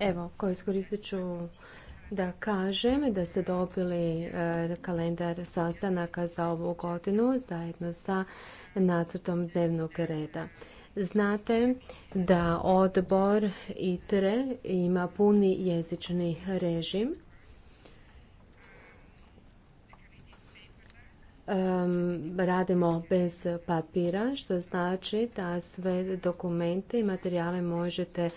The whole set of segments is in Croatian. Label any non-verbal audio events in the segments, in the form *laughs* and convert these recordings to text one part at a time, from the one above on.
Evo, koje iskoristit ću da kažem da ste dobili eh, kalendar sastanaka za ovu godinu zajedno sa nacrtom dnevnog reda. Znate da odbor ITRE ima puni jezični režim. radimo bez papira, što znači da sve dokumente i materijale možete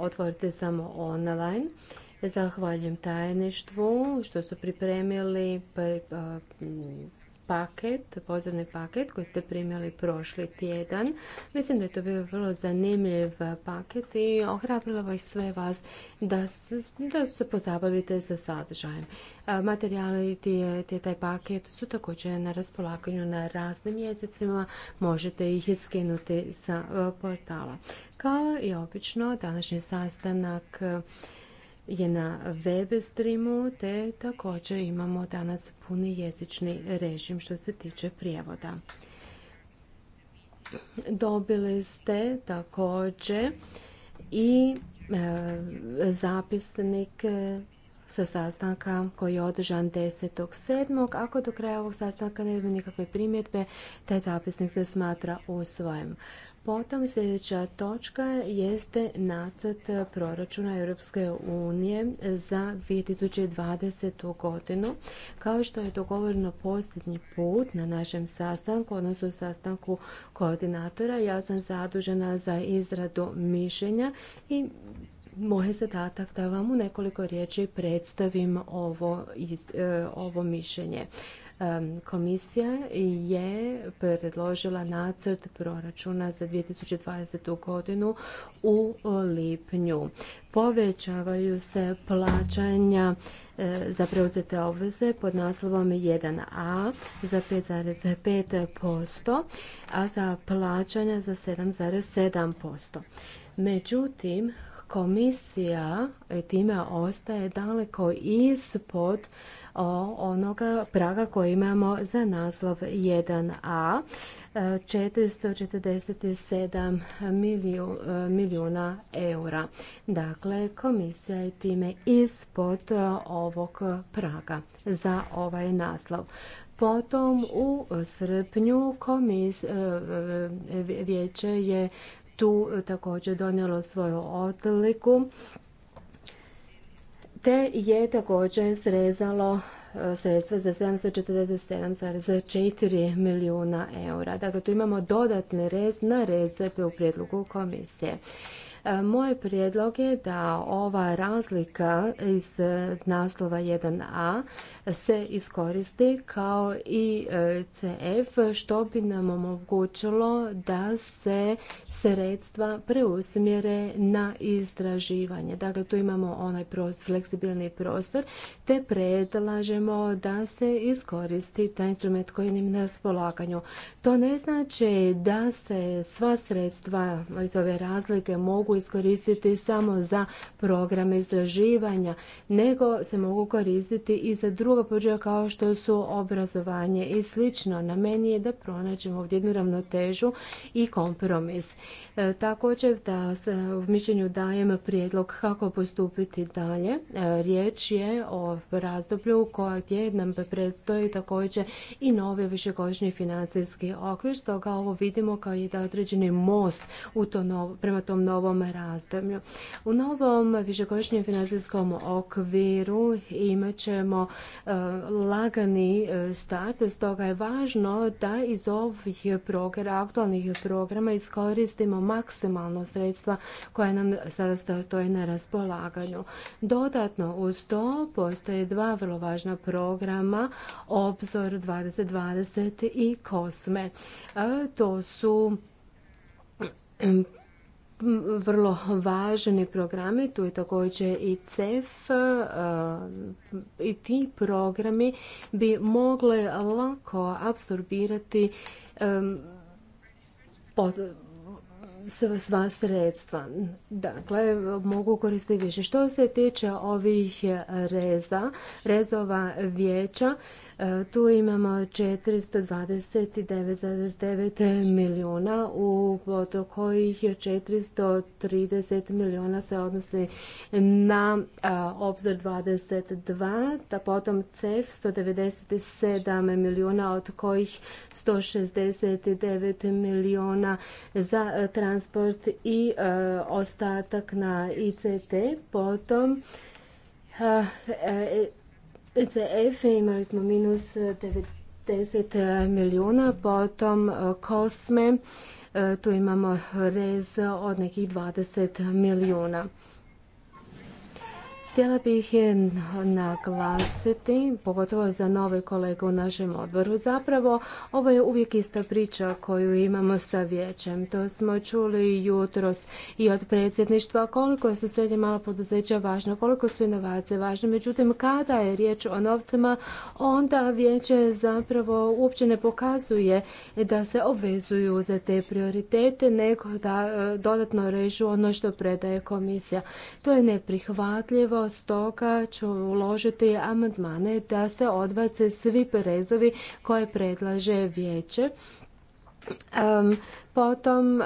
otvorite samo online. Zahvaljujem tajništvu što su pripremili paket, pozivni paket koji ste primjeli prošli tjedan. Mislim da je to bio vrlo zanimljiv paket i ohrabrilo vas sve vas da se, da se pozabavite sa sadržajem. Materijali te taj paket su također na raspolaganju na raznim jezicima, možete ih skinuti sa e, portala. Kao i obično, današnji sastanak je na web streamu, te također imamo danas puni jezični režim što se tiče prijevoda. Dobili ste također i e, zapisnik e, sa sastanka koji je održan 10.7. Ako do kraja ovog sastanka nema nikakve primjetbe, taj zapisnik se smatra u svojem. Potom sljedeća točka jeste nacrt proračuna Europske unije za 2020. godinu. Kao što je dogovoreno posljednji put na našem sastanku, odnosno sastanku koordinatora, ja sam zadužena za izradu mišljenja i moj je zadatak da vam u nekoliko riječi predstavim ovo, iz, e, ovo mišljenje. Komisija je predložila nacrt proračuna za 2020. godinu u lipnju. Povećavaju se plaćanja e, za preuzete obveze pod naslovom 1a za 5,5%, a za plaćanja za 7,7%. Međutim, komisija e, time ostaje daleko ispod onoga praga koji imamo za naslov 1a 447 e, e, milijuna eura. Dakle, komisija je time ispod ovog praga za ovaj naslov. Potom u srpnju komis, vijeće je tu e, također donijelo svoju odliku te je također srezalo e, sredstva za 747,4 milijuna eura. Dakle, tu imamo dodatni rez na rez u prijedlogu komisije. E, moj prijedlog je da ova razlika iz e, naslova 1a se iskoristi kao i e, CF što bi nam omogućilo da se sredstva preusmjere na istraživanje. Dakle, tu imamo onaj fleksibilni prostor te predlažemo da se iskoristi taj instrument koji nam je na raspolaganju. To ne znači da se sva sredstva iz ove razlike mogu iskoristiti samo za programe istraživanja, nego se mogu koristiti i za druga područja kao što su obrazovanje i slično. Na meni je da pronađemo ovdje jednu ravnotežu i kompromis. E, također da e, u mišljenju dajem prijedlog kako postupiti dalje. E, riječ je o razdoblju koje nam predstoji također i novi višegodišnji financijski okvir, stoga ovo vidimo kao i da određeni most u prema tom novom razdoblju. U novom višegodišnjem financijskom okviru imat ćemo e, lagani e, start, stoga je važno da iz ovih programa, aktualnih programa iskoristimo maksimalno sredstva koja nam sada stoje na raspolaganju. Dodatno uz to postoje dva vrlo važna programa, Obzor 2020 i Kosme. E, to su vrlo važni programi, tu je također i CEF e, i ti programi bi mogle lako apsorbirati sva sredstva. Dakle, mogu koristiti više. Što se tiče ovih reza, rezova vijeća, tu imamo 429,9 milijuna, u, od kojih je 430 milijuna se odnose na obzor 22, da potom CEF 197 milijuna, od kojih 169 milijuna za transport i ostatak na ICT, potom e, PCF imali smo minus 90 e, e, milijuna, potom e, Kosme, tu imamo rez od nekih 20 milijuna. Htjela bih je naglasiti, pogotovo za nove kolege u našem odboru. Zapravo, ovo je uvijek ista priča koju imamo sa vijećem. To smo čuli jutros i od predsjedništva koliko su srednje mala poduzeća važna, koliko su inovacije važne. Međutim, kada je riječ o novcima, onda vijeće zapravo uopće ne pokazuje da se obvezuju za te prioritete, nego da e, dodatno režu ono što predaje komisija. To je neprihvatljivo stoga ću uložiti amandmane da se odbace svi prezovi koje predlaže vijeće. potom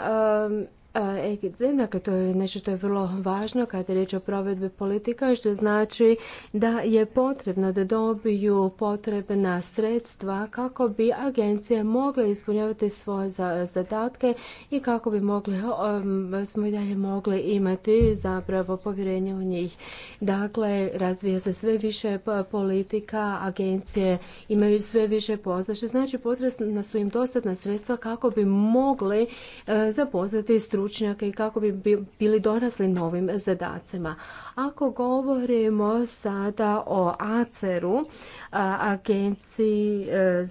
E dakle, to je nešto što je vrlo važno kada je riječ o provedbi politika, što znači da je potrebno da dobiju potrebna sredstva kako bi agencije mogle ispunjavati svoje zadatke i kako bi mogli, um, smo i dalje mogli imati zapravo povjerenje u njih. Dakle, razvija se sve više politika, agencije imaju sve više posla, znači potrebna su im dostatna sredstva kako bi mogli e, zaposliti učinjaka i kako bi bili dorasli novim zadacima. Ako govorimo sada o ACER-u, agenciji e,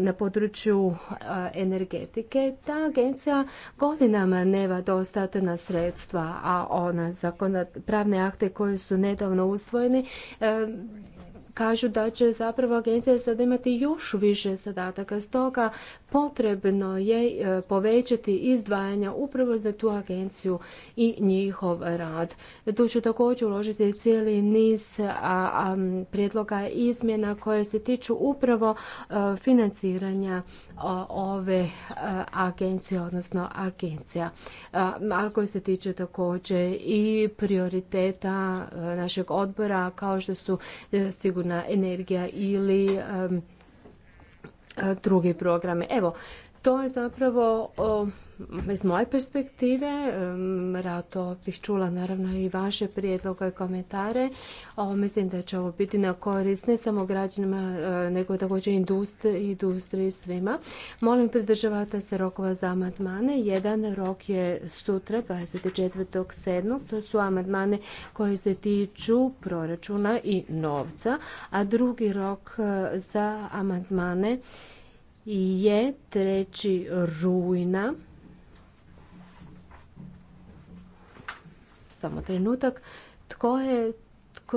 na području e, energetike, ta agencija godinama neva dostatna sredstva, a ona pravne akte koji su nedavno usvojeni e, kažu da će zapravo agencija sada imati još više zadataka. Stoga potrebno je e, povećati izdvajanja upravo za tu agenciju i njihov rad. Tu ću također uložiti cijeli niz prijedloga izmjena koje se tiču upravo e, financiranja ove e, agencije, odnosno agencija. Ako se tiče također i prioriteta našeg odbora kao što su sigurno energija ili drugi programe. Evo, to je zapravo iz moje perspektive, rado bih čula naravno i vaše prijedloge i komentare. mislim da će ovo biti na korist ne samo građanima, e, nego također industriji, industriji svima. Molim pridržavate se rokova za amandmane. Jedan rok je sutra, 24.7. To su amandmane koji se tiču proračuna i novca, a drugi rok e, za amandmane je 3. rujna samo trenutak, tko je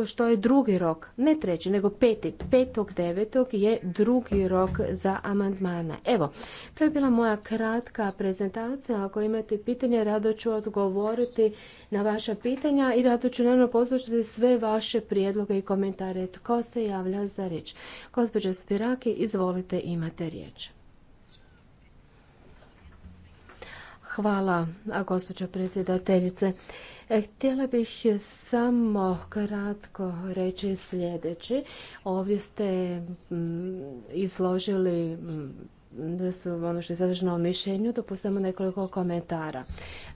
što je drugi rok, ne treći, nego peti, petog devetog je drugi rok za amandmana. Evo, to je bila moja kratka prezentacija. Ako imate pitanje, rado ću odgovoriti na vaša pitanja i rado ću naravno poslušati sve vaše prijedloge i komentare. Tko se javlja za riječ? Gospođa Spiraki, izvolite, imate riječ. Hvala, gospođo predsjedateljice. E, htjela bih samo kratko reći sljedeće. Ovdje ste izložili da su ono što je sadržano u mišljenju, dopustimo nekoliko komentara.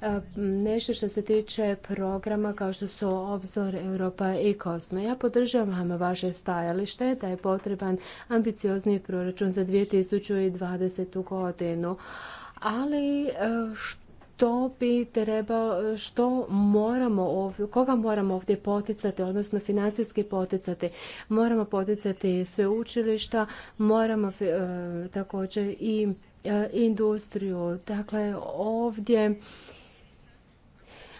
E, nešto što se tiče programa kao što su Obzor Europa i Kosme. Ja podržavam vaše stajalište da je potreban ambiciozni proračun za 2020. godinu ali e, što bi trebalo, što moramo ovdje, koga moramo ovdje poticati, odnosno financijski poticati. Moramo poticati sve učilišta, moramo e, također i e, industriju. Dakle, ovdje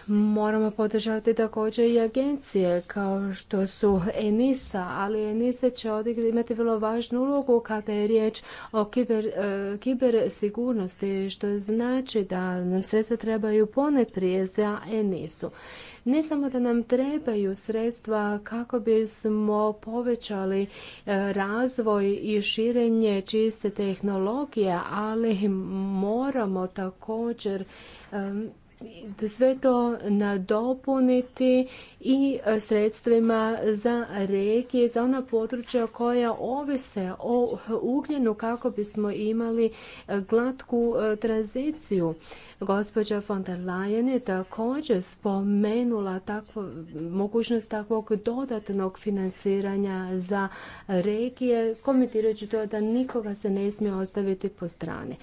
Moramo podržati također i agencije kao što su Enisa, ali ENISA će imati vrlo važnu ulogu kada je riječ o kiber, e, kibersigurnosti, što znači da nam sredstva trebaju prije za Enisu. Ne samo da nam trebaju sredstva kako bismo povećali e, razvoj i širenje čiste tehnologije, ali moramo također e, sve to nadopuniti i e, sredstvima za regije, za ona područja koja ovise o ugljenu kako bismo imali e, glatku e, tranziciju. Gospođa von der Leyen je također spomenula mogućnost takvog dodatnog financiranja za regije, komentirajući to da nikoga se ne smije ostaviti po strani.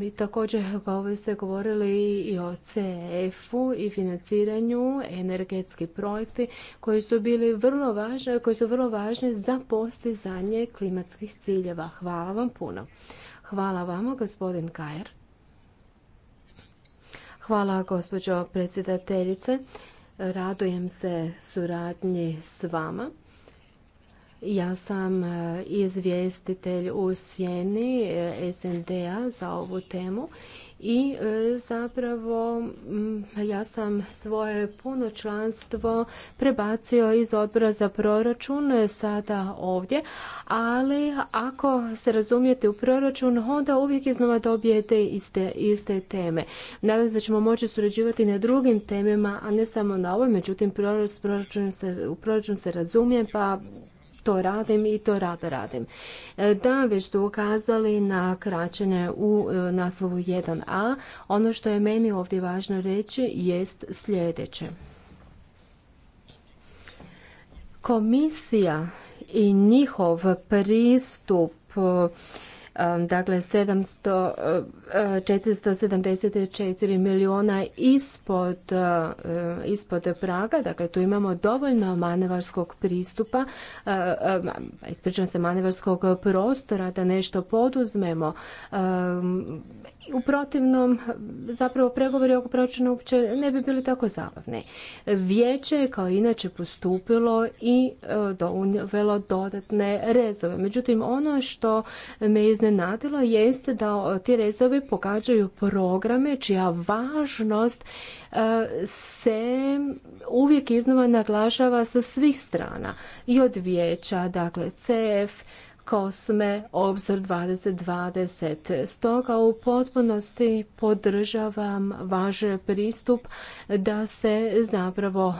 I također kao ste govorili i o cef u i financiranju energetski projekti koji su bili vrlo važni, koji su vrlo važni za postizanje klimatskih ciljeva. Hvala vam puno. Hvala vama gospodin Kajer. Hvala gospođo predsjedateljice. Radujem se suradnji s vama. Ja sam e, izvjestitelj u sjeni e, SND-a za ovu temu i e, zapravo mm, ja sam svoje puno članstvo prebacio iz odbora za proračun sada ovdje, ali ako se razumijete u proračun onda uvijek iznova dobijete iste, teme. Nadam se da ćemo moći surađivati na drugim temama, a ne samo na ovoj, međutim se, u proračun se razumijem pa to radim i to rado radim. E, da već to ukazali na kraćene u e, naslovu 1a, ono što je meni ovdje važno reći jest sljedeće. Komisija i njihov pristup e, dakle 700 474 milijuna ispod, e, ispod praga, dakle tu imamo dovoljno manevarskog pristupa, e, e, ispričavam se, manevarskog prostora da nešto poduzmemo. U protivnom, zapravo pregovori oko proračuna uopće ne bi bili tako zabavni. Vijeće je kao inače postupilo i uvelo dodatne rezove. Međutim, ono što me iznenadilo jeste da ti rezovi fondovi pogađaju programe čija važnost e, se uvijek iznova naglašava sa svih strana i od vijeća, dakle CF, Kosme Obzor 2020. Stoga u potpunosti podržavam vaš pristup da se zapravo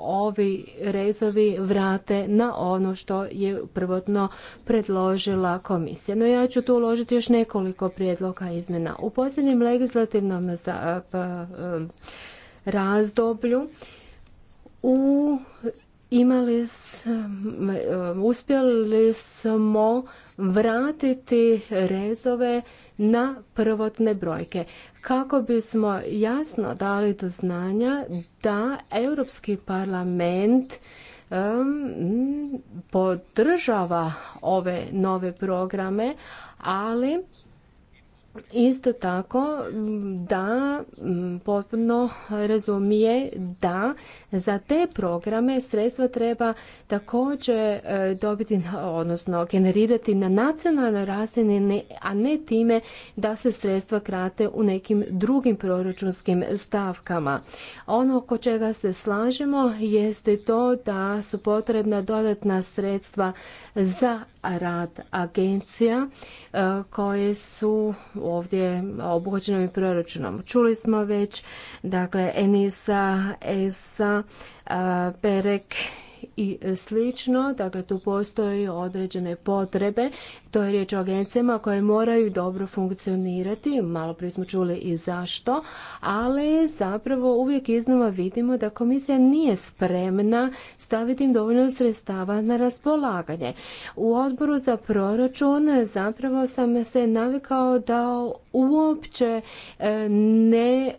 ovi rezovi vrate na ono što je prvotno predložila komisija. No ja ću tu uložiti još nekoliko prijedloga izmjena. U posljednjem legislativnom e, razdoblju u imali smo, uspjeli smo vratiti rezove na prvotne brojke kako bismo jasno dali do znanja da Europski parlament podržava ove nove programe, ali isto tako da potpuno razumije da za te programe sredstva treba također e, dobiti, odnosno generirati na nacionalnoj razini, a ne time da se sredstva krate u nekim drugim proračunskim stavkama. Ono oko čega se slažemo jeste to da su potrebna dodatna sredstva za rad agencija e, koje su ovdje obuhvaćene proračunom. Čuli smo već, dakle, Enisa, ESA, e, Perek i slično, dakle tu postoji određene potrebe to je riječ o agencijama koje moraju dobro funkcionirati, malo prije smo čuli i zašto, ali zapravo uvijek iznova vidimo da komisija nije spremna staviti im dovoljno sredstava na raspolaganje. U odboru za proračun zapravo sam se navikao da uopće e, ne,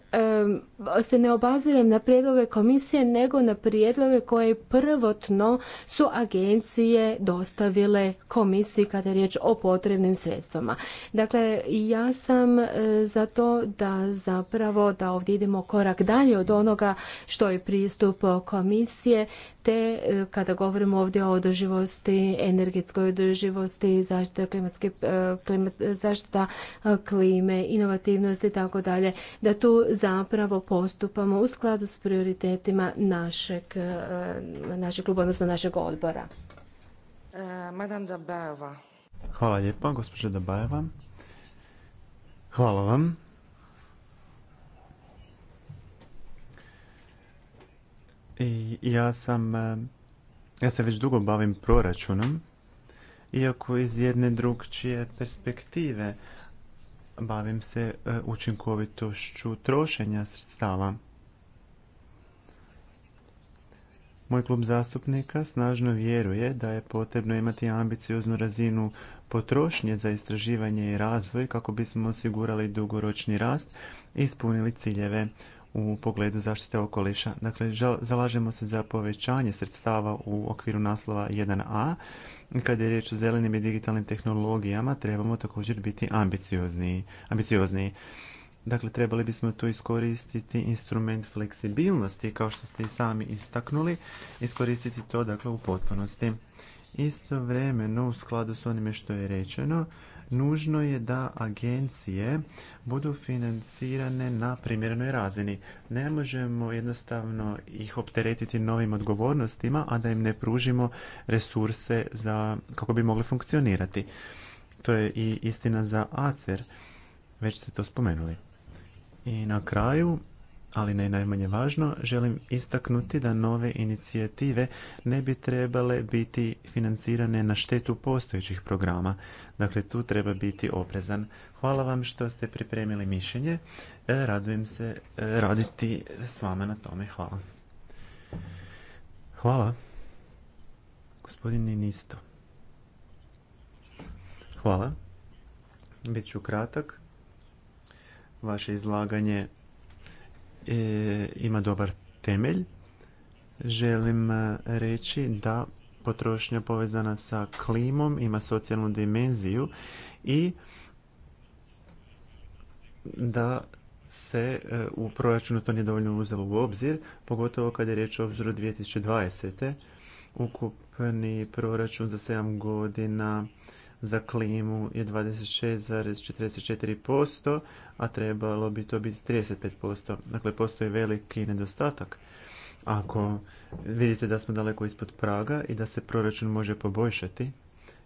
e, se ne obazirem na prijedloge komisije, nego na prijedloge koje prvotno su agencije dostavile komisiji kada je riječ o potrebnim sredstvama. Dakle, ja sam e, za to da zapravo da ovdje idemo korak dalje od onoga što je pristup komisije, te e, kada govorimo ovdje o održivosti, energetskoj održivosti, zaštita, e, zaštita klime, inovativnosti i tako dalje, da tu zapravo postupamo u skladu s prioritetima našeg, kluba, odnosno našeg odbora. Madame Hvala lijepa, gospođa Dabajeva. Hvala vam. I ja sam, e, ja se već dugo bavim proračunom, iako iz jedne drugčije perspektive bavim se e, učinkovitošću trošenja sredstava. Moj klub zastupnika snažno vjeruje da je potrebno imati ambicioznu razinu potrošnje za istraživanje i razvoj kako bismo osigurali dugoročni rast i ispunili ciljeve u pogledu zaštite okoliša. Dakle, zalažemo se za povećanje sredstava u okviru naslova 1a. Kad je riječ o zelenim i digitalnim tehnologijama, trebamo također biti ambiciozniji. Dakle, trebali bismo tu iskoristiti instrument fleksibilnosti, kao što ste i sami istaknuli, iskoristiti to dakle u potpunosti. Istovremeno, u skladu s onime što je rečeno, nužno je da agencije budu financirane na primjerenoj razini. Ne možemo jednostavno ih opteretiti novim odgovornostima, a da im ne pružimo resurse za, kako bi mogle funkcionirati. To je i istina za ACER, već ste to spomenuli. I na kraju, ali ne najmanje važno, želim istaknuti da nove inicijative ne bi trebale biti financirane na štetu postojećih programa. Dakle, tu treba biti oprezan. Hvala vam što ste pripremili mišljenje. E, radujem se e, raditi s vama na tome. Hvala. Hvala. Gospodin Ninisto. Hvala. Bit ću kratak. Vaše izlaganje e, ima dobar temelj. Želim e, reći da potrošnja povezana sa klimom ima socijalnu dimenziju i da se e, u proračunu to nije dovoljno uzelo u obzir, pogotovo kada je riječ o obzoru 2020. Ukupni proračun za 7 godina za klimu je 26,44%, a trebalo bi to biti 35%. Dakle, postoji veliki nedostatak. Ako vidite da smo daleko ispod praga i da se proračun može poboljšati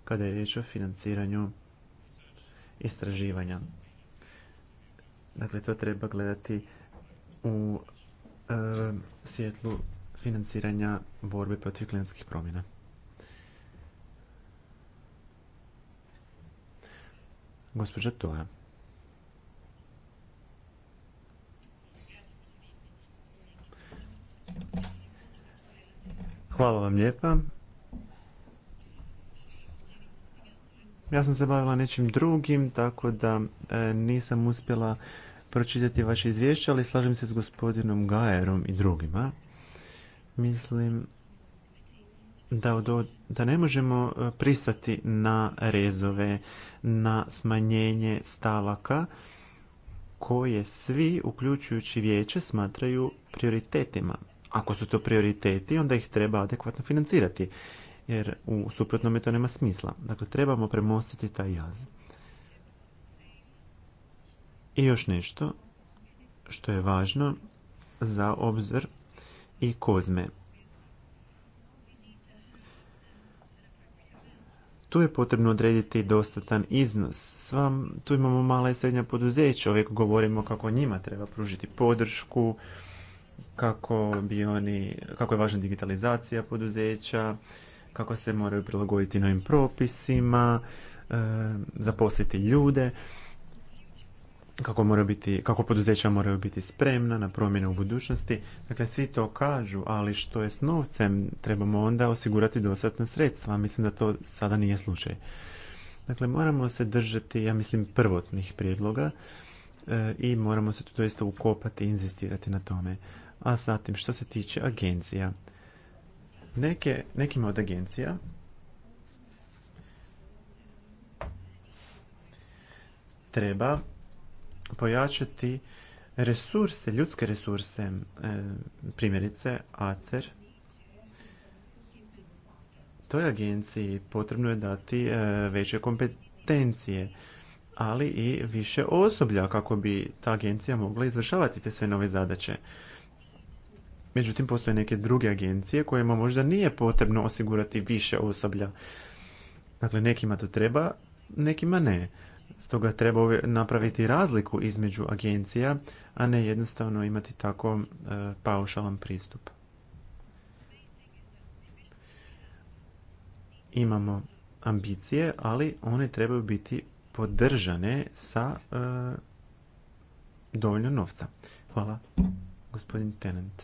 kada je riječ o financiranju istraživanja. Dakle, to treba gledati u e, svjetlu financiranja borbe protiv klimatskih promjena. Gospođa Toja. Hvala vam lijepa. Ja sam se bavila nečim drugim, tako da e, nisam uspjela pročitati vaše izvješće, ali slažem se s gospodinom Gajerom i drugima. Mislim da, da ne možemo e, pristati na rezove, na smanjenje stavaka koje svi, uključujući vijeće, smatraju prioritetima. Ako su to prioriteti, onda ih treba adekvatno financirati, jer u suprotnome to nema smisla. Dakle, trebamo premostiti taj jaz. I još nešto što je važno za obzor i kozme. tu je potrebno odrediti dostatan iznos. Sva tu imamo mala i srednja poduzeća, uvijek govorimo kako njima treba pružiti podršku, kako, bi oni, kako je važna digitalizacija poduzeća, kako se moraju prilagoditi novim propisima, e, zaposliti ljude kako, mora biti, kako poduzeća moraju biti spremna na promjene u budućnosti. Dakle, svi to kažu, ali što je s novcem, trebamo onda osigurati dostatna sredstva. Mislim da to sada nije slučaj. Dakle, moramo se držati, ja mislim, prvotnih prijedloga e, i moramo se tu doista ukopati i inzistirati na tome. A zatim, što se tiče agencija. Neke, nekima od agencija treba pojačati resurse, ljudske resurse, e, primjerice ACER, toj agenciji potrebno je dati e, veće kompetencije, ali i više osoblja kako bi ta agencija mogla izvršavati te sve nove zadaće. Međutim, postoje neke druge agencije kojima možda nije potrebno osigurati više osoblja. Dakle, nekima to treba, nekima ne. Stoga treba napraviti razliku između agencija, a ne jednostavno imati tako e, paušalan pristup. Imamo ambicije, ali one trebaju biti podržane sa e, dovoljno novca. Hvala, gospodin Tenant.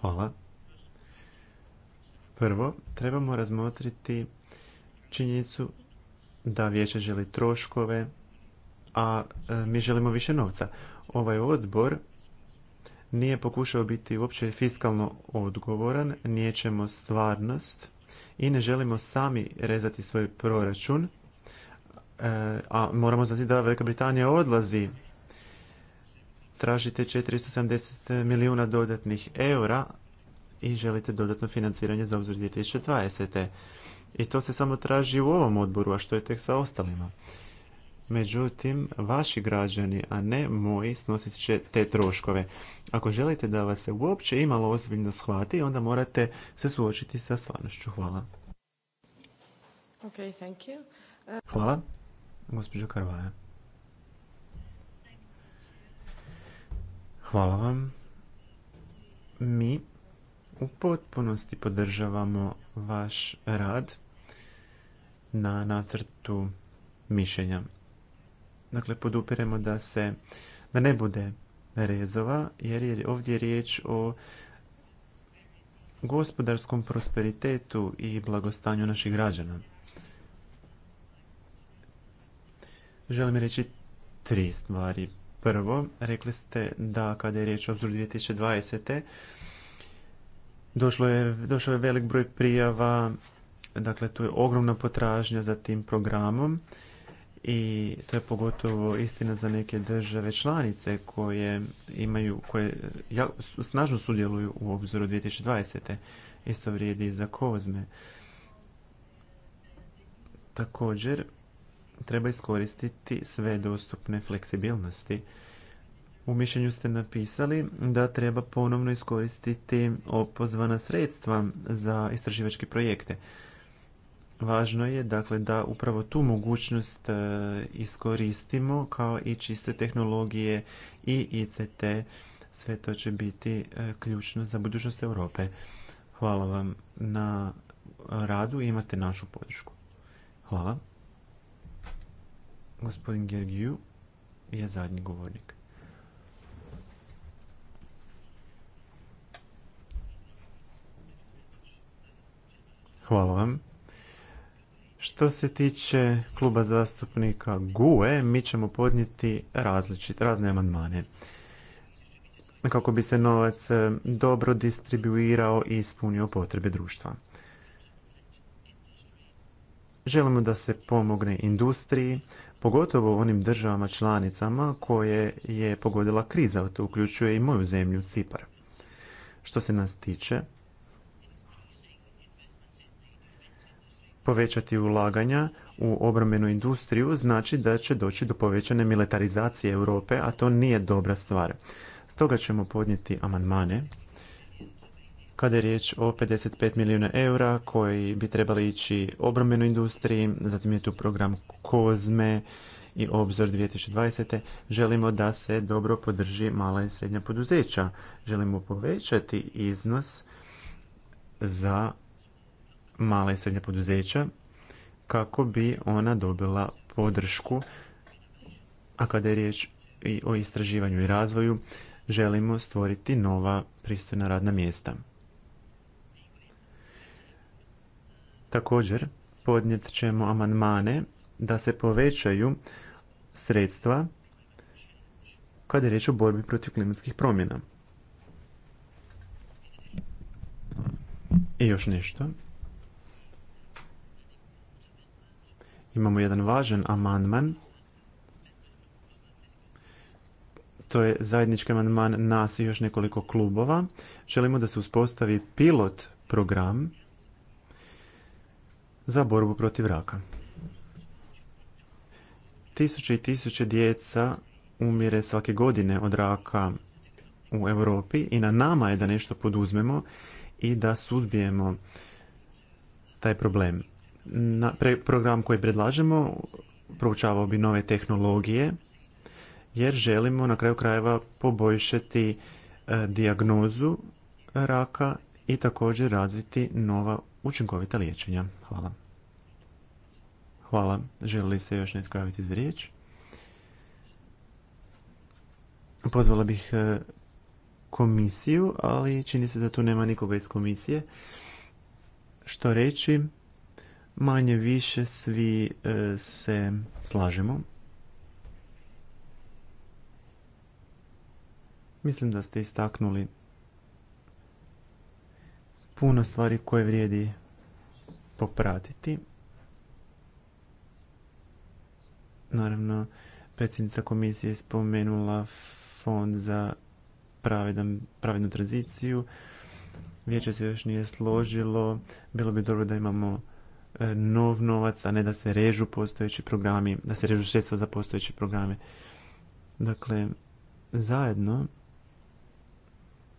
Hvala. Prvo, trebamo razmotriti činjenicu da vijeće želi troškove, a e, mi želimo više novca. Ovaj odbor nije pokušao biti uopće fiskalno odgovoran, niječemo stvarnost i ne želimo sami rezati svoj proračun, e, a moramo znati da Velika Britanija odlazi. Tražite 470 milijuna dodatnih eura i želite dodatno financiranje za obzor 2020. I to se samo traži u ovom odboru, a što je tek sa ostalima. Međutim, vaši građani, a ne moji, snosit će te troškove. Ako želite da vas se uopće imalo ozbiljno shvati, onda morate se suočiti sa stvarnošću. Hvala. Okay, thank you. Uh, Hvala, gospođo Karvaja. Hvala vam. Mi u potpunosti podržavamo vaš rad na nacrtu mišljenja. Dakle, podupiremo da se da ne bude rezova, jer je ovdje riječ o gospodarskom prosperitetu i blagostanju naših građana. Želim reći tri stvari. Prvo, rekli ste da kada je riječ o obzoru 2020. Došlo je, došao je velik broj prijava, dakle tu je ogromna potražnja za tim programom i to je pogotovo istina za neke države članice koje imaju, koje snažno sudjeluju u obzoru 2020. Isto vrijedi i za kozme. Također, treba iskoristiti sve dostupne fleksibilnosti u mišljenju ste napisali da treba ponovno iskoristiti opozvana sredstva za istraživačke projekte. Važno je dakle da upravo tu mogućnost e, iskoristimo kao i čiste tehnologije i ICT. Sve to će biti e, ključno za budućnost Europe. Hvala vam na radu i imate našu podršku. Hvala. Gospodin Gergiju je zadnji govornik. Hvala vam. Što se tiče kluba zastupnika GUE, mi ćemo podnijeti različite, razne amandmane kako bi se novac e, dobro distribuirao i ispunio potrebe društva. Želimo da se pomogne industriji, pogotovo onim državama članicama koje je pogodila kriza, to uključuje i moju zemlju Cipar. Što se nas tiče, povećati ulaganja u obrambenu industriju znači da će doći do povećane militarizacije Europe, a to nije dobra stvar. Stoga ćemo podnijeti amandmane kada je riječ o 55 milijuna eura koji bi trebali ići obrambenoj industriji, zatim je tu program Kozme i Obzor 2020. Želimo da se dobro podrži mala i srednja poduzeća. Želimo povećati iznos za mala i srednja poduzeća kako bi ona dobila podršku, a kada je riječ i o istraživanju i razvoju, želimo stvoriti nova pristojna radna mjesta. Također, podnijet ćemo amandmane da se povećaju sredstva kada je riječ o borbi protiv klimatskih promjena. I još nešto. Imamo jedan važan amandman. To je zajednički amandman nas i još nekoliko klubova. Želimo da se uspostavi pilot program za borbu protiv raka. Tisuće i tisuće djeca umire svake godine od raka u Europi i na nama je da nešto poduzmemo i da suzbijemo taj problem na program koji predlažemo proučavao bi nove tehnologije jer želimo na kraju krajeva poboljšati e, dijagnozu raka i također razviti nova učinkovita liječenja. Hvala. Hvala. Želi li se još netko javiti za riječ? Pozvala bih e, komisiju, ali čini se da tu nema nikoga iz komisije. Što reći? manje više svi e, se slažemo. Mislim da ste istaknuli puno stvari koje vrijedi popratiti. Naravno, predsjednica komisije je spomenula fond za pravednu tranziciju. Vijeće se još nije složilo. Bilo bi dobro da imamo E, nov novac, a ne da se režu postojeći programi, da se režu sredstva za postojeće programe. Dakle, zajedno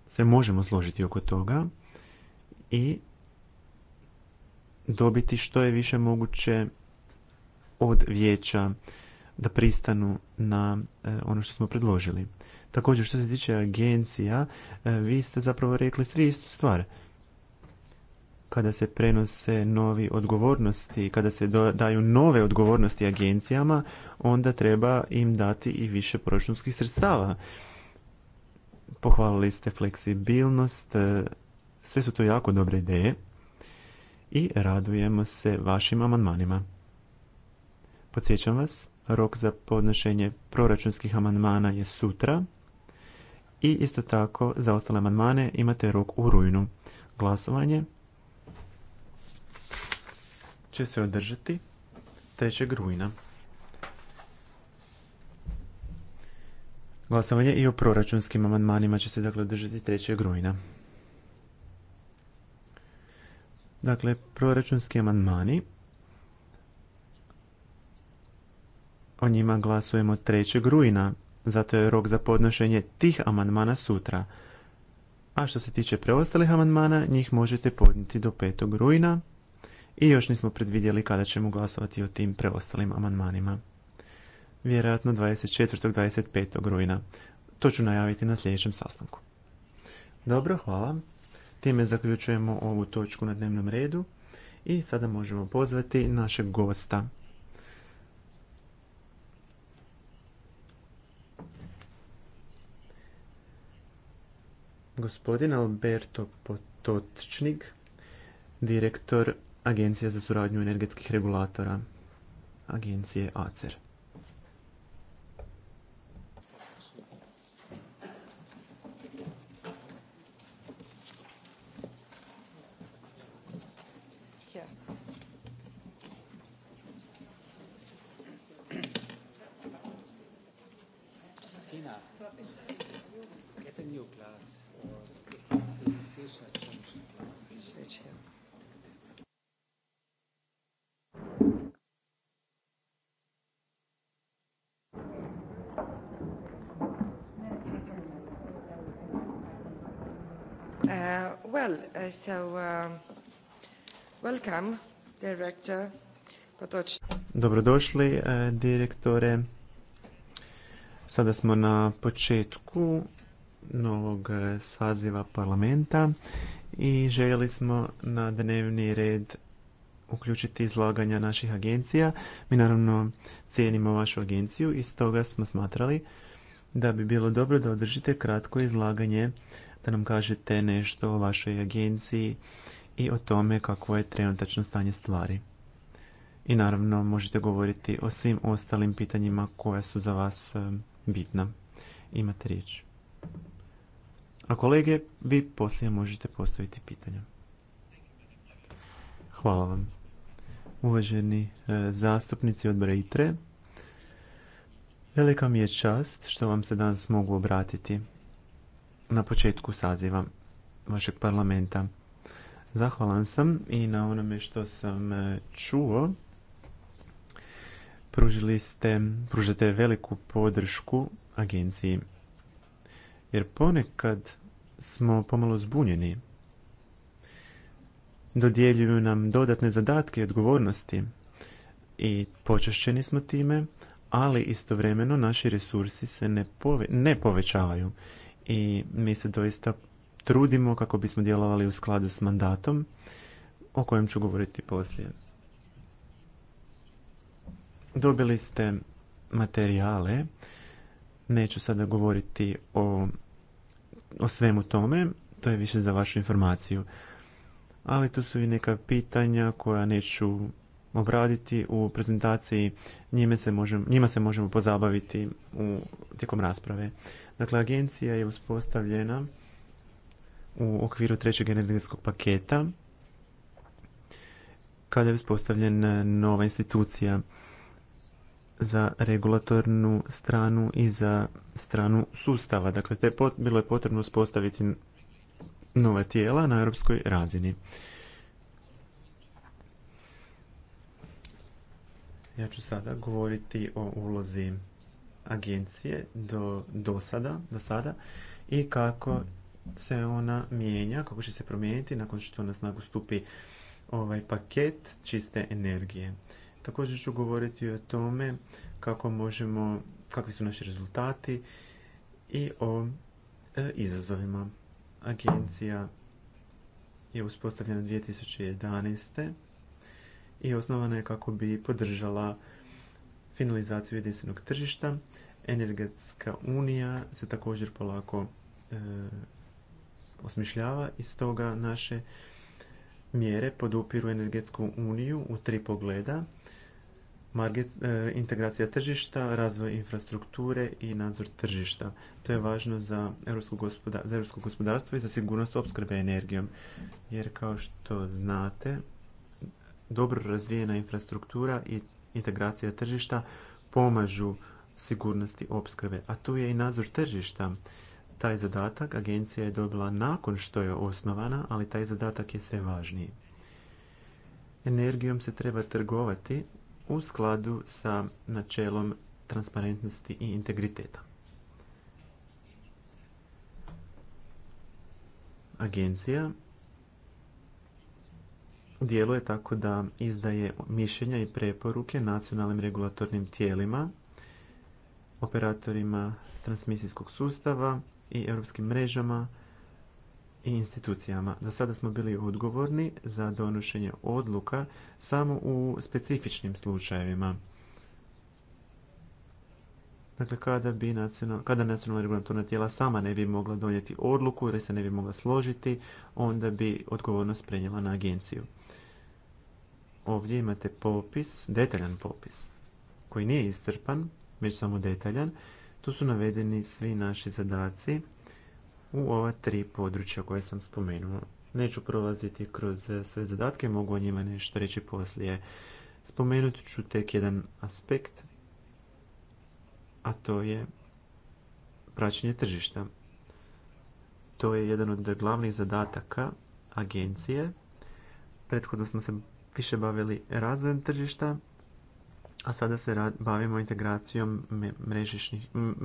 se možemo složiti oko toga i dobiti što je više moguće od vijeća da pristanu na e, ono što smo predložili. Također što se tiče agencija, e, vi ste zapravo rekli svi istu stvar kada se prenose novi odgovornosti, kada se daju nove odgovornosti agencijama, onda treba im dati i više proračunskih sredstava. Pohvalili ste fleksibilnost, e, sve su to jako dobre ideje i radujemo se vašim amandmanima. Podsjećam vas, rok za podnošenje proračunskih amandmana je sutra i isto tako za ostale amandmane imate rok u rujnu. Glasovanje će se održati 3. rujna. Glasovanje i o proračunskim amandmanima će se dakle održati 3. rujna. Dakle, proračunski amandmani. O njima glasujemo 3. rujna, zato je rok za podnošenje tih amandmana sutra. A što se tiče preostalih amandmana, njih možete podnijeti do 5. rujna i još nismo predvidjeli kada ćemo glasovati o tim preostalim amandmanima. Vjerojatno 24. 25. rujna. To ću najaviti na sljedećem sastanku. Dobro, hvala. Time zaključujemo ovu točku na dnevnom redu i sada možemo pozvati našeg gosta. Gospodin Alberto Potočnik, direktor Agencija za suradnju energetskih regulatora, agencije ACER. so uh, welcome, director Dobrodošli, e, direktore. Sada smo na početku novog e, saziva parlamenta i željeli smo na dnevni red uključiti izlaganja naših agencija. Mi naravno cijenimo vašu agenciju i stoga smo smatrali da bi bilo dobro da održite kratko izlaganje da nam kažete nešto o vašoj agenciji i o tome kakvo je trenutačno stanje stvari. I naravno možete govoriti o svim ostalim pitanjima koja su za vas e, bitna. Imate riječ. A kolege, vi poslije možete postaviti pitanja. Hvala vam. Uvaženi e, zastupnici odbora ITRE, velika mi je čast što vam se danas mogu obratiti na početku saziva vašeg parlamenta. Zahvalan sam i na onome što sam e, čuo. Pružili ste, pružate veliku podršku agenciji. Jer ponekad smo pomalo zbunjeni. Dodjeljuju nam dodatne zadatke i odgovornosti. I počešćeni smo time, ali istovremeno naši resursi se ne, ne povećavaju i mi se doista trudimo kako bismo djelovali u skladu s mandatom o kojem ću govoriti poslije. Dobili ste materijale, neću sada govoriti o, o svemu tome, to je više za vašu informaciju. Ali tu su i neka pitanja koja neću obraditi u prezentaciji, se njima se možemo pozabaviti u, tijekom rasprave. Dakle, agencija je uspostavljena u okviru trećeg energetskog paketa kada je uspostavljena nova institucija za regulatornu stranu i za stranu sustava. Dakle, te bilo je potrebno uspostaviti nova tijela na europskoj razini. Ja ću sada govoriti o ulozi agencije do, do, sada, i kako se ona mijenja, kako će se promijeniti nakon što na snagu stupi ovaj paket čiste energije. Također ću govoriti o tome kako možemo, kakvi su naši rezultati i o e, izazovima. Agencija je uspostavljena 2011. i osnovana je kako bi podržala finalizaciju jedinstvenog tržišta. Energetska unija se također polako e, osmišljava i stoga naše mjere podupiru energetsku uniju u tri pogleda. Market, e, integracija tržišta, razvoj infrastrukture i nadzor tržišta. To je važno za europsko gospoda, gospodarstvo i za sigurnost opskrbe energijom. Jer kao što znate, dobro razvijena infrastruktura i integracija tržišta pomažu sigurnosti opskrbe, a tu je i nadzor tržišta. Taj zadatak agencija je dobila nakon što je osnovana, ali taj zadatak je sve važniji. Energijom se treba trgovati u skladu sa načelom transparentnosti i integriteta. Agencija djeluje tako da izdaje mišljenja i preporuke nacionalnim regulatornim tijelima, operatorima transmisijskog sustava i europskim mrežama i institucijama. Do sada smo bili odgovorni za donošenje odluka samo u specifičnim slučajevima. Dakle, kada, bi nacional, kada nacionalna regulatorna tijela sama ne bi mogla donijeti odluku ili se ne bi mogla složiti, onda bi odgovornost prenijela na agenciju. Ovdje imate popis, detaljan popis, koji nije istrpan, već samo detaljan. Tu su navedeni svi naši zadaci u ova tri područja koje sam spomenuo. Neću prolaziti kroz eh, sve zadatke, mogu o njima nešto reći poslije. Spomenut ću tek jedan aspekt, a to je praćenje tržišta. To je jedan od glavnih zadataka agencije. Prethodno smo se više bavili razvojem tržišta, a sada se bavimo integracijom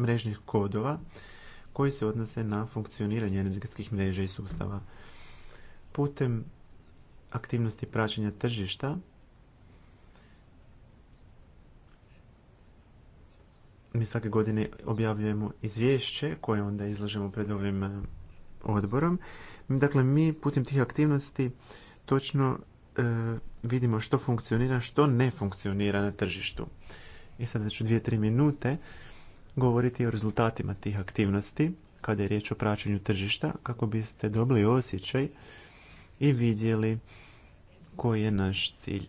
mrežnih kodova koji se odnose na funkcioniranje energetskih mreža i sustava. Putem aktivnosti praćenja tržišta mi svake godine objavljujemo izvješće koje onda izlažemo pred ovim e, odborom. Dakle, mi putem tih aktivnosti točno e, vidimo što funkcionira, što ne funkcionira na tržištu. I sada ću dvije, tri minute govoriti o rezultatima tih aktivnosti kada je riječ o praćenju tržišta kako biste dobili osjećaj i vidjeli koji je naš cilj.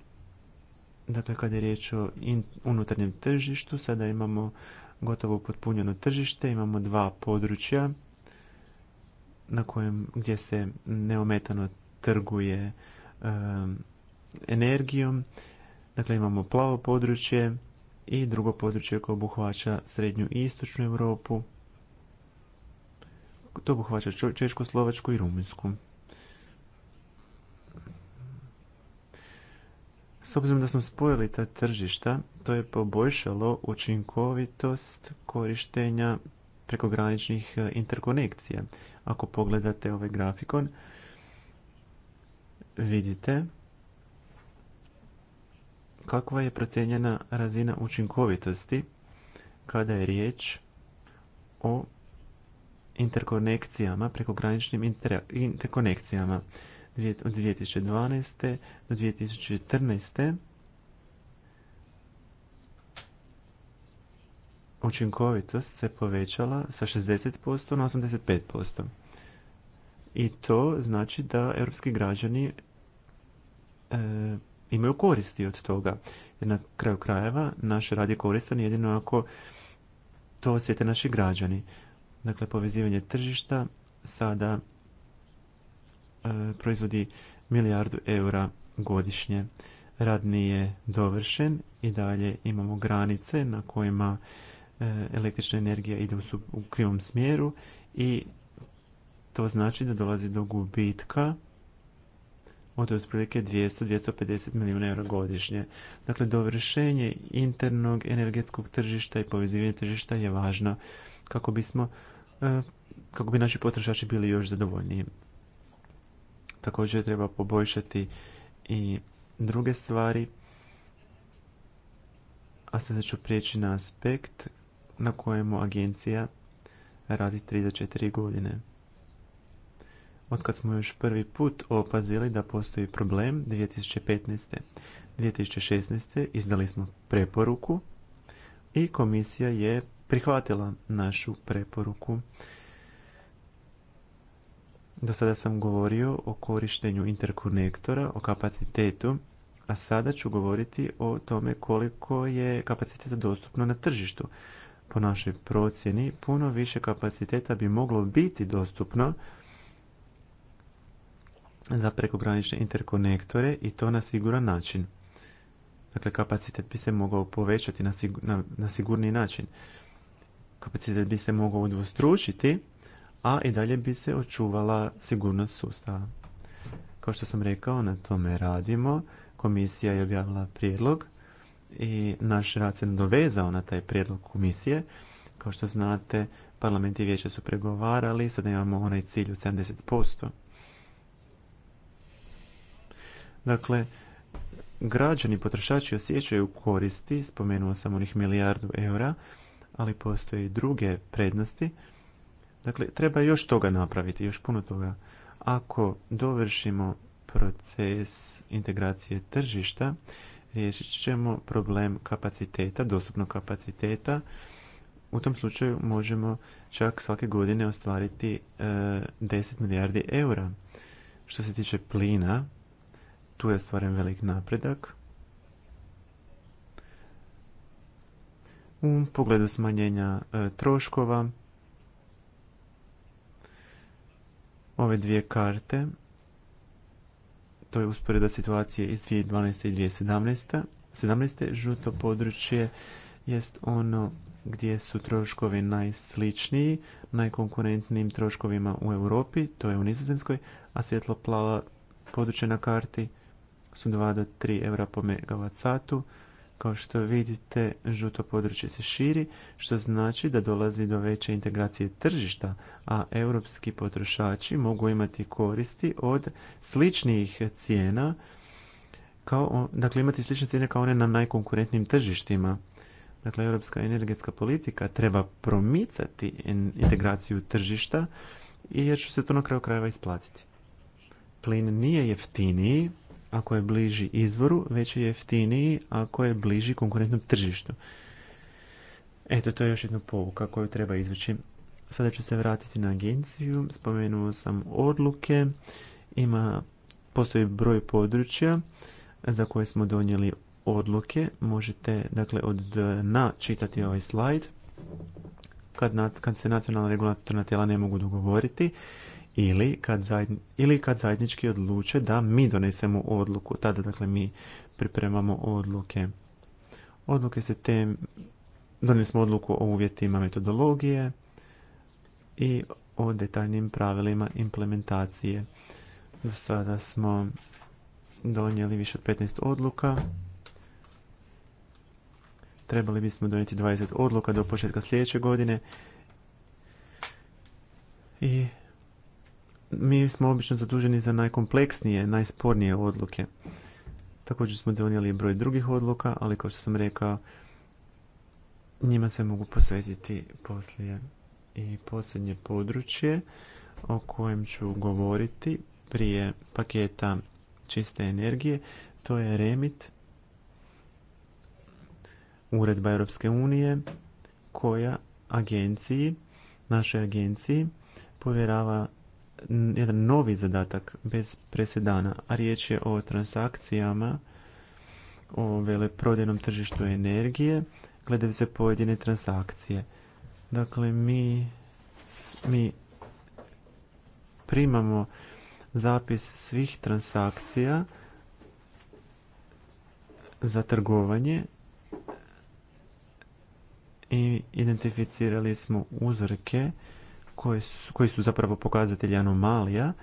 Dakle, kada je riječ o unutarnjem tržištu, sada imamo gotovo potpunjeno tržište, imamo dva područja na kojem, gdje se neometano trguje ehm, energijom. Dakle, imamo plavo područje i drugo područje koje obuhvaća srednju i istočnu Europu. To obuhvaća češko Slovačku i Rumunjsku. S obzirom da smo spojili ta tržišta, to je poboljšalo učinkovitost korištenja prekograničnih e, interkonekcija. Ako pogledate ovaj grafikon, vidite kakva je procijenjena razina učinkovitosti kada je riječ o interkonekcijama, prekograničnim interkonekcijama od 2012. do 2014. učinkovitost se povećala sa 60% na 85%. I to znači da europski građani e, imaju koristi od toga. Jer na kraju krajeva naš rad je koristan jedino ako to osjete naši građani. Dakle, povezivanje tržišta sada e, proizvodi milijardu eura godišnje. Rad nije dovršen i dalje imamo granice na kojima e, električna energija ide u, u krivom smjeru i to znači da dolazi do gubitka od otprilike 200-250 milijuna eura godišnje. Dakle, dovršenje internog energetskog tržišta i povezivanje tržišta je važno kako bismo e, kako bi naši potrošači bili još zadovoljniji. Također treba poboljšati i druge stvari. A sada ću prijeći na aspekt na kojemu agencija radi 3 za 4 godine otkad smo još prvi put opazili da postoji problem 2015. 2016. izdali smo preporuku i komisija je prihvatila našu preporuku. Do sada sam govorio o korištenju interkonektora, o kapacitetu, a sada ću govoriti o tome koliko je kapaciteta dostupno na tržištu. Po našoj procjeni puno više kapaciteta bi moglo biti dostupno za prekogranične interkonektore i to na siguran način. Dakle, kapacitet bi se mogao povećati na, na, sigurni način. Kapacitet bi se mogao udvostručiti, a i dalje bi se očuvala sigurnost sustava. Kao što sam rekao, na tome radimo. Komisija je objavila prijedlog i naš rad se dovezao na taj prijedlog komisije. Kao što znate, parlament i vijeće su pregovarali, sada imamo onaj cilj od 70%. Dakle, građani, potrošači osjećaju koristi, spomenuo sam onih milijardu eura, ali postoje i druge prednosti. Dakle, treba još toga napraviti, još puno toga. Ako dovršimo proces integracije tržišta, riješit ćemo problem kapaciteta, dostupnog kapaciteta. U tom slučaju možemo čak svake godine ostvariti 10 e, milijardi eura. Što se tiče plina, tu je stvaren velik napredak. U pogledu smanjenja e, troškova ove dvije karte to je usporeda situacije iz 2012. i 2017. 17. žuto područje jest ono gdje su troškovi najsličniji, najkonkurentnijim troškovima u Europi, to je u Nizozemskoj, a svjetlo plava područje na karti su 2 do 3 eura po megawatt satu. Kao što vidite, žuto područje se širi, što znači da dolazi do veće integracije tržišta, a europski potrošači mogu imati koristi od sličnih cijena, kao, dakle imati slične cijene kao one na najkonkurentnijim tržištima. Dakle, europska energetska politika treba promicati integraciju tržišta i jer će se to na kraju krajeva isplatiti. Plin nije jeftiniji, ako je bliži izvoru, već je jeftiniji ako je bliži konkurentnom tržištu. Eto, to je još jedna pouka koju treba izvući. Sada ću se vratiti na agenciju. Spomenuo sam odluke. Ima, postoji broj područja za koje smo donijeli odluke. Možete dakle, od dna čitati ovaj slajd. Kad, kad se nacionalna regulatorna tijela ne mogu dogovoriti, ili kad, ili kad zajednički odluče da mi donesemo odluku. Tada dakle mi pripremamo odluke. Odluke se Donijeli smo odluku o uvjetima metodologije i o detaljnim pravilima implementacije. Do sada smo donijeli više od 15 odluka. Trebali bismo donijeti 20 odluka do početka sljedeće godine. I mi smo obično zaduženi za najkompleksnije, najspornije odluke. Također smo donijeli broj drugih odluka, ali kao što sam rekao, njima se mogu posvetiti poslije. I posljednje područje o kojem ću govoriti prije paketa čiste energije, to je REMIT, uredba Europske unije koja agenciji, našoj agenciji povjerava jedan novi zadatak bez presedana, a riječ je o transakcijama, o veleprodajnom tržištu energije, gledaju se pojedine transakcije. Dakle, mi, mi primamo zapis svih transakcija za trgovanje i identificirali smo uzorke koji su, koji su zapravo pokazatelji anomalija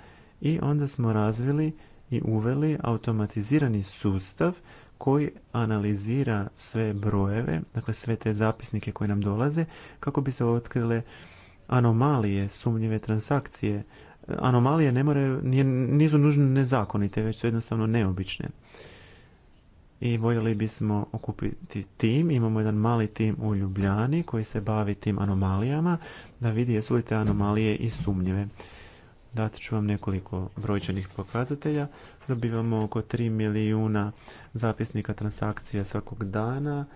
i onda smo razvili i uveli automatizirani sustav koji analizira sve brojeve, dakle sve te zapisnike koje nam dolaze kako bi se otkrile anomalije, sumnjive transakcije. Anomalije ne moraju, nisu nužno nezakonite, već su jednostavno neobične i voljeli bismo okupiti tim. Imamo jedan mali tim u Ljubljani koji se bavi tim anomalijama da vidi jesu li te anomalije i sumnjive. Dat ću vam nekoliko brojčanih pokazatelja. Dobivamo oko 3 milijuna zapisnika transakcija svakog dana,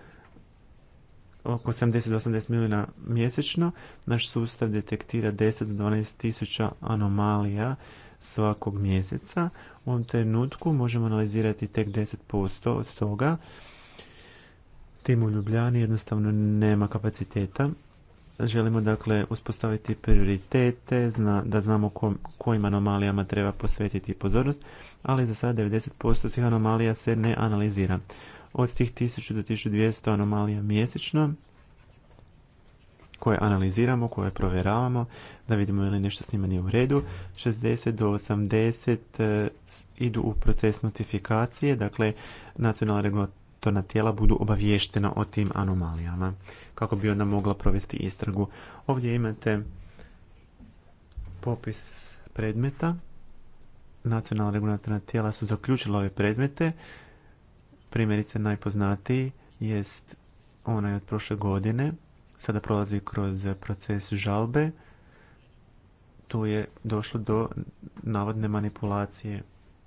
oko 70 80 milijuna mjesečno. Naš sustav detektira 10 do 12 tisuća anomalija svakog mjeseca. U ovom trenutku možemo analizirati tek 10% od toga. Tim u Ljubljani jednostavno nema kapaciteta. Želimo dakle uspostaviti prioritete, da znamo kojim anomalijama treba posvetiti pozornost, ali za sada 90% svih anomalija se ne analizira. Od tih 1000 do 1200 anomalija mjesečno, koje analiziramo, koje provjeravamo, da vidimo ili nešto s njima nije u redu. 60 do 80 e, idu u proces notifikacije, dakle nacionalna regulatorna tijela budu obaviještena o tim anomalijama kako bi onda mogla provesti istragu. Ovdje imate popis predmeta. Nacionalna regulatorna tijela su zaključila ove predmete. Primjerice najpoznatiji jest onaj od prošle godine sada prolazi kroz proces žalbe, tu je došlo do navodne manipulacije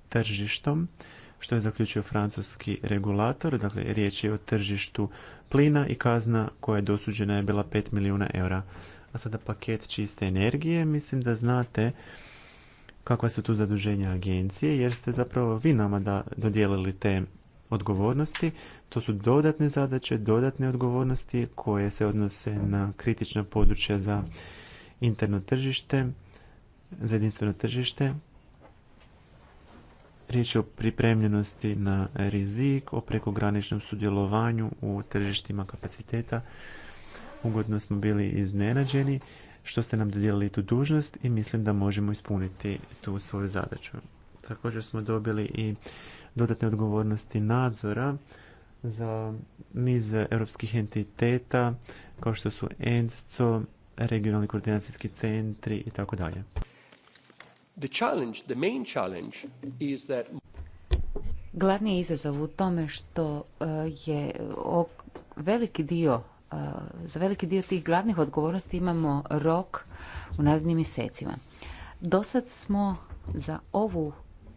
tržištom, što je zaključio francuski regulator, dakle riječ je o tržištu plina i kazna koja je dosuđena je bila 5 milijuna eura. A sada paket čiste energije, mislim da znate kakva su tu zaduženja agencije, jer ste zapravo vi nama da dodijelili te odgovornosti. To su dodatne zadaće, dodatne odgovornosti koje se odnose na kritična područja za interno tržište, za jedinstveno tržište. Riječ je o pripremljenosti na rizik, o prekograničnom sudjelovanju u tržištima kapaciteta. Ugodno smo bili iznenađeni što ste nam dodijelili tu dužnost i mislim da možemo ispuniti tu svoju zadaću. Također smo dobili i dodatne odgovornosti nadzora za niz europskih entiteta kao što su ENSCO, regionalni koordinacijski centri i tako dalje. The challenge, the main challenge is that... Glavni izazov u tome što e, je veliki dio, e, za veliki dio tih glavnih odgovornosti imamo rok u narednim mjesecima. Do sad smo za ovu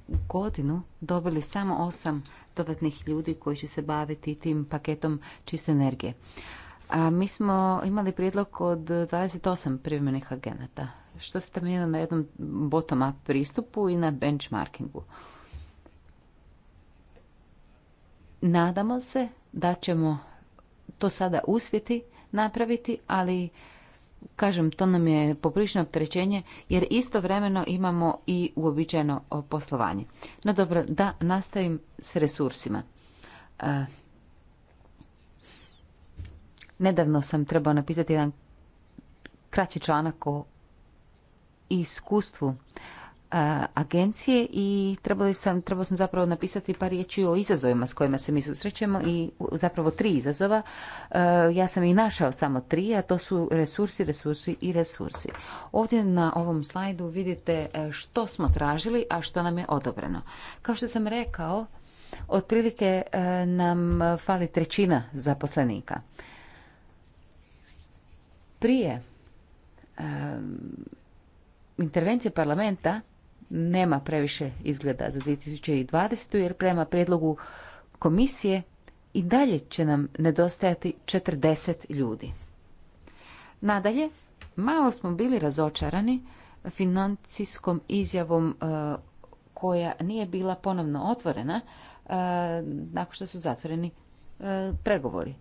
godinu dobili samo osam dodatnih ljudi koji će se baviti tim paketom čiste energije. mi smo imali prijedlog od 28 privremenih agenata, što se temeljilo na jednom bottom-up pristupu i na benchmarkingu. Nadamo se da ćemo to sada uspjeti napraviti, ali Kažem, to nam je poprilično opterećenje jer istovremeno imamo i uobičajeno poslovanje. No dobro, da nastavim s resursima. E, nedavno sam trebao napisati jedan kraći članak o iskustvu agencije i trebao sam, sam zapravo napisati par riječi o izazovima s kojima se mi susrećemo i zapravo tri izazova. E, ja sam i našao samo tri, a to su resursi, resursi i resursi. Ovdje na ovom slajdu vidite e, što smo tražili, a što nam je odobreno. Kao što sam rekao, otprilike e, nam fali trećina zaposlenika. Prije intervencije parlamenta nema previše izgleda za 2020. jer prema prijedlogu komisije i dalje će nam nedostajati 40 ljudi. Nadalje, malo smo bili razočarani financijskom izjavom e, koja nije bila ponovno otvorena e, nakon što su zatvoreni e, pregovori.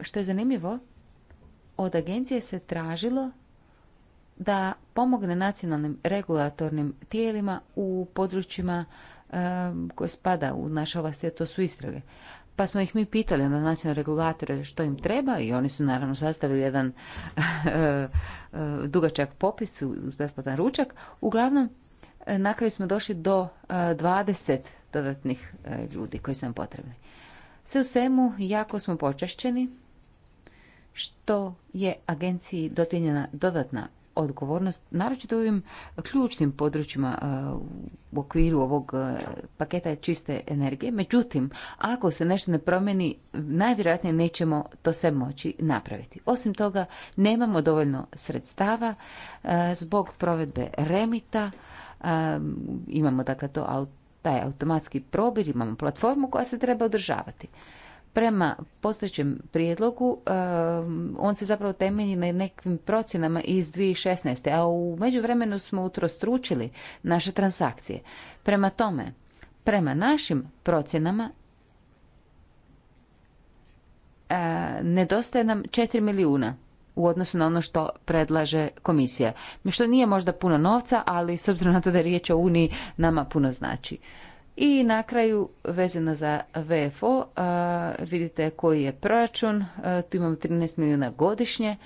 Što je zanimljivo, od agencije se tražilo da pomogne nacionalnim regulatornim tijelima u područjima eh, koje spada u naše ovlasti, a to su istrage. Pa smo ih mi pitali na nacionalne regulatore što im treba i oni su naravno sastavili jedan eh, eh, dugačak popis uz besplatan ručak. Uglavnom, na kraju smo došli do 20 dodatnih ljudi koji su nam potrebni. Sve u svemu, jako smo počašćeni što je agenciji dotinjena dodatna odgovornost, naročito u ovim ključnim područjima e, u okviru ovog e, paketa čiste energije. Međutim, ako se nešto ne promijeni, najvjerojatnije nećemo to sve moći napraviti. Osim toga, nemamo dovoljno sredstava e, zbog provedbe remita, imamo dakle to taj automatski probir, imamo platformu koja se treba održavati. Prema postojećem prijedlogu e, on se zapravo temelji na nekim procjenama iz 2016. A u međuvremenu smo utrostručili naše transakcije. Prema tome, prema našim procjenama e, nedostaje nam 4 milijuna u odnosu na ono što predlaže komisija. Što nije možda puno novca, ali s obzirom na to da je riječ o Uniji, nama puno znači. I na kraju, vezano za VFO, vidite koji je proračun, tu imamo 13 milijuna godišnje,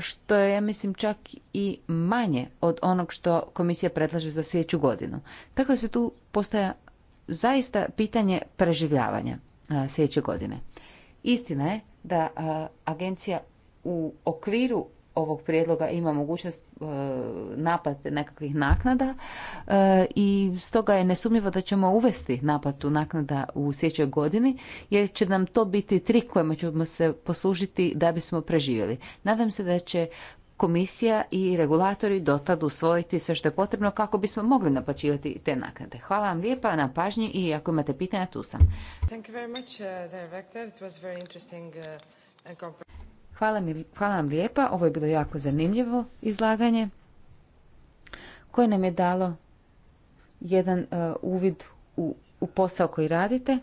što je, ja mislim, čak i manje od onog što komisija predlaže za sljedeću godinu. Tako da se tu postaja zaista pitanje preživljavanja sljedeće godine. Istina je da agencija u okviru ovog prijedloga ima mogućnost e, naplate nekakvih naknada e, i stoga je nesumnjivo da ćemo uvesti naplatu naknada u sljedećoj godini jer će nam to biti trik kojima ćemo se poslužiti da bismo preživjeli. Nadam se da će komisija i regulatori dotad usvojiti sve što je potrebno kako bismo mogli naplaćivati te naknade. Hvala vam lijepa na pažnji i ako imate pitanja tu sam. Uh, Hvala, mi, hvala vam lijepa, ovo je bilo jako zanimljivo izlaganje koje nam je dalo jedan e, uvid u, posao koji radite.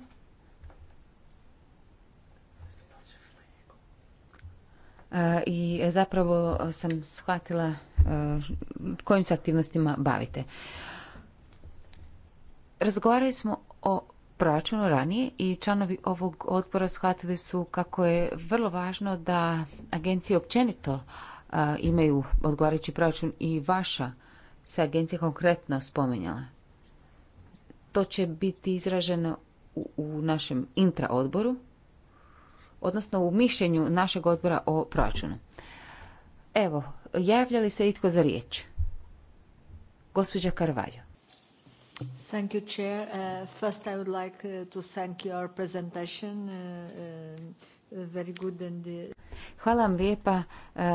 E, I zapravo sam shvatila e, kojim se aktivnostima bavite. Razgovarali smo o proračunu ranije i članovi ovog odbora shvatili su kako je vrlo važno da agencije općenito imaju odgovarajući proračun i vaša se agencija konkretno spominjala. To će biti izraženo u, našem intra odboru, odnosno u mišljenju našeg odbora o proračunu. Evo, javlja li se itko za riječ? Gospođa Karvaljo. Thank you, Chair. Uh, first, I would like uh, to thank your presentation. Uh, uh, very good and... Hvala vam lijepa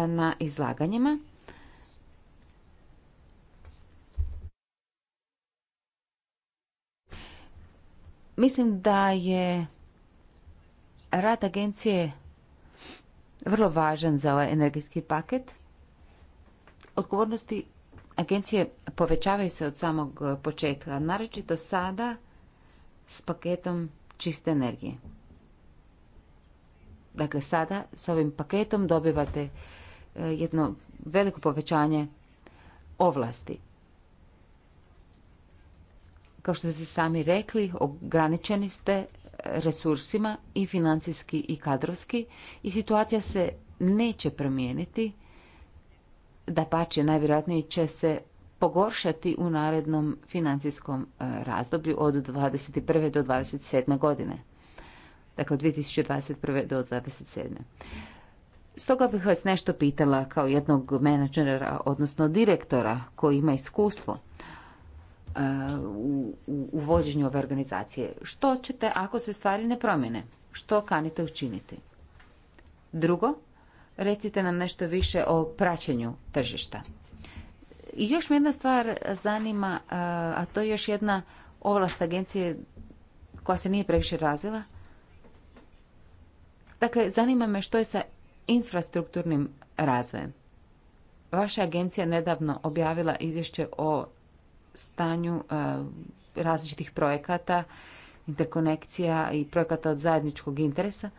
na izlaganjima. Mislim da je rad agencije vrlo važan za ovaj energetski paket. Odgovornosti agencije povećavaju se od samog e, početka, naročito sada s paketom čiste energije. Dakle, sada s ovim paketom dobivate e, jedno veliko povećanje ovlasti. Kao što ste sami rekli, ograničeni ste resursima i financijski i kadrovski i situacija se neće promijeniti da pače najvjerojatnije će se pogoršati u narednom financijskom e, razdoblju od 21. do 27. godine. Dakle, od 2021. do 2027. Stoga bih vas nešto pitala kao jednog menadžera, odnosno direktora koji ima iskustvo e, u, u, vođenju ove organizacije. Što ćete ako se stvari ne promjene? Što kanite učiniti? Drugo, recite nam nešto više o praćenju tržišta. I još me jedna stvar zanima, e, a to je još jedna ovlast agencije koja se nije previše razvila. Dakle, zanima me što je sa infrastrukturnim razvojem. Vaša agencija nedavno objavila izvješće o stanju e, različitih projekata, interkonekcija i projekata od zajedničkog interesa –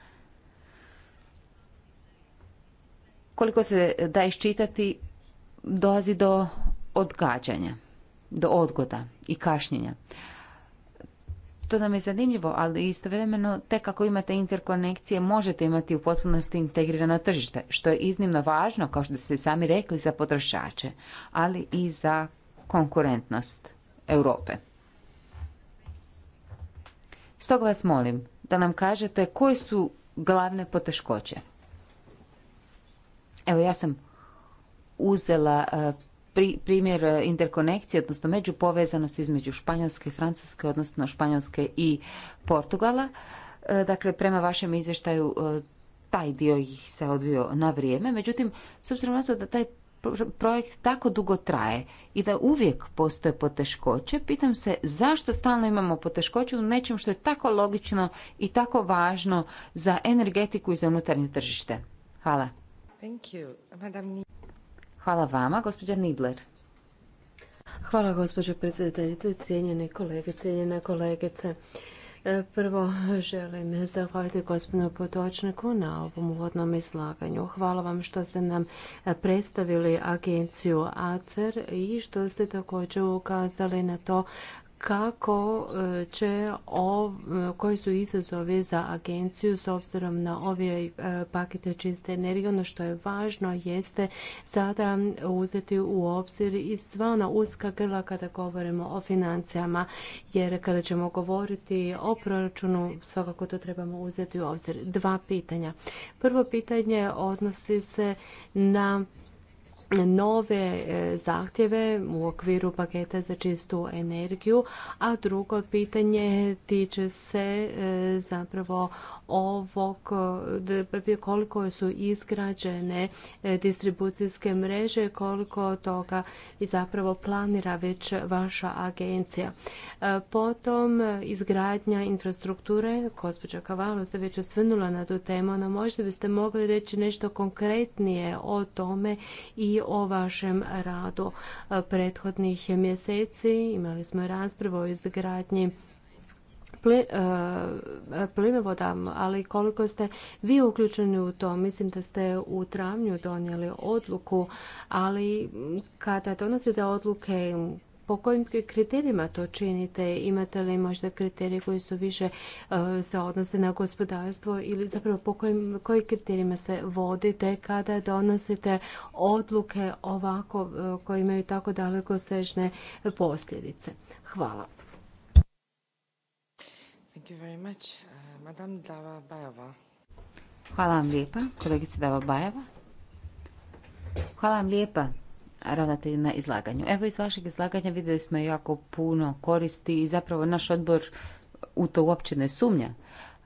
koliko se da iščitati, dolazi do odgađanja, do odgoda i kašnjenja. To nam je zanimljivo, ali istovremeno tek kako imate interkonekcije možete imati u potpunosti integrirano tržište, što je iznimno važno, kao što ste sami rekli, za potrošače, ali i za konkurentnost Europe. Stoga vas molim da nam kažete koje su glavne poteškoće Evo ja sam uzela e, primjer e, interkonekcije, odnosno međupovezanosti između Španjolske i Francuske, odnosno Španjolske i Portugala. E, dakle, prema vašem izvještaju taj dio ih se odvio na vrijeme. Međutim, s obzirom na to da taj projekt tako dugo traje i da uvijek postoje poteškoće, pitam se zašto stalno imamo poteškoće u nečem što je tako logično i tako važno za energetiku i za unutarnje tržište. Hvala. Hvala vama, gospođa Nibler. Hvala gospođo predsjedateljice, cijenjene kolege, cijenjene kolegice. E, prvo želim zahvaliti gospodinu Potočniku na ovom uvodnom izlaganju. Hvala vam što ste nam predstavili agenciju ACER i što ste također ukazali na to kako e, će, koji su izazovi za agenciju s obzirom na ove e, pakete čiste energije. Ono što je važno jeste sada uzeti u obzir i sva ona uska grla kada govorimo o financijama, jer kada ćemo govoriti o proračunu, svakako to trebamo uzeti u obzir. Dva pitanja. Prvo pitanje odnosi se na nove e, zahtjeve u okviru paketa za čistu energiju, a drugo pitanje tiče se e, zapravo ovog e, koliko su izgrađene distribucijske mreže, koliko toga i zapravo planira već vaša agencija. Potom izgradnja infrastrukture, gospođa Kavalo se već osvrnula na tu temu, no možda biste mogli reći nešto konkretnije o tome i o vašem radu prethodnih mjeseci. Imali smo raspravu o izgradnji e, plinovoda, ali koliko ste vi uključeni u to, mislim da ste u travnju donijeli odluku, ali kada donosite odluke po kojim kriterijima to činite? Imate li možda kriterije koji su više e, se odnose na gospodarstvo ili zapravo po kojim, kriterijima se vodite kada donosite odluke ovako e, koje imaju tako daleko sežne posljedice? Hvala. Thank you very much. E, Madame Dava Hvala vam lijepa, Dava Bajeva. Hvala vam lijepa ravnatelj na izlaganju. Evo iz vašeg izlaganja vidjeli smo jako puno koristi i zapravo naš odbor u to uopće ne sumnja.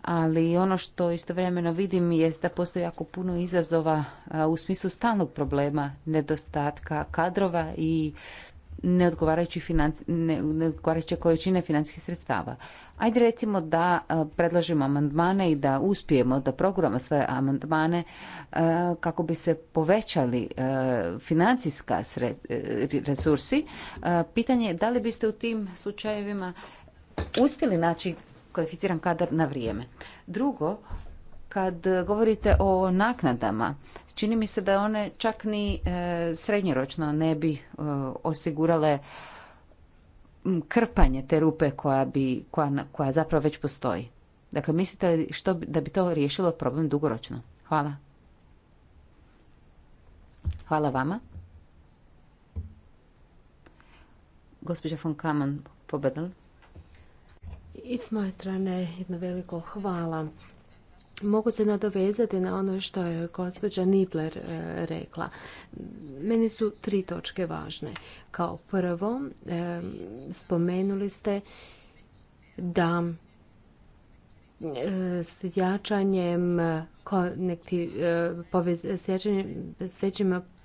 Ali ono što istovremeno vidim je da postoji jako puno izazova u smislu stalnog problema nedostatka kadrova i neodgovarajuće ne, količine financijskih sredstava. Ajde recimo da e, predložimo amandmane i da uspijemo da proguramo sve amandmane e, kako bi se povećali e, financijska resursi. Pitanje je da li biste u tim slučajevima uspjeli naći kvalificiran kadar na vrijeme. Drugo, kad govorite o naknadama, Čini mi se da one čak ni e, srednjoročno ne bi e, osigurale krpanje te rupe koja, bi, koja, koja zapravo već postoji. Dakle, mislite što, da bi to riješilo problem dugoročno? Hvala. Hvala vama. Gospođa von Kaman, pobedal. I s moje strane jedno veliko hvala mogu se nadovezati na ono što je gospođa Nibler e, rekla. Meni su tri točke važne. Kao prvo, e, spomenuli ste da e, s jačanjem konektiv,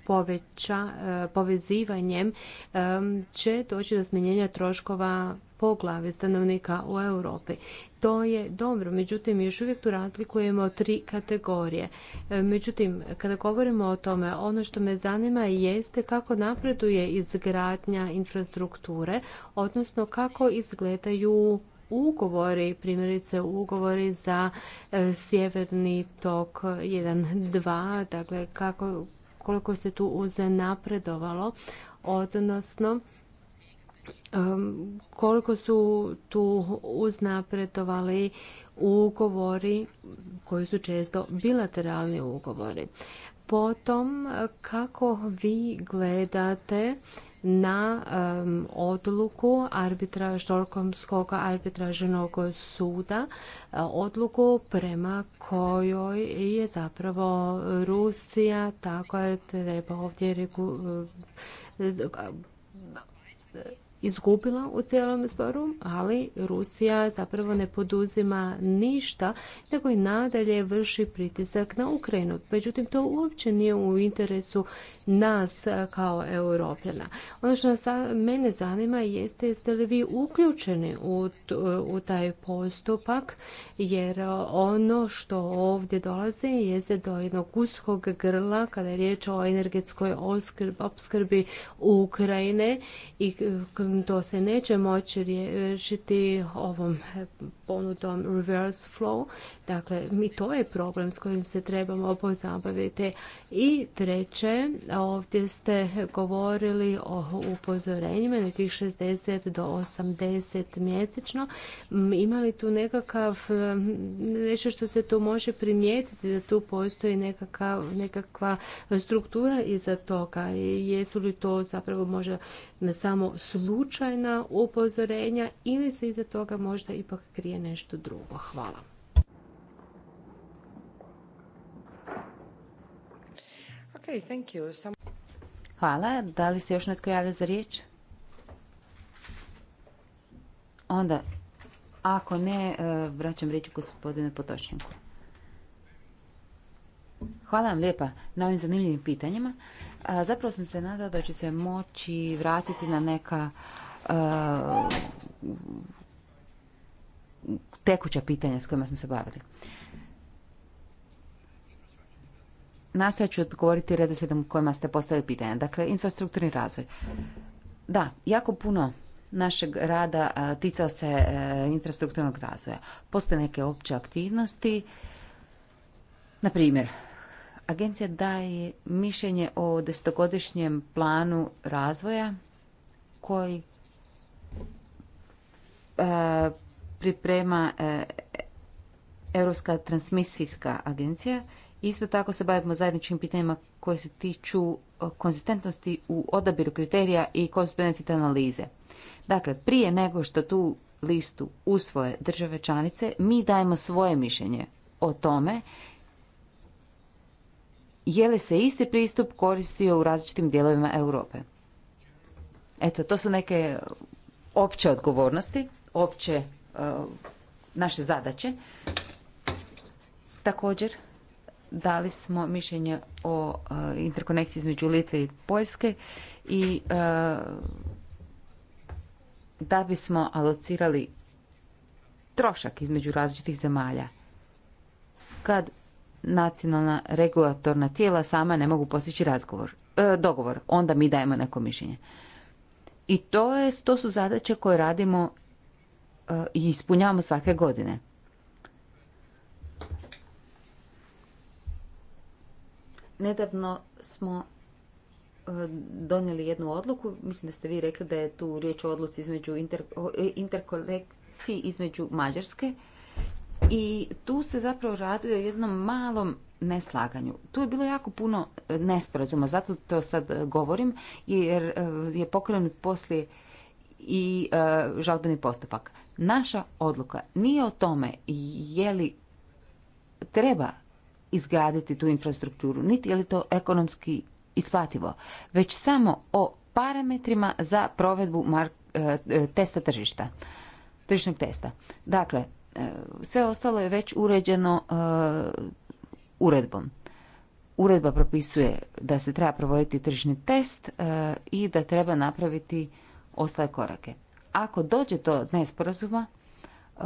poveća, povezivanjem će doći do smanjenja troškova po glavi stanovnika u Europi to je dobro, međutim još uvijek tu razlikujemo tri kategorije. E, međutim, kada govorimo o tome, ono što me zanima jeste kako napreduje izgradnja infrastrukture, odnosno kako izgledaju ugovori, primjerice ugovori za e, sjeverni tok 1-2, dakle koliko se tu uze napredovalo, odnosno koliko su tu uznapretovali ugovori koji su često bilateralni ugovori. Potom kako vi gledate na odluku arbitraž, štolkomskog arbitražnog suda, e, odluku prema kojoj je zapravo Rusija, tako je treba ovdje regu, e, izgubila u cijelom zboru, ali Rusija zapravo ne poduzima ništa, nego i nadalje vrši pritisak na Ukrajinu. Međutim, to uopće nije u interesu nas kao europljana. Ono što mene zanima jeste jeste li vi uključeni u, u taj postupak, jer ono što ovdje dolazi je do jednog uskog grla kada je riječ o energetskoj opskrbi Ukrajine i to se neće moći riješiti ovom ponudom reverse flow. Dakle, mi to je problem s kojim se trebamo pozabaviti. I treće, ovdje ste govorili o upozorenjima nekih 60 do 80 mjesečno. Imali tu nekakav, nešto što se tu može primijetiti, da tu postoji nekakva struktura iza toga. Jesu li to zapravo možda samo slučajna upozorenja ili se iza toga možda ipak krije nešto drugo. Hvala. Hvala. Da li se još netko javlja za riječ? Onda, ako ne, e, vraćam riječ gospodinu Potočniku. Hvala vam lijepa na ovim zanimljivim pitanjima. Zapravo sam se nadala da ću se moći vratiti na neka e, tekuća pitanja s kojima smo se bavili. Nastojat ću odgovoriti redoslijedom kojima ste postavili pitanja. Dakle, infrastrukturni razvoj. Da, jako puno našeg rada ticao se e, infrastrukturnog razvoja. Postoje neke opće aktivnosti. Na primjer, agencija daje mišljenje o desetogodišnjem planu razvoja koji e, priprema e, Europska transmisijska agencija. Isto tako se bavimo zajedničkim pitanjima koje se tiču e, konzistentnosti u odabiru kriterija i cost-benefit analize. Dakle, prije nego što tu listu usvoje države članice, mi dajemo svoje mišljenje o tome je li se isti pristup koristio u različitim dijelovima Europe. Eto, to su neke opće odgovornosti, opće E, naše zadaće. Također, dali smo mišljenje o e, interkonekciji između Litve i Poljske i e, da bismo alocirali trošak između različitih zemalja. Kad nacionalna regulatorna tijela sama ne mogu postići razgovor, dogovor, onda mi dajemo neko mišljenje. I to, je, to su zadaće koje radimo E, i ispunjavamo svake godine. Nedavno smo e, donijeli jednu odluku, mislim da ste vi rekli da je tu riječ o odluci između e, interkolekciji između Mađarske i tu se zapravo radi o jednom malom neslaganju. Tu je bilo jako puno nesporazuma, zato to sad govorim jer je pokrenut poslije i žalbeni postupak. Naša odluka nije o tome je li treba izgraditi tu infrastrukturu, niti je li to ekonomski isplativo, već samo o parametrima za provedbu e, e, testa tržišta, tržišnog testa. Dakle, e, sve ostalo je već uređeno uredbom. Uredba propisuje da se treba provoditi tržišni test i da treba napraviti ostale korake. Ako dođe do nesporazuma, eh,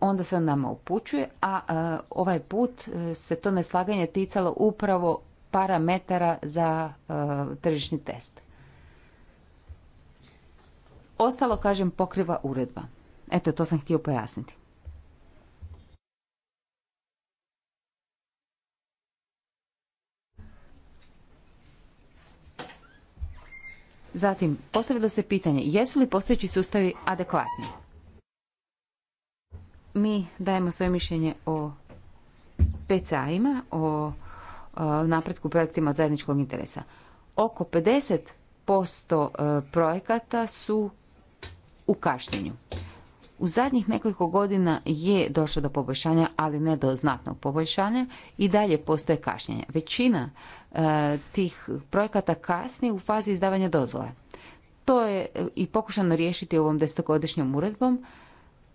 onda se on nama upućuje, a eh, ovaj put eh, se to neslaganje ticalo upravo parametara za tržišni test. Ostalo, kažem, pokriva uredba. Eto, to sam htio pojasniti. Zatim, postavilo se pitanje jesu li postojeći sustavi adekvatni? Mi dajemo svoje mišljenje o PCA-ima, o, e, napretku projektima od zajedničkog interesa. Oko 50% e, projekata su u kašnjenju. U zadnjih nekoliko godina je došlo do poboljšanja, ali ne do znatnog poboljšanja i dalje postoje kašnjenja. Većina E, tih projekata kasni u fazi izdavanja dozvola. To je e, i pokušano riješiti ovom desetogodišnjom uredbom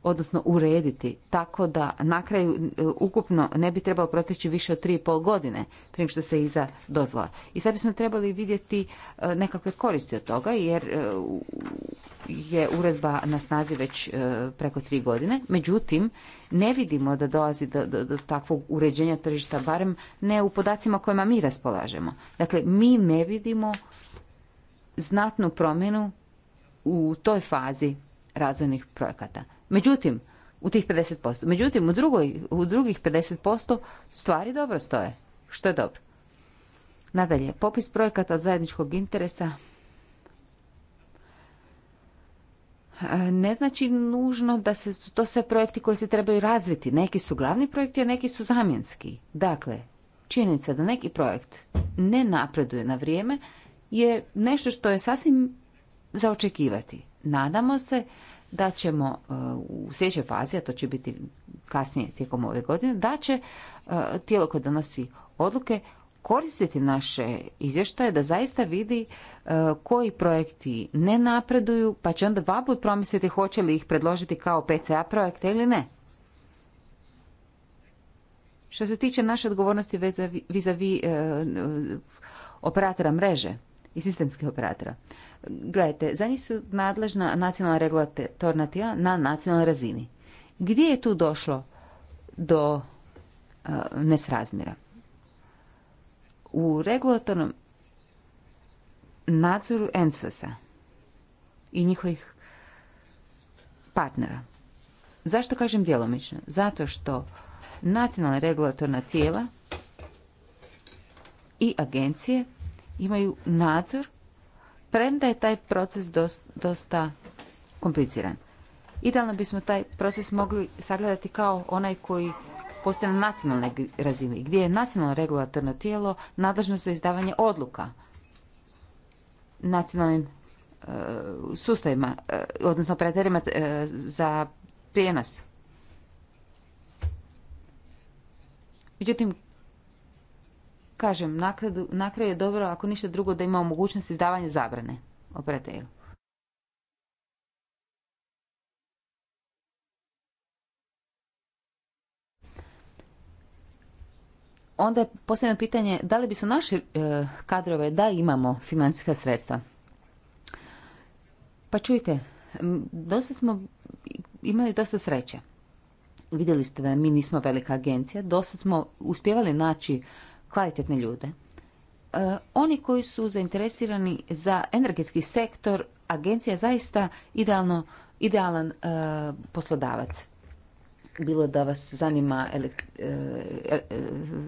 odnosno urediti tako da na kraju e, ukupno ne bi trebalo proteći više od 3,5 godine prije što se iza dozvola. I sad bismo trebali vidjeti e, nekakve koristi od toga jer e, je uredba na snazi već preko tri godine. Međutim, ne vidimo da dolazi do, do takvog uređenja tržišta, barem ne u podacima kojima mi raspolažemo. Dakle, mi ne vidimo znatnu promjenu u toj fazi razvojnih projekata. Međutim, u tih 50%. Međutim, u, drugoj, u drugih 50% stvari dobro stoje, što je dobro. Nadalje, popis projekata od zajedničkog interesa e, ne znači nužno da se su to sve projekti koji se trebaju razviti. Neki su glavni projekti, a neki su zamjenski. Dakle, činjenica da neki projekt ne napreduje na vrijeme je nešto što je sasvim zaočekivati. Nadamo se da ćemo e, u sljedećoj fazi, a to će biti kasnije tijekom ove godine, da će e, tijelo koje donosi odluke koristiti naše izvještaje da zaista vidi e, koji projekti ne napreduju, pa će onda dva put promisliti hoće li ih predložiti kao PCA projekte ili ne. Što se tiče naše odgovornosti vis a operatora mreže i sistemskih operatora, Gledajte, za njih su nadležna nacionalna regulatorna tijela na nacionalnoj razini. Gdje je tu došlo do nesrazmjera? U regulatornom nadzoru ensos i njihovih partnera. Zašto kažem djelomično? Zato što nacionalna regulatorna tijela i agencije imaju nadzor premda je taj proces dosta kompliciran. Idealno bismo taj proces mogli sagledati kao onaj koji postoje na nacionalnoj razini, gdje je nacionalno regulatorno tijelo nadležno za izdavanje odluka nacionalnim e, sustavima, e, odnosno operaterima e, za prijenos. Međutim, Kažem, na kraju je dobro, ako ništa drugo, da imamo mogućnost izdavanja zabrane operateru. Onda je posljedno pitanje, da li bi su naši e, kadrove da imamo financijska sredstva? Pa čujte, dosta smo imali dosta sreće. Vidjeli ste da mi nismo velika agencija, dosta smo uspjevali naći kvalitetne ljude. E, oni koji su zainteresirani za energetski sektor, agencija je zaista idealno, idealan e, poslodavac. Bilo da vas zanima e,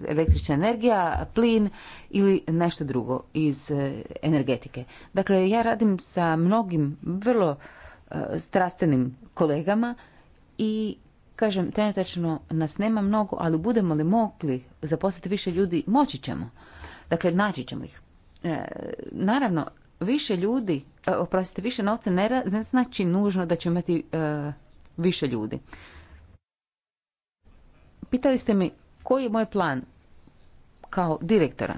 električna energija, plin ili nešto drugo iz energetike. Dakle, ja radim sa mnogim vrlo strastvenim kolegama i kažem, trenutačno nas nema mnogo, ali budemo li mogli zaposliti više ljudi, moći ćemo. Dakle, naći ćemo ih. E, naravno, više ljudi, e, oprostite, više novca ne, znači nužno da ćemo imati e, više ljudi. Pitali ste mi koji je moj plan kao direktora.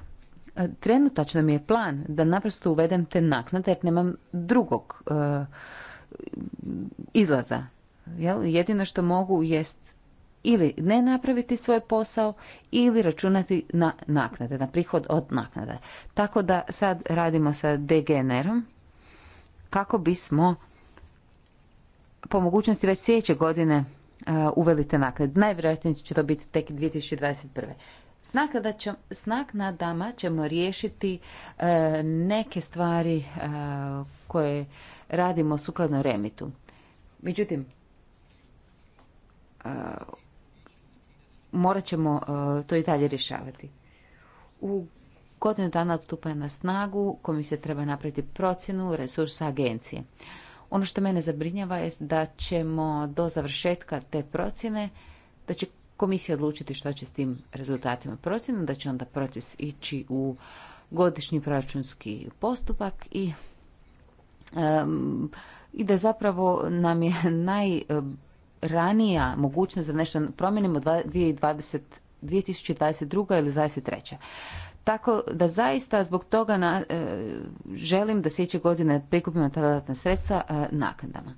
Trenutačno mi je plan da naprosto uvedem te naknade jer nemam drugog izlaza Jel? Jedino što mogu jest ili ne napraviti svoj posao ili računati na naknade, na prihod od naknade Tako da sad radimo sa dgnr kako bismo po mogućnosti već sljedeće godine uh, uveli te naknade. Najvjerojatnije će to biti tek 2021. S, će, s naknadama ćemo riješiti uh, neke stvari uh, koje radimo sukladno remitu. Međutim, morat ćemo e, to i dalje rješavati. U godinu dana stupa na snagu komisija treba napraviti procjenu resursa agencije. Ono što mene zabrinjava je da ćemo do završetka te procjene, da će komisija odlučiti što će s tim rezultatima procjene, da će onda proces ići u godišnji proračunski postupak i, i da zapravo nam je *laughs* naj ranija mogućnost da nešto promijenimo 2020, 2022. ili 2023. Tako da zaista zbog toga na, e, želim da sljedeće godine prikupimo ta dodatna sredstva e, naknadama.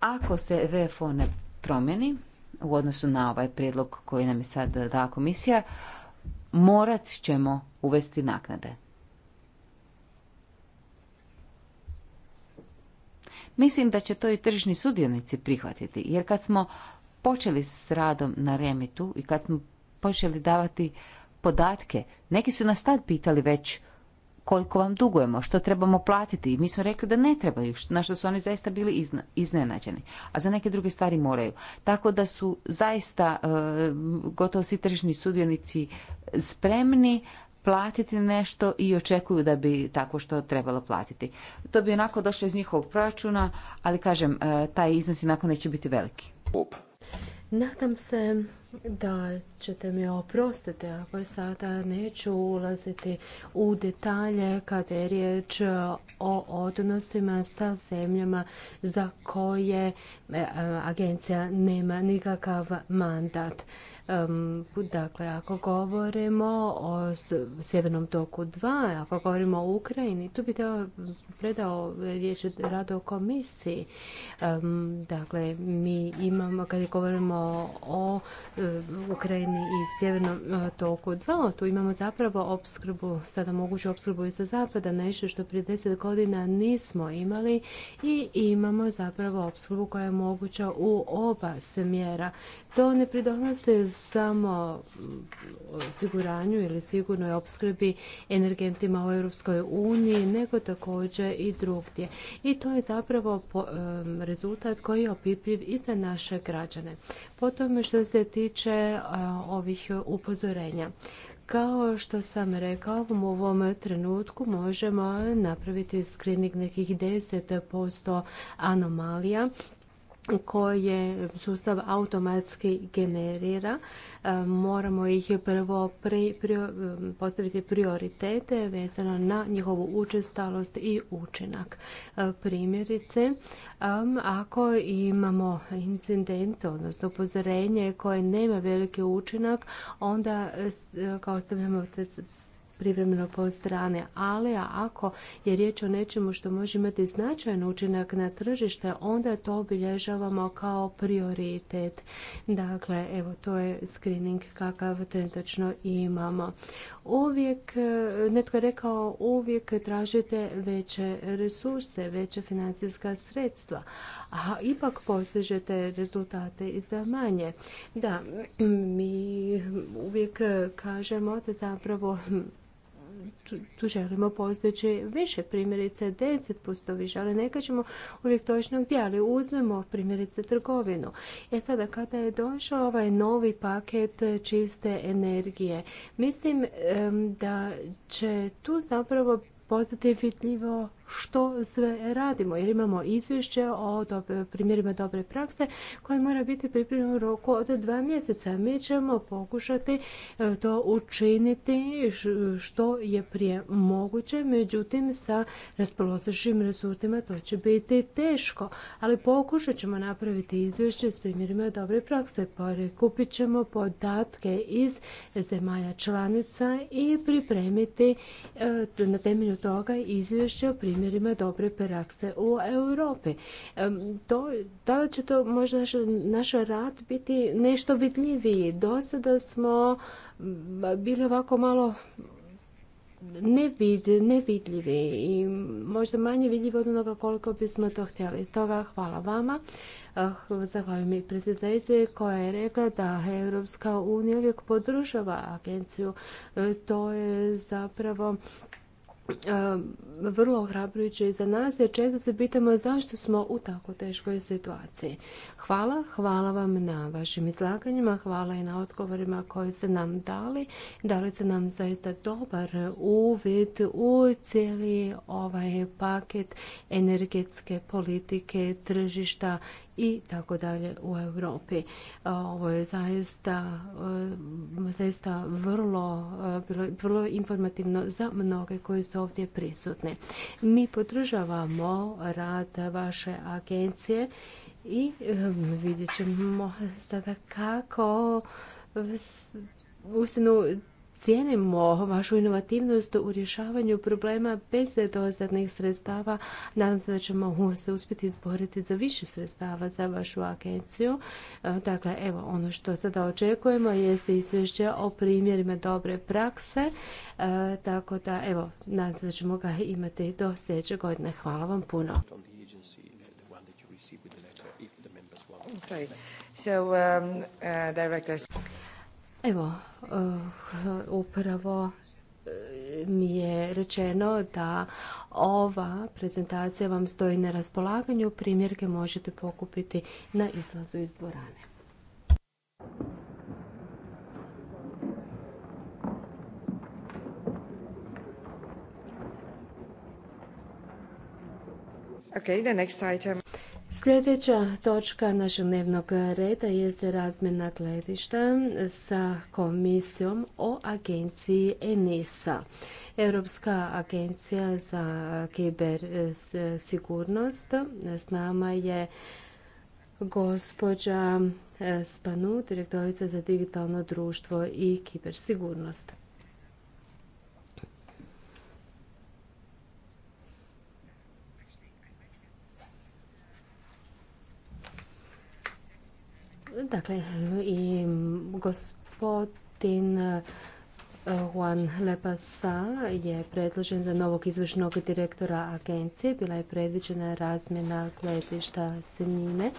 Ako se VFO ne promjeni u odnosu na ovaj prijedlog koji nam je sad dala komisija, morat ćemo uvesti naknade. Mislim da će to i tržišni sudionici prihvatiti, jer kad smo počeli s radom na remitu i kad smo počeli davati podatke, neki su nas tad pitali već koliko vam dugujemo, što trebamo platiti i mi smo rekli da ne trebaju, na što su oni zaista bili iznenađeni, a za neke druge stvari moraju. Tako da su zaista e, gotovo svi tržni sudionici spremni platiti nešto i očekuju da bi tako što trebalo platiti. To bi onako došlo iz njihovog proračuna, ali kažem, e, taj iznos nakon neće biti veliki. Nadam se da ćete mi oprostiti ako sada neću ulaziti u detalje kada je riječ e, o odnosima sa zemljama za koje e, agencija nema nikakav mandat. Dakle, ako govorimo o Sjevernom toku 2, ako govorimo o Ukrajini, tu bi te predao riječ rado o komisiji. Dakle, mi imamo, kada govorimo o Eh, Ukrajini i Sjevernom eh, toku dva, Tu imamo zapravo opskrbu, sada moguću opskrbu i sa zapada, nešto što prije deset godina nismo imali i imamo zapravo opskrbu koja je moguća u oba smjera. To ne pridonose samo osiguranju ili sigurnoj opskrbi energentima u Europskoj uniji, nego također i drugdje. I to je zapravo rezultat koji je opipljiv i za naše građane. Potom što se tiče ovih upozorenja. Kao što sam rekao, u ovom trenutku možemo napraviti screening nekih 10% anomalija koje sustav automatski generira. E, moramo ih prvo pri, pri, e, postaviti prioritete vezano na njihovu učestalost i učinak. E, primjerice, ako imamo incident, odnosno upozorenje koje nema veliki učinak, onda kao stavljamo privremeno po strane, ali ako je riječ o nečemu što može imati značajan učinak na tržište, onda to obilježavamo kao prioritet. Dakle, evo to je screening kakav trenutačno imamo. Uvijek, e, netko je rekao, uvijek tražite veće resurse, veće financijska sredstva, a ipak postižete rezultate i za manje. Da, *clears throat* mi uvijek kažemo da zapravo tu želimo postići više, primjerice 10% više, ali ne kažemo uvijek točno gdje, ali uzmemo primjerice trgovinu. E sada, kada je došao ovaj novi paket čiste energije, mislim da će tu zapravo postati što sve radimo jer imamo izvješće o primjerima dobre prakse koje mora biti pripremljeno u roku od dva mjeseca. Mi ćemo pokušati e, to učiniti što je prije moguće, međutim sa raspoloživim rezultima to će biti teško, ali pokušat ćemo napraviti izvješće s primjerima dobre prakse. Kupit ćemo podatke iz zemalja članica i pripremiti e, na temelju toga izvješće o primjerima primjerima dobre prakse u Europi. To, da će to možda naš, rad biti nešto vidljiviji. Do sada smo mm, bili ovako malo nevidljivi i možda manje vidljivi od onoga koliko bismo to htjeli. Stoga hvala vama. Ah, zahvaljujem i predsjedajice koja je rekla da Europska unija uvijek podržava agenciju. E, to je zapravo vrlo ohrabrujuće i za nas jer često se pitamo zašto smo u tako teškoj situaciji. Hvala, hvala vam na vašim izlaganjima, hvala i na odgovorima koje ste nam dali. Dali ste nam zaista dobar uvid u cijeli ovaj paket energetske politike, tržišta i tako dalje u Europi. Ovo je zaista, zaista vrlo, vrlo informativno za mnoge koji su ovdje prisutni. Mi podržavamo rad vaše agencije i vidjet ćemo sada kako uistinu cijenimo vašu inovativnost u rješavanju problema bez dostatnih sredstava. Nadam se da ćemo se uspjeti izboriti za više sredstava za vašu agenciju. E, dakle, evo, ono što sada očekujemo jeste izvješće o primjerima dobre prakse. E, tako da, evo, nadam se da ćemo ga imati do sljedećeg godine. Hvala vam puno. Um, uh, Evo, uh, upravo uh, mi je rečeno da ova prezentacija vam stoji na raspolaganju. Primjerke možete pokupiti na izlazu iz dvorane. Okay, the next item. Sljedeća točka našeg dnevnog reda jeste razmjena gledišta sa komisijom o agenciji ENISA. Europska agencija za sigurnost S nama je gospođa eh, Spanu, direktorica za digitalno društvo i kibersigurnost. Dakle, i gospodin e, Juan Lepasa je predložen za novog izvršnog direktora agencije. Bila je predviđena razmjena gledišta s njime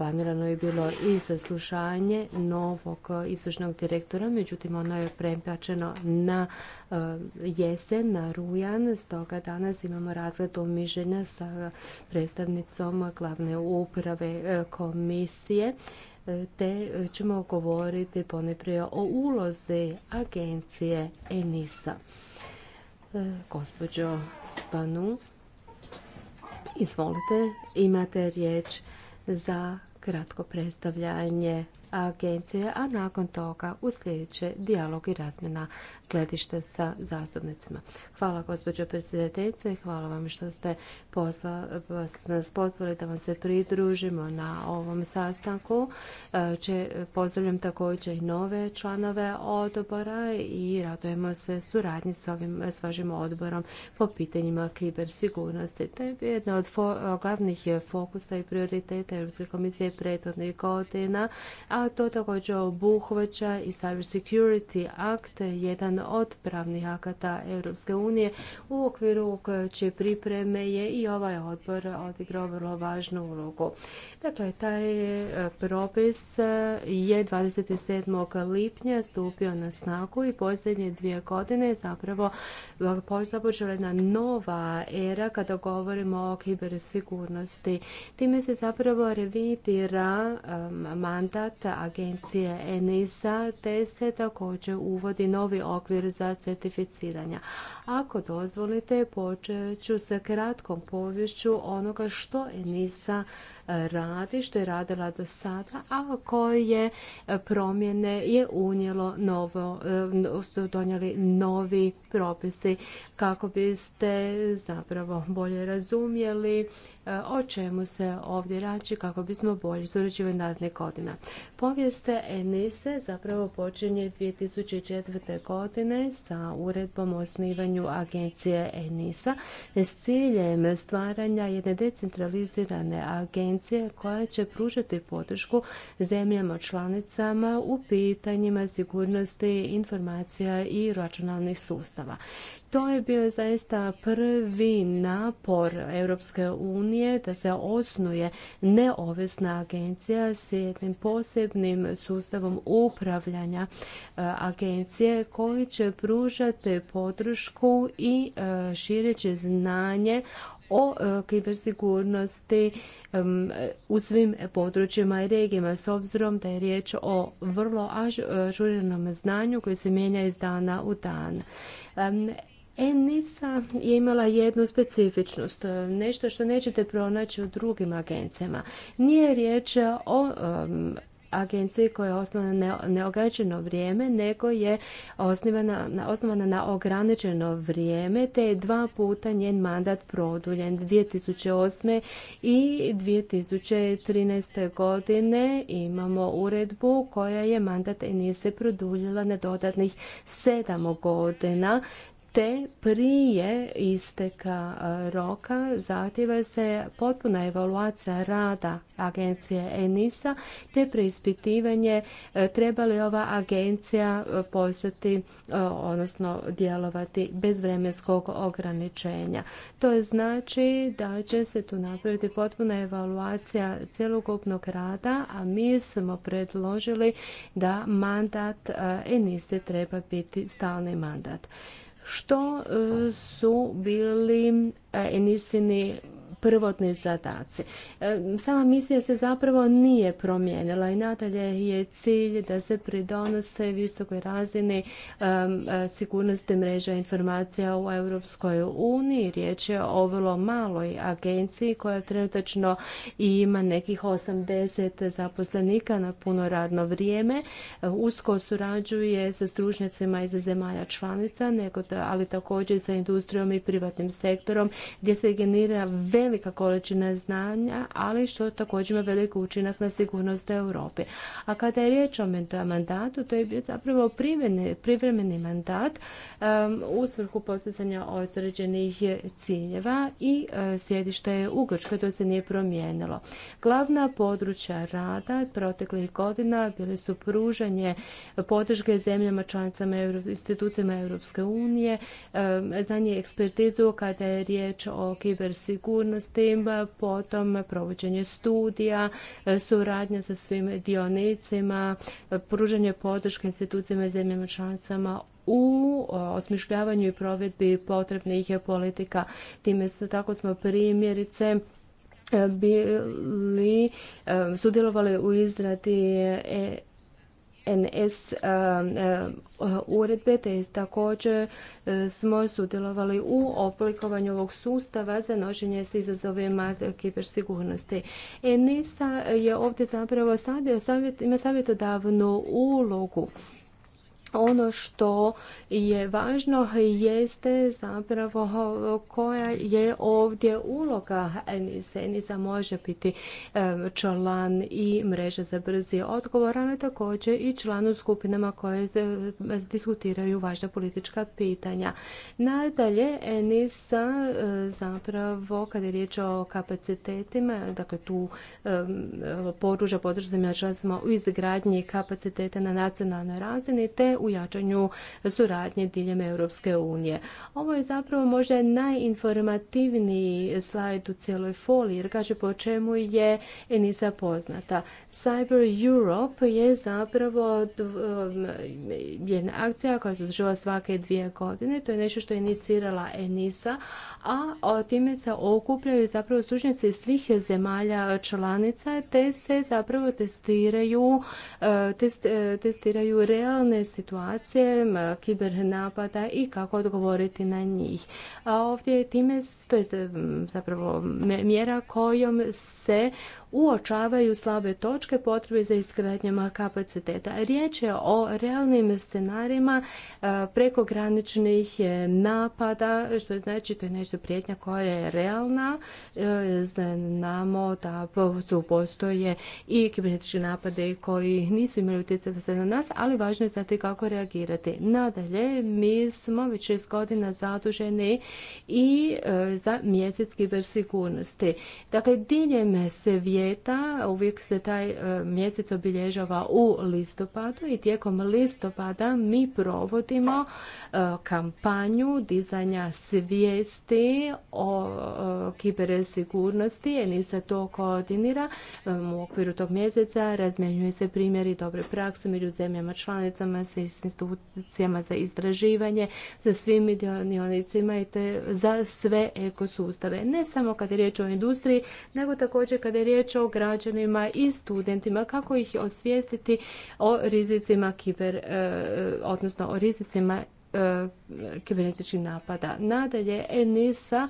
planirano je bilo i saslušanje novog izvršnog direktora, međutim ono je prempačeno na eh, jesen, na rujan, stoga danas imamo razgled mišljenja sa predstavnicom glavne uprave eh, komisije eh, te ćemo govoriti poneprije o ulozi agencije ENISA. Gospođo Spanu, izvolite, imate riječ za kratko predstavljanje agencije, a nakon toga uslijedit će dijalog i razmjena gledišta sa zastupnicima. Hvala gospođo predsjedateljice, hvala vam što ste nas pozvali da vam se pridružimo na ovom sastanku. E, pozdravljam također i nove članove odbora i radujemo se suradnji s, ovim, s vašim odborom po pitanjima kibersigurnosti. To je jedna od fo, glavnih fokusa i prioriteta Europske komisije prethodnih godina, a a to također obuhvaća i Cyber Security Act, jedan od pravnih akata Europske unije u okviru čije pripreme je i ovaj odbor odigrao vrlo važnu ulogu. Dakle, taj e, propis e, je 27. lipnja stupio na snagu i posljednje dvije godine e, je zapravo započela jedna nova era kada govorimo o kibersigurnosti. Time se zapravo revidira mandat agencije ENISA te se također uvodi novi okvir za certificiranje ako dozvolite, počet ću sa kratkom povješću onoga što Enisa e, radi, što je radila do sada, a koje e, promjene je unijelo novo, e, su donijeli novi propisi kako biste zapravo bolje razumjeli o čemu se ovdje rači kako bismo bolje surađivali narednih godina. Povijest Enise zapravo počinje 2004. godine sa uredbom o osnivanju agencije ENISA s ciljem stvaranja jedne decentralizirane agencije koja će pružati podršku zemljama članicama u pitanjima sigurnosti informacija i računalnih sustava. To je bio zaista prvi napor Europske unije da se osnuje neovisna agencija s jednim posebnim sustavom upravljanja e, agencije koji će pružati podršku i e, šireće znanje o e, kibersigurnosti u svim područjima i regijama s obzirom da je riječ o vrlo ažurnom znanju koji se mijenja iz dana u dan. Enisa je imala jednu specifičnost, nešto što nećete pronaći u drugim agencijama. Nije riječ o um, agenciji koja je osnovana na neograničeno vrijeme, nego je osnovana na ograničeno vrijeme, te je dva puta njen mandat produljen 2008. i 2013. godine imamo uredbu koja je mandat Enise produljila na dodatnih sedam godina te prije isteka e, roka zahtjeva se potpuna evaluacija rada agencije ENISA te preispitivanje e, treba li ova agencija e, postati, odnosno djelovati bez vremenskog ograničenja. To znači da će se tu napraviti potpuna evaluacija cjelokupnog rada, a mi smo predložili da mandat ENISA treba biti stalni mandat što e, su bili enisini prvotni zadaci. E, sama misija se zapravo nije promijenila i nadalje je cilj da se pridonose visokoj razini e, e, sigurnosti mreža informacija u Europskoj uniji. Riječ je o vrlo maloj agenciji koja trenutačno ima nekih 80 zaposlenika na puno radno vrijeme. Usko surađuje sa stručnjacima iz zemalja članica, ali također sa industrijom i privatnim sektorom gdje se generira velika velika količina znanja, ali što također ima velik učinak na sigurnost Europe. A kada je riječ o mandatu, to je bio zapravo privremeni, mandat u svrhu postizanja određenih ciljeva i e, sjedište je u to se nije promijenilo. Glavna područja rada proteklih godina bili su pružanje podrške zemljama članicama institucijama Europske unije, znanje i ekspertizu kada je riječ o kibersigurnosti, s tim, potom provođenje studija, e, suradnja sa svim dionicima, pružanje podrške institucijama i zemljama članicama u e, osmišljavanju i provedbi potrebnih politika. Time se tako smo primjerice e, bili sudjelovali u izradi NS e, e, uredbe, te također e, smo sudjelovali u oblikovanju ovog sustava za nošenje s izazovima kibersigurnosti. NISA je ovdje zapravo ima savjetodavnu ulogu ono što je važno jeste zapravo koja je ovdje uloga Enisa. Enisa može biti e, član i mreže za brzi odgovor, ali također i član u skupinama koje e, diskutiraju važna politička pitanja. Nadalje, Enisa e, zapravo, kada je riječ o kapacitetima, dakle tu poruža podružnim članstva u izgradnji kapaciteta na nacionalnoj razini, te u jačanju suradnje diljem Europske unije. Ovo je zapravo možda najinformativniji slajd u cijeloj foliji, jer kaže po čemu je Enisa poznata. Cyber Europe je zapravo um, jedna akcija koja se održava svake dvije godine. To je nešto što je inicirala Enisa, a o time se okupljaju zapravo stručnjaci svih zemalja članica, te se zapravo testiraju, uh, uh, testiraju realne situacije situacije kiber napada i kako odgovoriti na njih. A ovdje time, to je zapravo mjera kojom se uočavaju slabe točke potrebe za izgradnjama kapaciteta. Riječ je o realnim scenarijima e, prekograničnih e, napada, što znači to je nešto prijetnja koja je realna. E, znamo da tu postoje i kibernetički napade koji nisu imali utjecati se na nas, ali važno je znati kako reagirati. Nadalje, mi smo već šest godina zaduženi i za mjesec kibersigurnosti. Dakle, diljem se svijeta. Uvijek se taj e, mjesec obilježava u listopadu i tijekom listopada mi provodimo e, kampanju dizanja svijesti o e, kibersigurnosti. Enisa to koordinira u okviru tog mjeseca. Razmjenjuju se primjeri dobre prakse među zemljama članicama sa institucijama za istraživanje, sa svim dionicima i te za sve ekosustave. Ne samo kad je riječ o industriji, nego također kada je riječ riječ o građanima i studentima, kako ih osvijestiti o rizicima kiber, e, odnosno o rizicima E, kibernetičkih napada. Nadalje, ENISA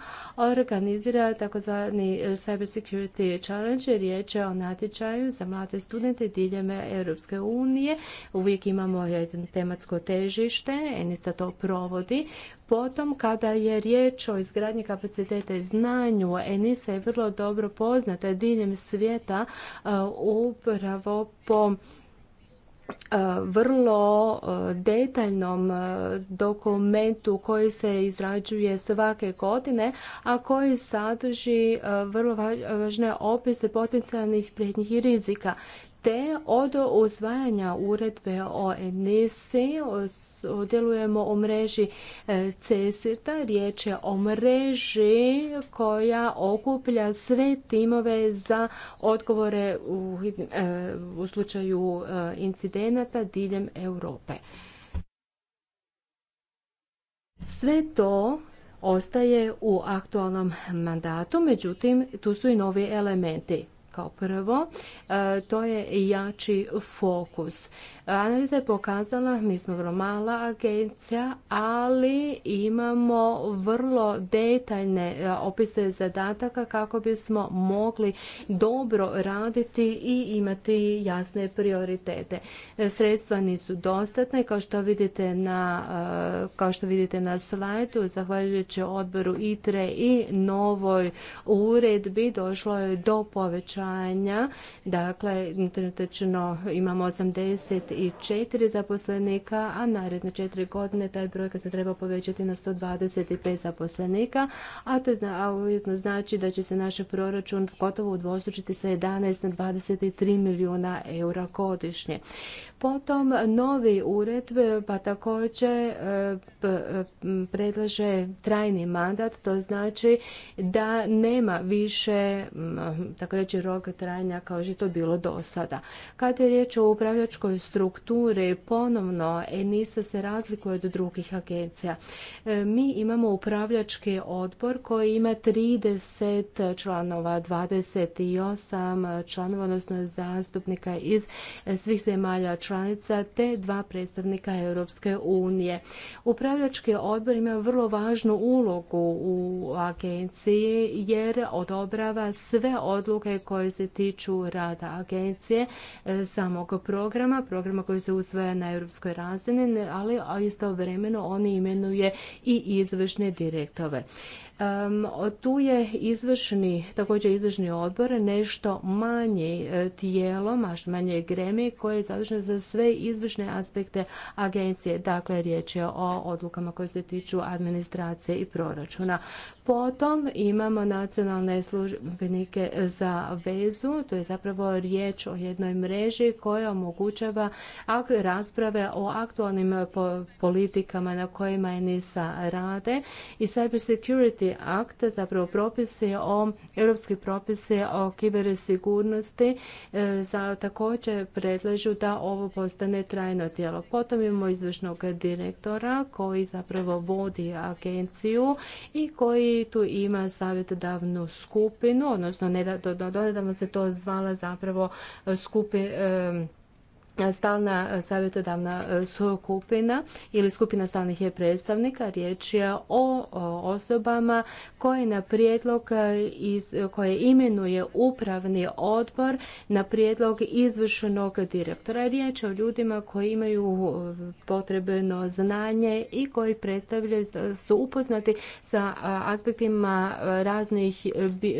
organizira takozvani Cyber Security Challenge. Riječ je o natječaju za mlade studente diljem Europske unije. Uvijek imamo jedno tematsko težište. ENISA to provodi. Potom, kada je riječ o izgradnji kapaciteta i znanju, ENISA je vrlo dobro poznata diljem svijeta e, upravo po E, vrlo e, detaljnom e, dokumentu koji se izrađuje svake godine, a koji sadrži vrlo važne opise potencijalnih prijetnjih i rizika te od uzvajanja uredbe o emisiji sudjelujemo u mreži e, CESIRTA. Riječ je o mreži koja okuplja sve timove za odgovore u, e, u slučaju e, incidenata diljem Europe. Sve to ostaje u aktualnom mandatu, međutim tu su i novi elementi kao prvo, e, to je jači fokus. Analiza je pokazala, mi smo vrlo mala agencija, ali imamo vrlo detaljne e, opise zadataka kako bismo mogli dobro raditi i imati jasne prioritete. E, sredstva nisu dostatne, kao što vidite na, kao što vidite na slajdu, zahvaljujući odboru ITRE i novoj uredbi došlo je do povećanja poslovanja. Dakle, trenutno imamo 84 zaposlenika, a naredne četiri godine taj brojka se treba povećati na 125 zaposlenika, a to uvjetno ujedno znači da će se naš proračun gotovo udvostručiti sa 11 na 23 milijuna eura godišnje. Potom novi ured pa također predlaže trajni mandat, to znači da nema više tako reći rok trajanja kao što je to bilo do sada. Kad je riječ o upravljačkoj strukturi, ponovno ENISA se razlikuje od drugih agencija. E, mi imamo upravljački odbor koji ima 30 članova, 28 članova, odnosno zastupnika iz svih zemalja članica, te dva predstavnika Europske unije. Upravljački odbor ima vrlo važnu ulogu u agenciji jer odobrava sve odluke koje koje se tiču rada agencije, e, samog programa, programa koji se usvaja na europskoj razini, ali istovremeno on imenuje i izvršne direktove tu je izvršni, također izvršni odbor nešto manje e, tijelo, manje gremi koje je zaduženo za sve izvršne aspekte agencije. Dakle, riječ je o odlukama koje se tiču administracije i proračuna. Potom imamo nacionalne službenike za vezu, to je zapravo riječ o jednoj mreži koja omogućava rasprave o aktualnim politikama na kojima je NISA rade i cyber security akte zapravo propise o, europski propisi o kibersigurnosti e, za također predlažu da ovo postane trajno tijelo. Potom imamo izvršnog direktora koji zapravo vodi agenciju i koji tu ima savjetodavnu skupinu, odnosno dodatno se to zvala zapravo skupi e, stalna savjetodavna e, skupina ili skupina stalnih je predstavnika. Riječ je o osobama koje na prijedlog e, iz, koje imenuje upravni odbor na prijedlog izvršenog direktora. Riječ je o ljudima koji imaju e, potrebno znanje i koji predstavljaju su upoznati sa aspektima raznih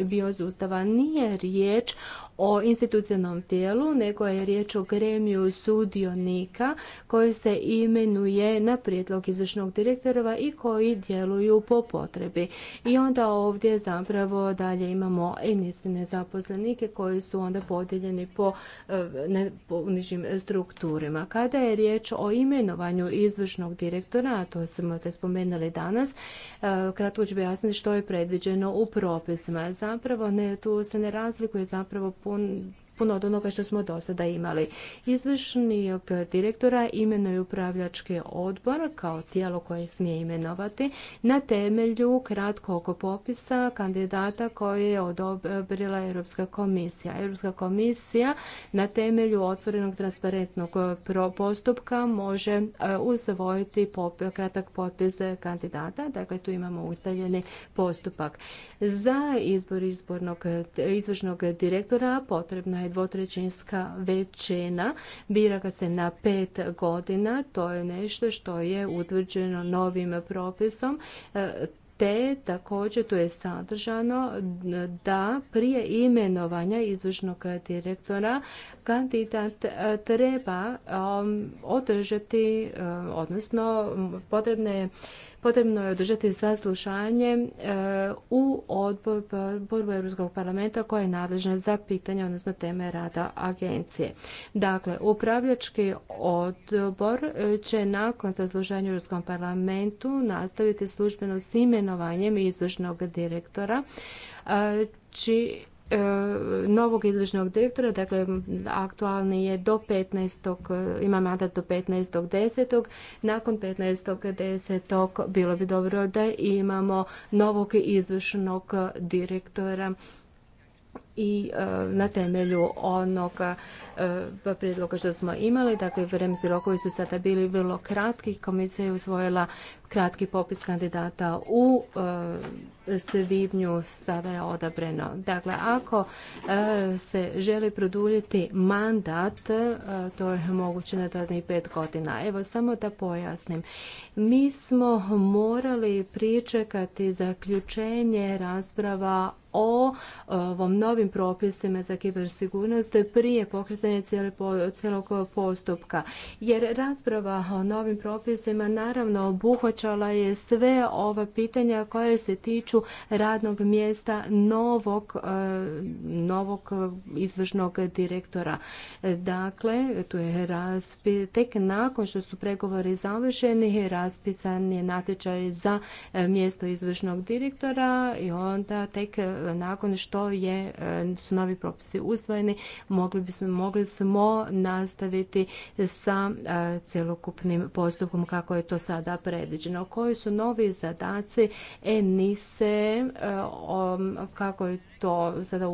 biozustava. Nije riječ o institucionalnom tijelu, nego je riječ o gremiju sudionika koji se imenuje na prijedlog izvršnog direktora i koji djeluju po potrebi. I onda ovdje zapravo dalje imamo enistine zaposlenike koji su onda podijeljeni e, po, nižim strukturima. Kada je riječ o imenovanju izvršnog direktora, a to smo te spomenuli danas, e, kratko ću jasniti što je predviđeno u propisima. Zapravo ne, tu se ne razlikuje zapravo on puno od onoga što smo do sada imali. Izvršnijog direktora imenuje upravljački odbor kao tijelo koje smije imenovati na temelju kratkog popisa kandidata koje je odobrila Europska komisija. Europska komisija na temelju otvorenog transparentnog postupka može e, usvojiti kratak potpis kandidata. Dakle, tu imamo ustavljeni postupak. Za izbor izbornog, izvršnog direktora potrebno je dvotrećinska većina. Bira ga se na pet godina. To je nešto što je utvrđeno novim propisom e, te također tu je sadržano da prije imenovanja izvršnog direktora kandidat e, treba um, održati, e, odnosno potrebne Potrebno je održati saslušanje e, u odboru Europskog parlamenta koja je nadležna za pitanje, odnosno teme rada agencije. Dakle, upravljački odbor e, će nakon saslušanja u Europskom parlamentu nastaviti službeno s imenovanjem izvršnog direktora, e, čiji E, novog izvršnog direktora, dakle aktualni je do 15. ima mandat do 15.10. Nakon 15.10. bilo bi dobro da imamo novog izvršnog direktora i e, na temelju onog e, prijedloga što smo imali, dakle vremenski rokovi su sada bili vrlo kratki, komisija je usvojila kratki popis kandidata u e, svibnju sada je odabreno. Dakle, ako se želi produljiti mandat, to je moguće na i pet godina. Evo, samo da pojasnim. Mi smo morali pričekati zaključenje rasprava o ovom novim propisima za kibersigurnost prije pokretanja cijelog postupka. Jer rasprava o novim propisima naravno obuhvaćala je sve ova pitanja koje se tiču radnog mjesta e, novog, izvršnog direktora. Dakle, tu je tek nakon što su pregovori završeni, raspisan je natječaj za e, mjesto izvršnog direktora i onda tek nakon što je e, su novi propisi usvojeni, mogli bismo mogli smo nastaviti sa celokupnim postupkom kako je to sada predviđeno. Koji su novi zadaci ENISE, kako je to sada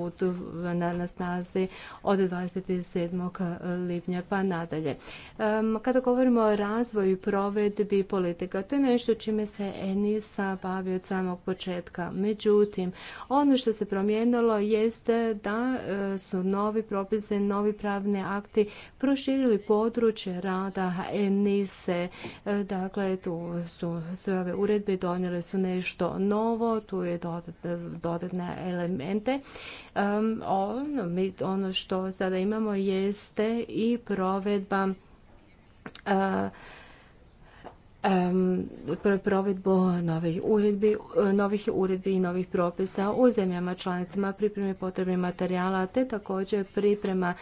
na, snazi od 27. lipnja pa nadalje. Kada govorimo o razvoju i provedbi politika, to je nešto čime se ENISA bavi od samog početka. Međutim, ono što se promijenilo jest da e, su novi propise, novi pravni akti proširili područje rada nise. E, dakle, tu su sve ove uredbe donijele su nešto novo, tu je dodatne elemente. Ono, ono što sada imamo jeste i provedba e, provedbu novih uredbi, novih uredbi i novih propisa u zemljama članicama pripreme potrebnih materijala te također priprema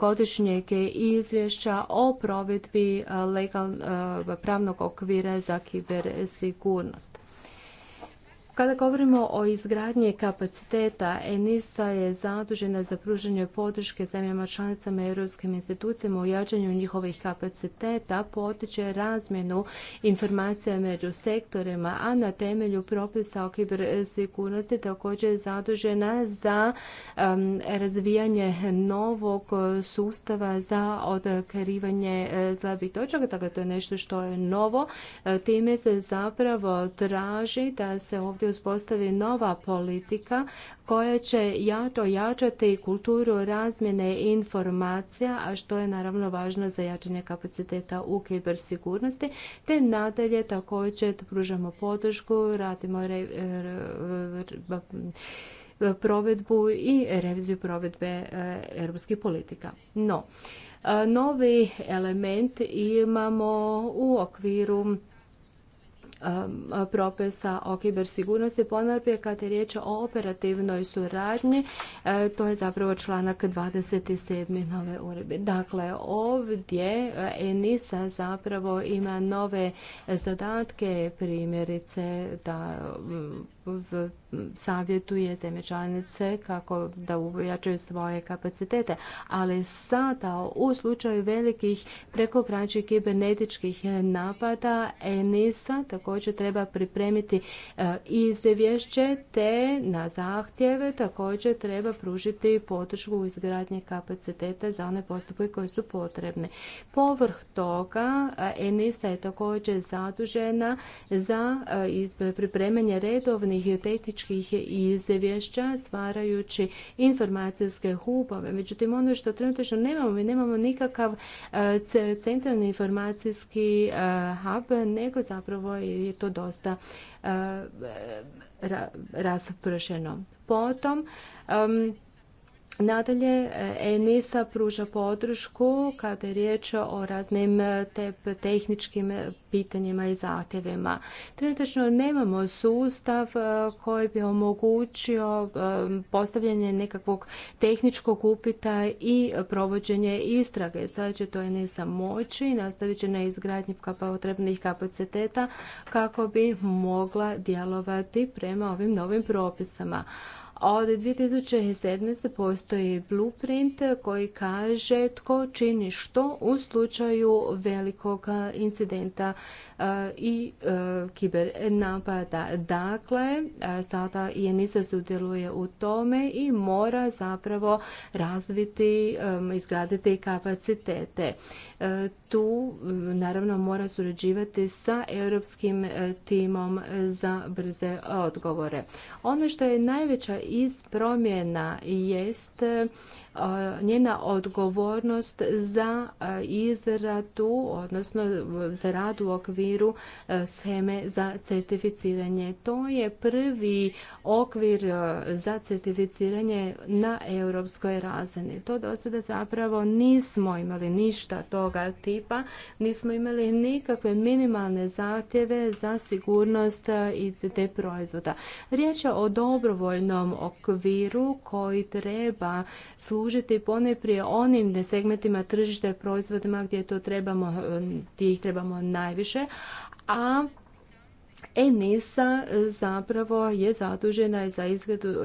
godišnjeg izvješća o provedbi e, legal, e, pravnog okvira za kibersigurnost. Kada govorimo o izgradnji kapaciteta, ENISA je zadužena za pružanje podrške zemljama članicama i europskim institucijama u jačanju njihovih kapaciteta, potiče razmjenu informacija među sektorima, a na temelju propisa o kibersigurnosti također je zadužena za razvijanje novog sustava za odkarivanje e, slabih točaka. Dakle, to je nešto što je novo. E, time se zapravo traži da se ovdje biti uspostavi nova politika koja će jačati kulturu razmjene informacija, a što je naravno važno za jačanje kapaciteta u kibersigurnosti, te nadalje također pružamo podršku, radimo provedbu i reviziju provedbe e, europskih politika. No, e, novi element imamo u okviru Um, propisa o kibersigurnosti. Ponarpije kad je riječ o operativnoj suradnji, e, to je zapravo članak 27. nove uredbe. Dakle, ovdje e, ENISA zapravo ima nove zadatke, primjerice da savjetuje zemlje članice kako da ujačaju svoje kapacitete. Ali sada u slučaju velikih prekograničnih kibernetičkih napada ENISA također treba pripremiti e, izvješće te na zahtjeve također treba pružiti podršku u izgradnji kapaciteta za one postupke koji su potrebne. Povrh toga e, ENISA je također zadužena za e, pripremanje redovnih tehničkih iz izvješća stvarajući informacijske hubove. Međutim, ono što trenutno nemamo, mi nemamo nikakav e, centralni informacijski e, hub, nego zapravo je to dosta e, raspršeno. Potom, Nadalje, e, ENISA pruža podršku kada je riječ o raznim e, tehničkim e, pitanjima i zahtjevima. Trenutačno nemamo sustav koji bi omogućio postavljanje nekakvog tehničkog upita i provođenje istrage. Sada će to ENISA moći i nastavit će na izgradnji potrebnih kapaciteta kako bi mogla djelovati prema ovim novim propisama. Od 2017. postoji blueprint koji kaže tko čini što u slučaju velikog incidenta i kiber napada. Dakle, sada se sudjeluje u tome i mora zapravo razviti, um, izgraditi kapacitete. E, tu naravno mora surađivati sa europskim e, timom za brze odgovore. Ono što je najveća iz promjena jest njena odgovornost za izradu, odnosno za rad u okviru sheme za certificiranje. To je prvi okvir za certificiranje na europskoj razini. To do sada zapravo nismo imali ništa toga tipa, nismo imali nikakve minimalne zahtjeve za sigurnost ICT proizvoda. Riječ je o dobrovoljnom okviru koji treba služiti služiti ponajprije onim segmentima tržišta i proizvodima gdje to trebamo, gdje ih trebamo najviše, a ENISA e, zapravo je zadužena za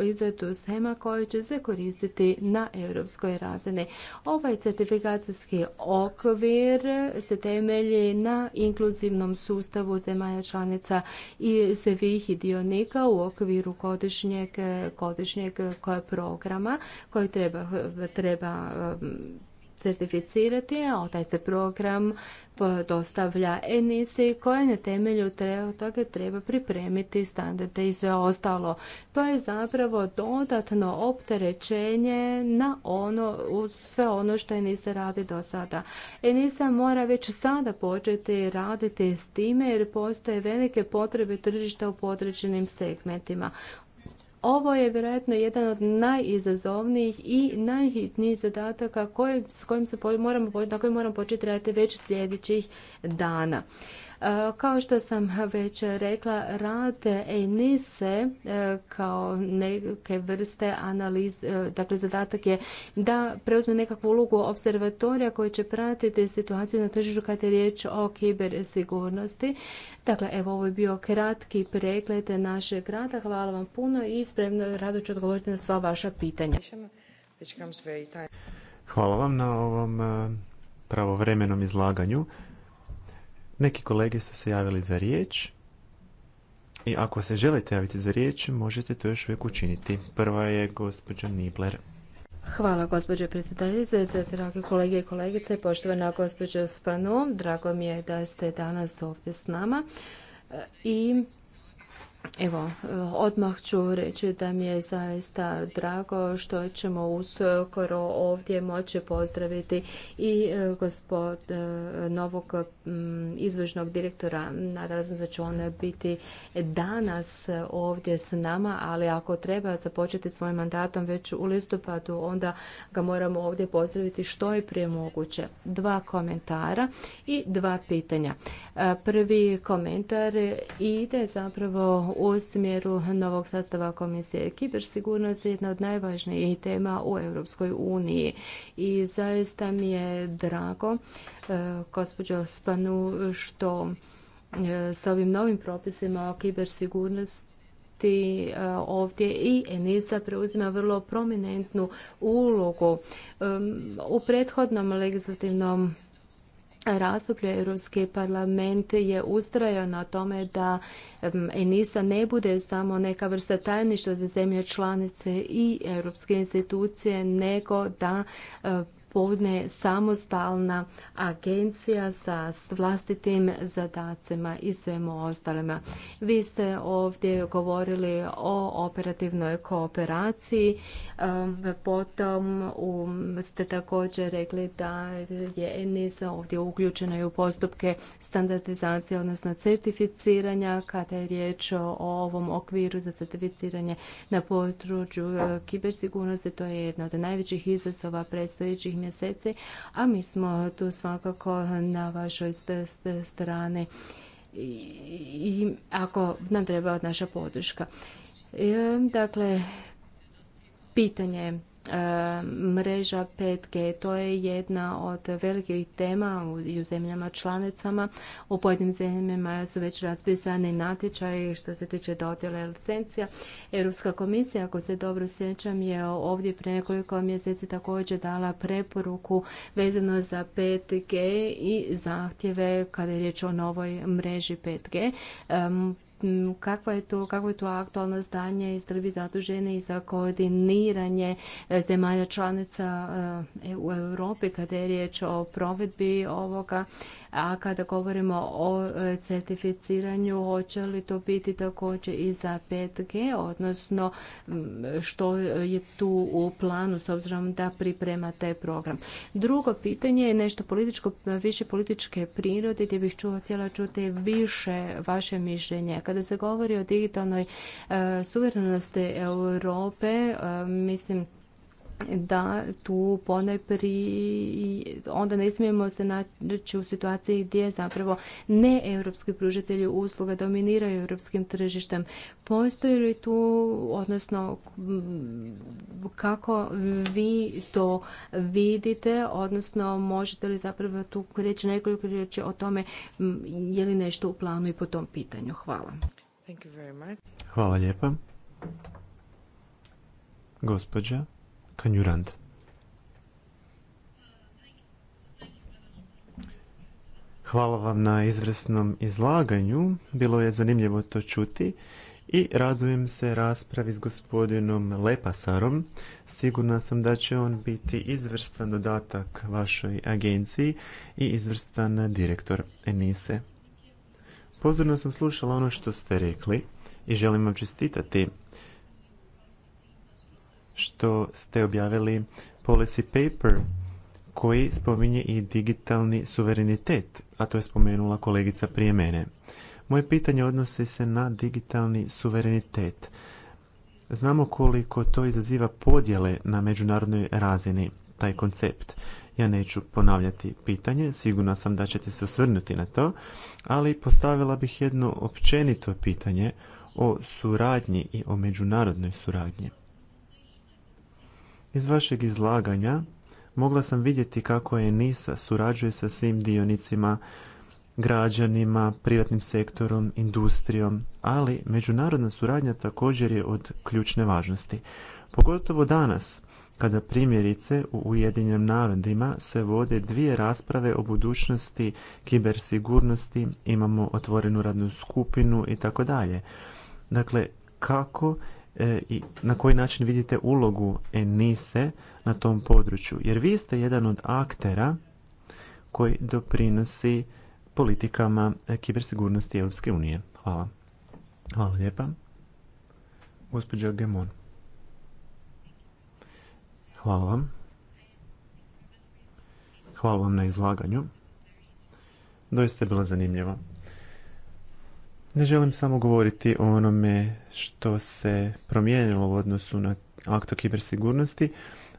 izradu, sema koje će se koristiti na europskoj razini. Ovaj certifikacijski okvir se temelji na inkluzivnom sustavu zemalja članica i svih dionika u okviru godišnjeg, e, programa koji treba, treba certificirati, a taj se program dostavlja ENISI koja na temelju toga treba pripremiti standarde i sve ostalo. To je zapravo dodatno opterećenje na ono, sve ono što ENISA radi do sada. ENISA mora već sada početi raditi s time jer postoje velike potrebe tržišta u podređenim segmentima. Ovo je vjerojatno jedan od najizazovnijih i najhitnijih zadataka koje, s kojim se moramo, na kojim moramo početi raditi već sljedećih dana. Kao što sam već rekla, rad ENISE e, kao neke vrste analiz, e, dakle zadatak je da preuzme nekakvu ulogu observatorija koji će pratiti situaciju na tržištu kad je riječ o kibersigurnosti. Dakle, evo ovo je bio kratki pregled našeg rada. Hvala vam puno i spremno rado ću odgovoriti na sva vaša pitanja. Hvala vam na ovom e, pravovremenom izlaganju. Neki kolege su se javili za riječ. I ako se želite javiti za riječ, možete to još uvijek učiniti. Prva je gospođa Nibler. Hvala gospođo predsjedateljice, dragi kolege i kolegice, poštovana gospođo Spanu, drago mi je da ste danas ovdje s nama i Evo, e, odmah ću reći da mi je zaista drago što ćemo uskoro ovdje moći pozdraviti i e, gospod e, novog mm, izvršnog direktora. Nadalazim da će on biti danas ovdje s nama, ali ako treba započeti svojim mandatom već u listopadu, onda ga moramo ovdje pozdraviti što je prije moguće. Dva komentara i dva pitanja. Prvi komentar ide zapravo u smjeru novog sastava komisije. Kibersigurnost je jedna od najvažnijih tema u Europskoj uniji i zaista mi je drago, e, gospođo Spanu, što e, s ovim novim propisima o kibersigurnosti e, ovdje i Enisa preuzima vrlo prominentnu ulogu. U prethodnom legislativnom razdoblju Europski parlament je ustrajao na tome da ENISA ne bude samo neka vrsta tajništva za zemlje članice i europske institucije, nego da popodne samostalna agencija sa vlastitim zadacima i svemu ostalima. Vi ste ovdje govorili o operativnoj kooperaciji, um, potom um, ste također rekli da je ENISA ovdje uključena i u postupke standardizacije, odnosno certificiranja kada je riječ o ovom okviru za certificiranje na području uh, kibersigurnosti. To je jedna od najvećih izazova predstojećih mjeseci, a mi smo tu svakako na vašoj strani i ako nam treba naša podrška. E, dakle, pitanje E, mreža 5G. To je jedna od velikih tema u zemljama članicama. U pojedinim zemljama su već razpisani natječaji što se tiče dodjela licencija. Europska komisija, ako se dobro sjećam, je ovdje pre nekoliko mjeseci također dala preporuku vezano za 5G i zahtjeve kada je riječ o novoj mreži 5G. Mm, kakvo je to, kako je to aktualno stanje i ste li vi zaduženi za koordiniranje eh, zemalja članica eh, u Europi kada je riječ o provedbi ovoga a kada govorimo o e, certificiranju, hoće li to biti također i za 5G, odnosno što je tu u planu s obzirom da priprema taj program. Drugo pitanje je nešto političko, više političke prirode gdje bih čuo, htjela čuti više vaše mišljenje. Kada se govori o digitalnoj e, suverenosti Europe, e, mislim da tu ponepri onda ne smijemo se naći u situaciji gdje zapravo ne europski pružatelji usluga dominiraju europskim tržištem. Postoji li tu, odnosno kako vi to vidite, odnosno možete li zapravo tu reći nekoliko riječi o tome je li nešto u planu i po tom pitanju. Hvala. Hvala lijepa. Gospođa rent? Hvala vam na izvrsnom izlaganju. Bilo je zanimljivo to čuti i radujem se raspravi s gospodinom Lepasarom. Sigurna sam da će on biti izvrstan dodatak vašoj agenciji i izvrstan direktor Enise. Pozorno sam slušala ono što ste rekli i želim vam čestitati što ste objavili policy paper koji spominje i digitalni suverenitet, a to je spomenula kolegica prije mene. Moje pitanje odnosi se na digitalni suverenitet. Znamo koliko to izaziva podjele na međunarodnoj razini, taj koncept. Ja neću ponavljati pitanje, sigurna sam da ćete se osvrnuti na to, ali postavila bih jedno općenito pitanje o suradnji i o međunarodnoj suradnji. Iz vašeg izlaganja mogla sam vidjeti kako je NISA surađuje sa svim dionicima, građanima, privatnim sektorom, industrijom, ali međunarodna suradnja također je od ključne važnosti. Pogotovo danas, kada primjerice u Ujedinjenim narodima se vode dvije rasprave o budućnosti kibersigurnosti, imamo otvorenu radnu skupinu i tako dalje. Dakle, kako E, i na koji način vidite ulogu Enise na tom području. Jer vi ste jedan od aktera koji doprinosi politikama e, kibersigurnosti Europske unije. Hvala. Hvala lijepa. Gospođa Gemon. Hvala vam. Hvala vam na izlaganju. Doista je bila zanimljiva. Ne želim samo govoriti o onome što se promijenilo u odnosu na akt o kibersigurnosti,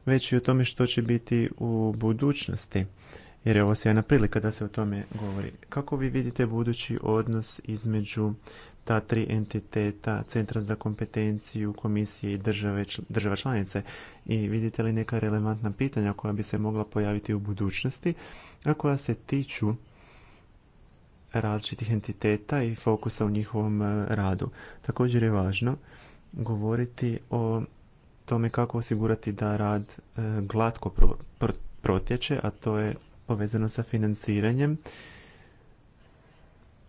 već i o tome što će biti u budućnosti, jer je ovo sjajna prilika da se o tome govori. Kako vi vidite budući odnos između ta tri entiteta, Centra za kompetenciju, komisije i države, država članice i vidite li neka relevantna pitanja koja bi se mogla pojaviti u budućnosti, a koja se tiču različitih entiteta i fokusa u njihovom e, radu. Također je važno govoriti o tome kako osigurati da rad e, glatko protječe, a to je povezano sa financiranjem.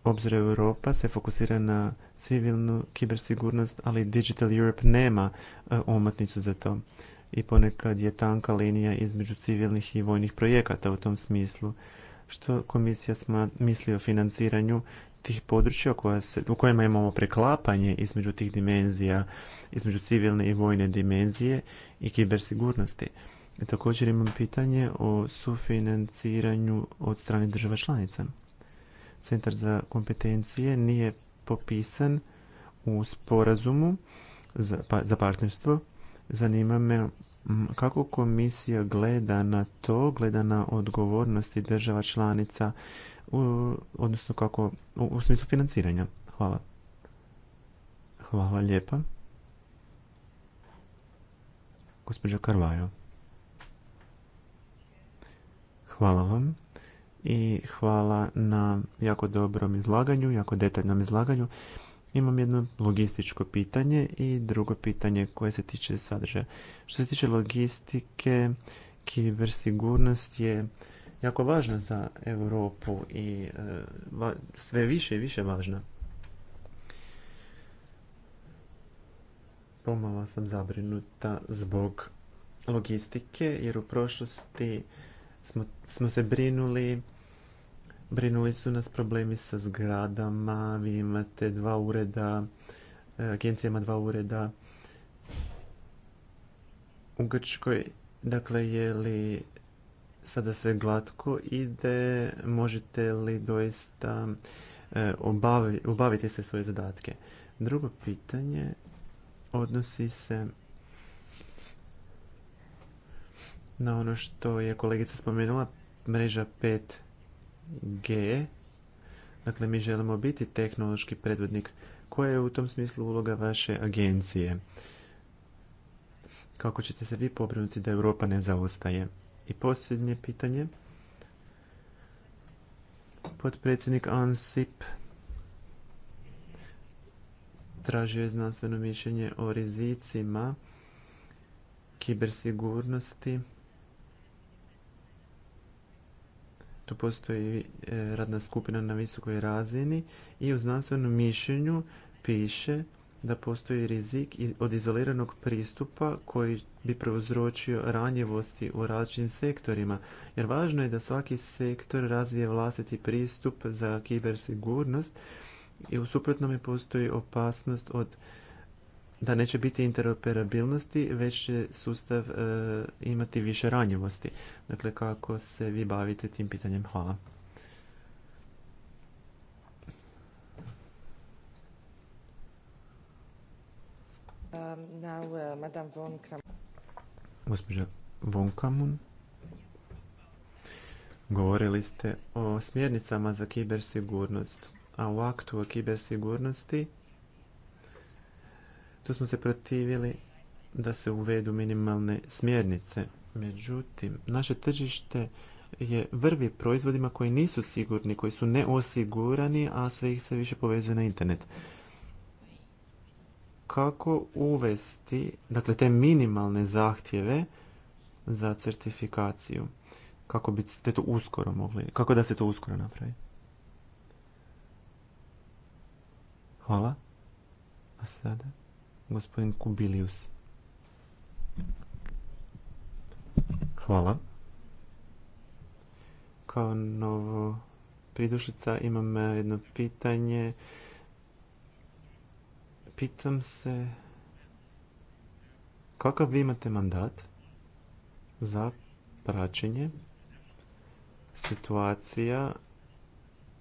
Obzor Europa se fokusira na civilnu kibersigurnost, ali Digital Europe nema e, omotnicu za to. I ponekad je tanka linija između civilnih i vojnih projekata u tom smislu što komisija misli o financiranju tih područja koja se, u kojima imamo preklapanje između tih dimenzija, između civilne i vojne dimenzije i kibersigurnosti. također imam pitanje o sufinanciranju od strane država članica. Centar za kompetencije nije popisan u sporazumu za, pa, za partnerstvo. Zanima me Mm, kako komisija gleda na to, gleda na odgovornosti država članica, u, odnosno kako u, smislu financiranja? Hvala. Hvala lijepa. Gospođa Karvajo. Hvala vam i hvala na jako dobrom izlaganju, jako detaljnom izlaganju. Imam jedno logističko pitanje i drugo pitanje koje se tiče sadržaja. Što se tiče logistike, kibersigurnost je jako važna za Europu i e, sve više i više važna. Pomalo sam zabrinuta zbog logistike jer u prošlosti smo se brinuli Brinuli su nas problemi sa zgradama, vi imate dva ureda, e, agencija ima dva ureda u Grčkoj. Dakle, je li sada sve glatko ide, možete li doista e, obaviti se svoje zadatke? Drugo pitanje odnosi se na ono što je kolegica spomenula, mreža 5 G. Dakle, mi želimo biti tehnološki predvodnik. Koja je u tom smislu uloga vaše agencije? Kako ćete se vi pobrinuti da Europa ne zaostaje? I posljednje pitanje. Potpredsjednik Ansip tražio je znanstveno mišljenje o rizicima kibersigurnosti Tu postoji e, radna skupina na visokoj razini i u znanstvenom mišljenju piše da postoji rizik od izoliranog pristupa koji bi prouzročio ranjivosti u različitim sektorima, jer važno je da svaki sektor razvije vlastiti pristup za kibersigurnost i u suprotnome postoji opasnost od da neće biti interoperabilnosti, već će sustav e, imati više ranjivosti. Dakle, kako se vi bavite tim pitanjem? Hvala. Um, uh, Gospođa von Kamun, govorili ste o smjernicama za kibersigurnost, a u aktu o kibersigurnosti tu smo se protivili da se uvedu minimalne smjernice. Međutim, naše tržište je vrvi proizvodima koji nisu sigurni, koji su neosigurani, a sve ih se više povezuje na internet. Kako uvesti, dakle, te minimalne zahtjeve za certifikaciju? Kako biste to uskoro mogli, kako da se to uskoro napravi? Hvala. A sada? Gospodin Kubilius. Hvala. Kao novo pridušica imam jedno pitanje. Pitam se kakav vi imate mandat za praćenje situacija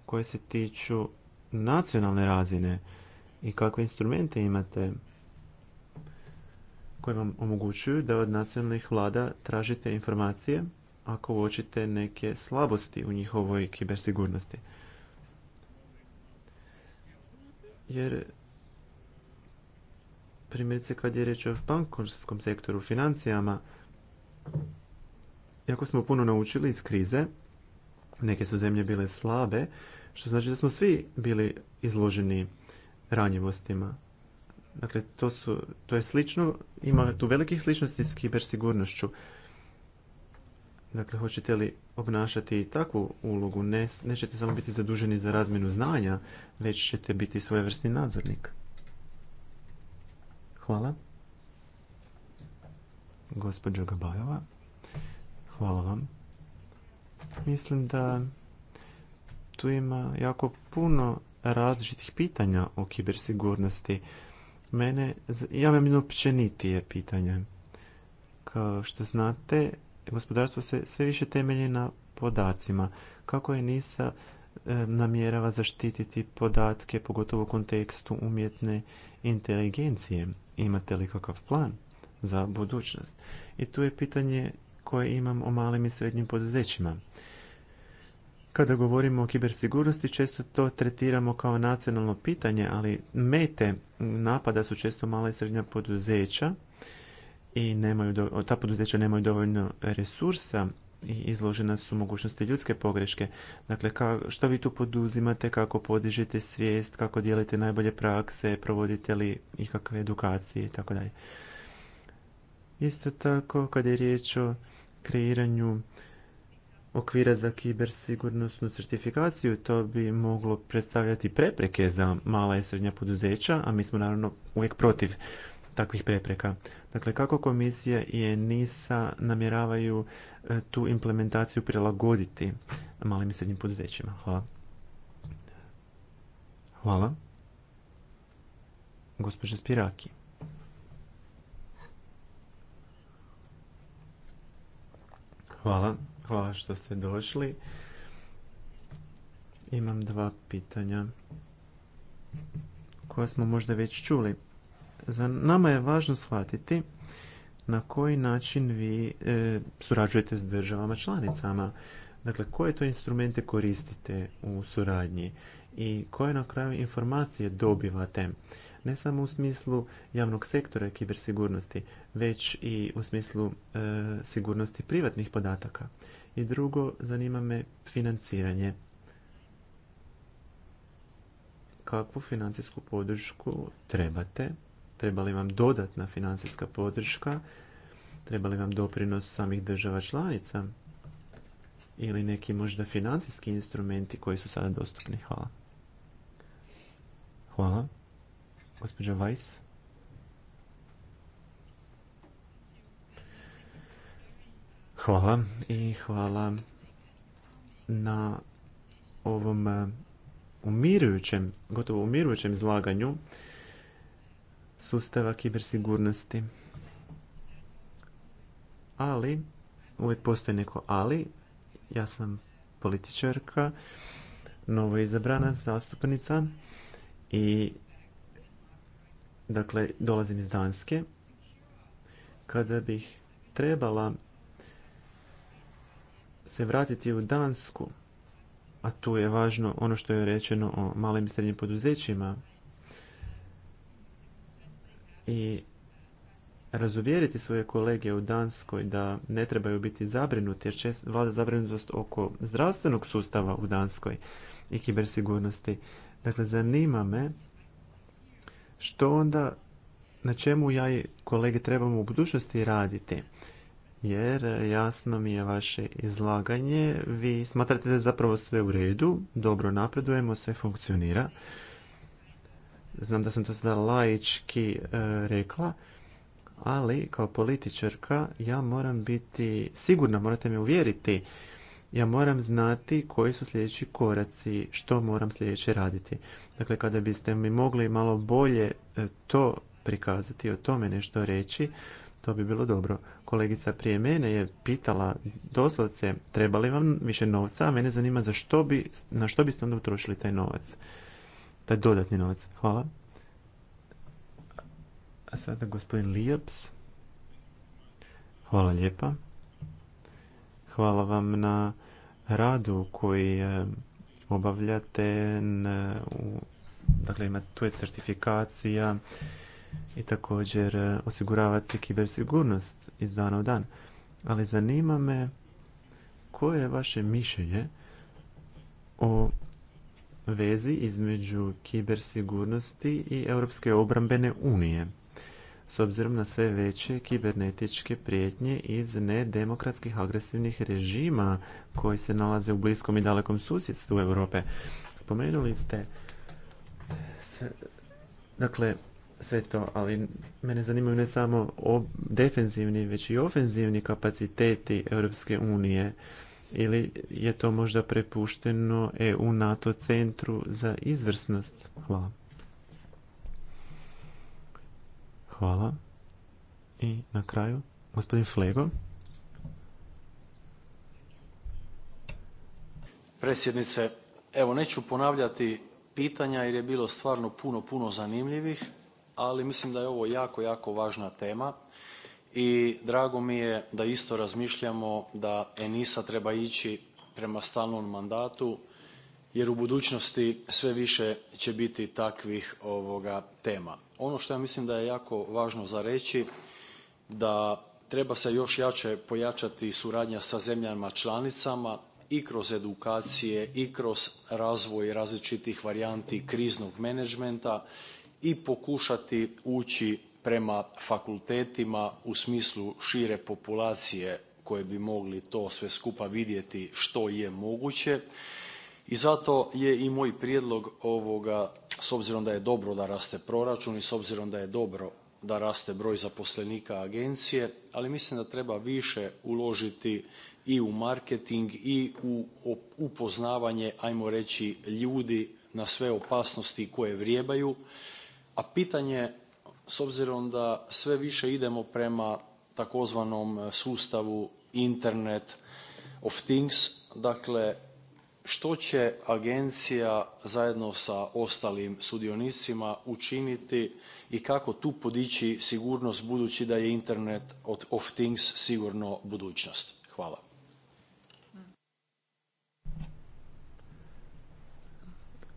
koje se tiču nacionalne razine i kakve instrumente imate koje vam omogućuju da od nacionalnih vlada tražite informacije ako uočite neke slabosti u njihovoj kibersigurnosti. Jer primjerice kad je riječ o bankorskom sektoru, financijama, jako smo puno naučili iz krize, neke su zemlje bile slabe, što znači da smo svi bili izloženi ranjivostima. Dakle, to, su, to je slično, ima tu velikih sličnosti s kibersigurnošću. Dakle, hoćete li obnašati takvu ulogu? Ne, nećete samo biti zaduženi za razmjenu znanja, već ćete biti svojevrsni nadzornik. Hvala. Gospođo Gabajova, hvala vam. Mislim da tu ima jako puno različitih pitanja o kibersigurnosti. Mene, ja vam jedno općenitije pitanje. Kao što znate, gospodarstvo se sve više temelji na podacima. Kako je NISA e, namjerava zaštititi podatke, pogotovo u kontekstu umjetne inteligencije? Imate li kakav plan za budućnost? I tu je pitanje koje imam o malim i srednjim poduzećima. Kada govorimo o kibersigurnosti, često to tretiramo kao nacionalno pitanje, ali mete napada su često mala i srednja poduzeća i nemaju, ta poduzeća nemaju dovoljno resursa i izložena su mogućnosti ljudske pogreške. Dakle, ka, što vi tu poduzimate, kako podižete svijest, kako dijelite najbolje prakse, provodite li ikakve edukacije i tako dalje. Isto tako, kada je riječ o kreiranju okvira za kibersigurnosnu certifikaciju, to bi moglo predstavljati prepreke za mala i srednja poduzeća, a mi smo naravno uvijek protiv takvih prepreka. Dakle, kako komisija i NISA namjeravaju e, tu implementaciju prilagoditi malim i srednjim poduzećima? Hvala. Hvala. Gospođa Spiraki. Hvala. Hvala što ste došli. Imam dva pitanja koja smo možda već čuli. Za nama je važno shvatiti na koji način vi e, surađujete s državama članicama. Dakle, koje to instrumente koristite u suradnji i koje na kraju informacije dobivate ne samo u smislu javnog sektora kibersigurnosti, već i u smislu e, sigurnosti privatnih podataka. I drugo, zanima me financiranje. Kakvu financijsku podršku trebate? Treba li vam dodatna financijska podrška? Treba li vam doprinos samih država članica? Ili neki možda financijski instrumenti koji su sada dostupni? Hvala. Hvala. Gospođa Weiss. Hvala i hvala na ovom eh, umirujućem, gotovo umirujućem izlaganju sustava kibersigurnosti. Ali, uvijek postoji neko ali, ja sam političarka, novo izabrana zastupnica i Dakle, dolazim iz Danske. Kada bih trebala se vratiti u Dansku, a tu je važno ono što je rečeno o malim i srednjim poduzećima i razuvjeriti svoje kolege u Danskoj da ne trebaju biti zabrinuti jer čest vlada zabrinutost oko zdravstvenog sustava u Danskoj i kibersigurnosti. Dakle, zanima me što onda, na čemu ja i kolege trebamo u budućnosti raditi? Jer jasno mi je vaše izlaganje, vi smatrate da je zapravo sve u redu, dobro napredujemo, sve funkcionira. Znam da sam to sada laički e, rekla, ali kao političarka ja moram biti sigurna, morate me uvjeriti ja moram znati koji su sljedeći koraci, što moram sljedeće raditi. Dakle, kada biste mi mogli malo bolje e, to prikazati, o tome nešto reći, to bi bilo dobro. Kolegica prije mene je pitala doslovce treba li vam više novca, a mene zanima za što bi, na što biste onda utrošili taj novac. Taj dodatni novac. Hvala. A sada gospodin Lijaps. Hvala lijepa. Hvala vam na radu koji e, obavljate. Dakle, ima, tu je certifikacija i također e, osiguravate kibersigurnost iz dana u dan. Ali zanima me koje je vaše mišljenje o vezi između kibersigurnosti i Europske obrambene unije s obzirom na sve veće kibernetičke prijetnje iz nedemokratskih agresivnih režima koji se nalaze u bliskom i dalekom susjedstvu Europe. Spomenuli ste dakle sve to, ali mene zanimaju ne samo defenzivni, već i ofenzivni kapaciteti Europske unije. Ili je to možda prepušteno EU NATO centru za izvrsnost? Hvala. Hvala. I na kraju, gospodin Flego. Predsjednice, evo neću ponavljati pitanja jer je bilo stvarno puno, puno zanimljivih, ali mislim da je ovo jako, jako važna tema i drago mi je da isto razmišljamo da Enisa treba ići prema stalnom mandatu jer u budućnosti sve više će biti takvih ovoga tema. Ono što ja mislim da je jako važno za reći da treba se još jače pojačati suradnja sa zemljama članicama i kroz edukacije i kroz razvoj različitih varijanti kriznog menadžmenta i pokušati ući prema fakultetima u smislu šire populacije koje bi mogli to sve skupa vidjeti što je moguće i zato je i moj prijedlog ovoga s obzirom da je dobro da raste proračun i s obzirom da je dobro da raste broj zaposlenika agencije, ali mislim da treba više uložiti i u marketing i u upoznavanje ajmo reći ljudi na sve opasnosti koje vrijebaju, a pitanje s obzirom da sve više idemo prema takozvanom sustavu Internet of Things, dakle što će agencija zajedno sa ostalim sudionicima učiniti i kako tu podići sigurnost budući da je Internet of Things sigurno budućnost? Hvala.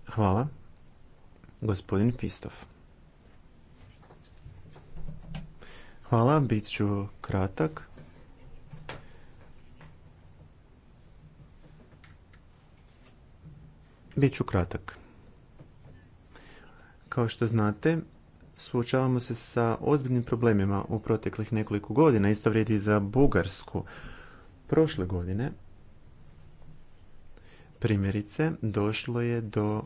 Hvala. Gospodin Pistov. Hvala, bit ću kratak. Biću kratak. Kao što znate, suočavamo se sa ozbiljnim problemima u proteklih nekoliko godina. Isto vrijedi i za Bugarsku. Prošle godine, primjerice, došlo je do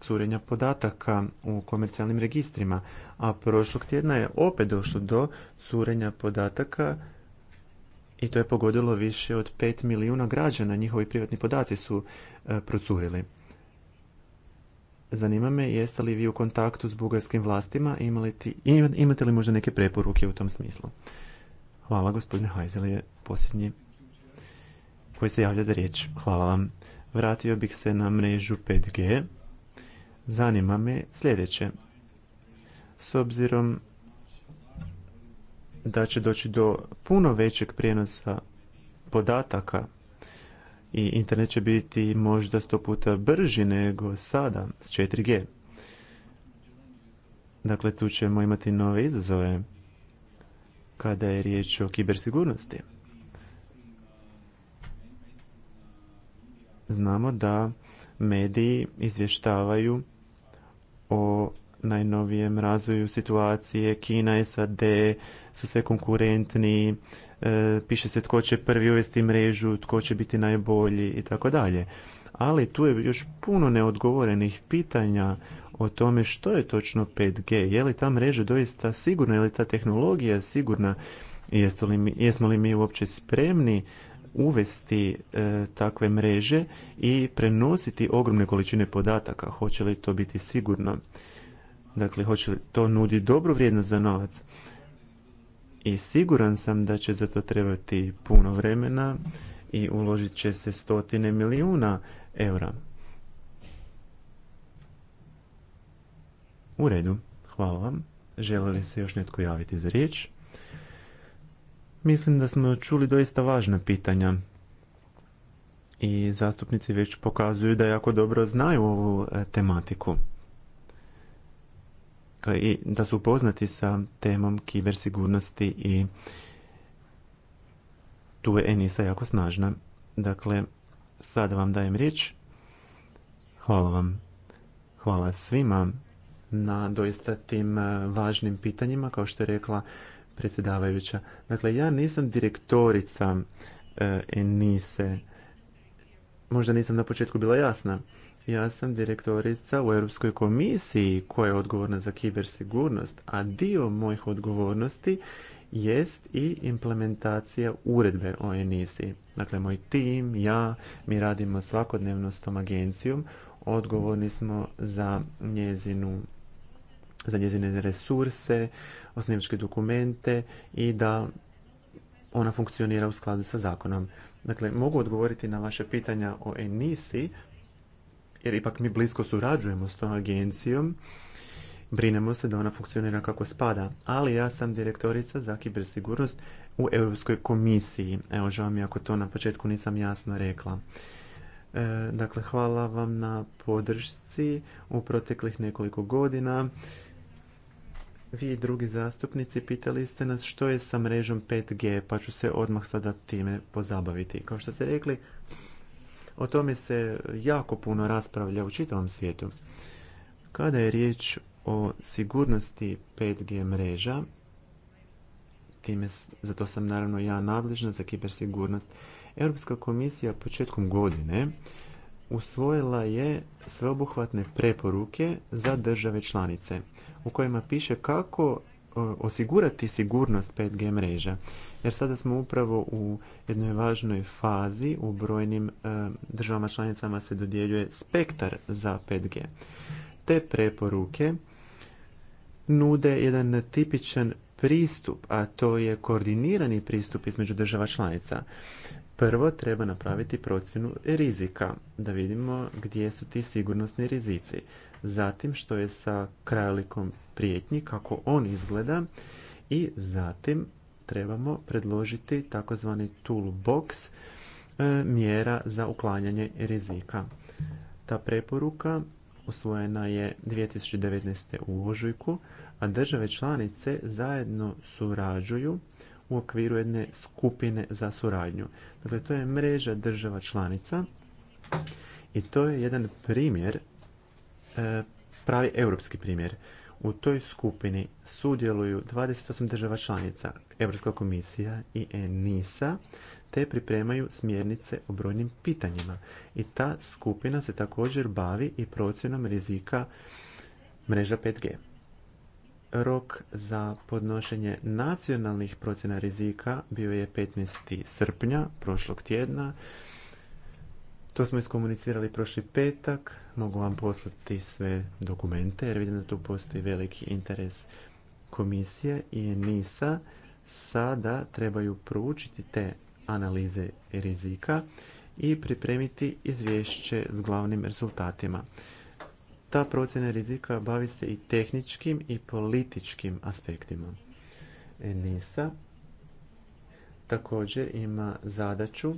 curenja podataka u komercijalnim registrima, a prošlog tjedna je opet došlo do curenja podataka i to je pogodilo više od 5 milijuna građana. Njihovi privatni podaci su e, procurili. Zanima me jeste li vi u kontaktu s bugarskim vlastima, i imate li možda neke preporuke u tom smislu? Hvala, gospodine Hajzel posljednji koji se javlja za riječ. Hvala vam. Vratio bih se na mrežu 5G. Zanima me sljedeće. S obzirom da će doći do puno većeg prijenosa podataka i internet će biti možda sto puta brži nego sada s 4G. Dakle, tu ćemo imati nove izazove kada je riječ o kibersigurnosti. Znamo da mediji izvještavaju o najnovijem razvoju situacije. Kina, SAD su sve konkurentni, E, piše se tko će prvi uvesti mrežu, tko će biti najbolji i tako dalje. Ali tu je još puno neodgovorenih pitanja o tome što je točno 5G, je li ta mreža doista sigurna, je li ta tehnologija sigurna, jesmo li mi, jesmo li mi uopće spremni uvesti e, takve mreže i prenositi ogromne količine podataka, hoće li to biti sigurno. Dakle, hoće li to nudi dobru vrijednost za novac i siguran sam da će za to trebati puno vremena i uložit će se stotine milijuna eura. U redu, hvala vam. Želi li se još netko javiti za riječ? Mislim da smo čuli doista važna pitanja i zastupnici već pokazuju da jako dobro znaju ovu e, tematiku. Dakle, i da su upoznati sa temom sigurnosti i tu je Enisa jako snažna. Dakle, sada vam dajem riječ. Hvala vam. Hvala svima na doista tim e, važnim pitanjima, kao što je rekla predsjedavajuća. Dakle, ja nisam direktorica e, Enise. Možda nisam na početku bila jasna. Ja sam direktorica u Europskoj komisiji koja je odgovorna za kibersigurnost, a dio mojih odgovornosti jest i implementacija uredbe o ENISI. Dakle, moj tim, ja, mi radimo svakodnevno s tom agencijom, odgovorni smo za njezinu za njezine resurse, osnivačke dokumente i da ona funkcionira u skladu sa zakonom. Dakle, mogu odgovoriti na vaše pitanja o ENISI jer ipak mi blisko surađujemo s tom agencijom. Brinemo se da ona funkcionira kako spada, ali ja sam direktorica za kibersigurnost u Europskoj komisiji. Evo, žao mi ako to na početku nisam jasno rekla. E, dakle, hvala vam na podršci u proteklih nekoliko godina. Vi i drugi zastupnici pitali ste nas što je sa mrežom 5G, pa ću se odmah sada time pozabaviti. Kao što ste rekli, o tome se jako puno raspravlja u čitavom svijetu. Kada je riječ o sigurnosti 5G mreža, time, zato sam naravno ja nadležna za kibersigurnost, Europska komisija početkom godine usvojila je sveobuhvatne preporuke za države članice u kojima piše kako osigurati sigurnost 5G mreža. Jer sada smo upravo u jednoj važnoj fazi, u brojnim e, državama članicama se dodjeljuje spektar za 5G. Te preporuke nude jedan tipičan pristup, a to je koordinirani pristup između država članica. Prvo treba napraviti procjenu rizika, da vidimo gdje su ti sigurnosni rizici zatim što je sa krajolikom prijetnji, kako on izgleda i zatim trebamo predložiti takozvani toolbox e, mjera za uklanjanje rizika. Ta preporuka usvojena je 2019. u ožujku, a države članice zajedno surađuju u okviru jedne skupine za suradnju. Dakle, to je mreža država članica i to je jedan primjer E, pravi europski primjer. U toj skupini sudjeluju 28 država članica, Europska komisija i ENISA, te pripremaju smjernice o brojnim pitanjima. I ta skupina se također bavi i procjenom rizika mreža 5G. Rok za podnošenje nacionalnih procjena rizika bio je 15. srpnja prošlog tjedna. To smo iskomunicirali prošli petak. Mogu vam poslati sve dokumente jer vidim da tu postoji veliki interes komisije i NISA. Sada trebaju proučiti te analize rizika i pripremiti izvješće s glavnim rezultatima. Ta procjena rizika bavi se i tehničkim i političkim aspektima. NISA također ima zadaću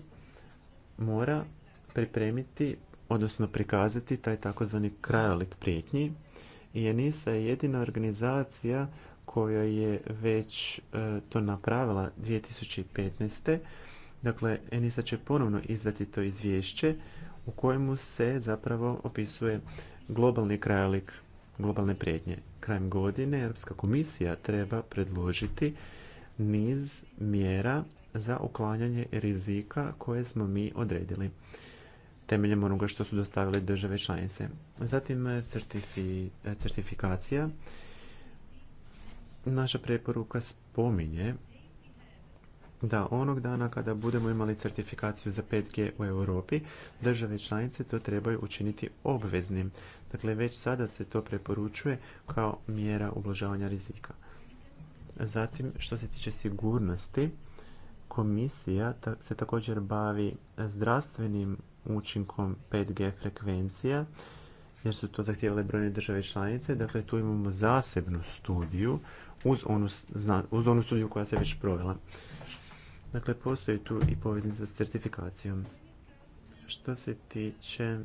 mora pripremiti, odnosno prikazati taj takozvani krajolik prijetnji. I Enisa je jedina organizacija koja je već e, to napravila 2015. Dakle, Enisa će ponovno izdati to izvješće u kojemu se zapravo opisuje globalni krajolik globalne prijetnje. Krajem godine Europska komisija treba predložiti niz mjera za uklanjanje rizika koje smo mi odredili temeljem onoga što su dostavile države članice. Zatim e, e, certifikacija. Naša preporuka spominje da onog dana kada budemo imali certifikaciju za 5G u Europi, države članice to trebaju učiniti obveznim. Dakle, već sada se to preporučuje kao mjera ublažavanja rizika. Zatim, što se tiče sigurnosti, komisija se također bavi zdravstvenim učinkom 5G frekvencija, jer su to zahtijevale brojne države članice. Dakle, tu imamo zasebnu studiju uz onu, studiju koja se već provela. Dakle, postoji tu i poveznica s certifikacijom. Što se tiče...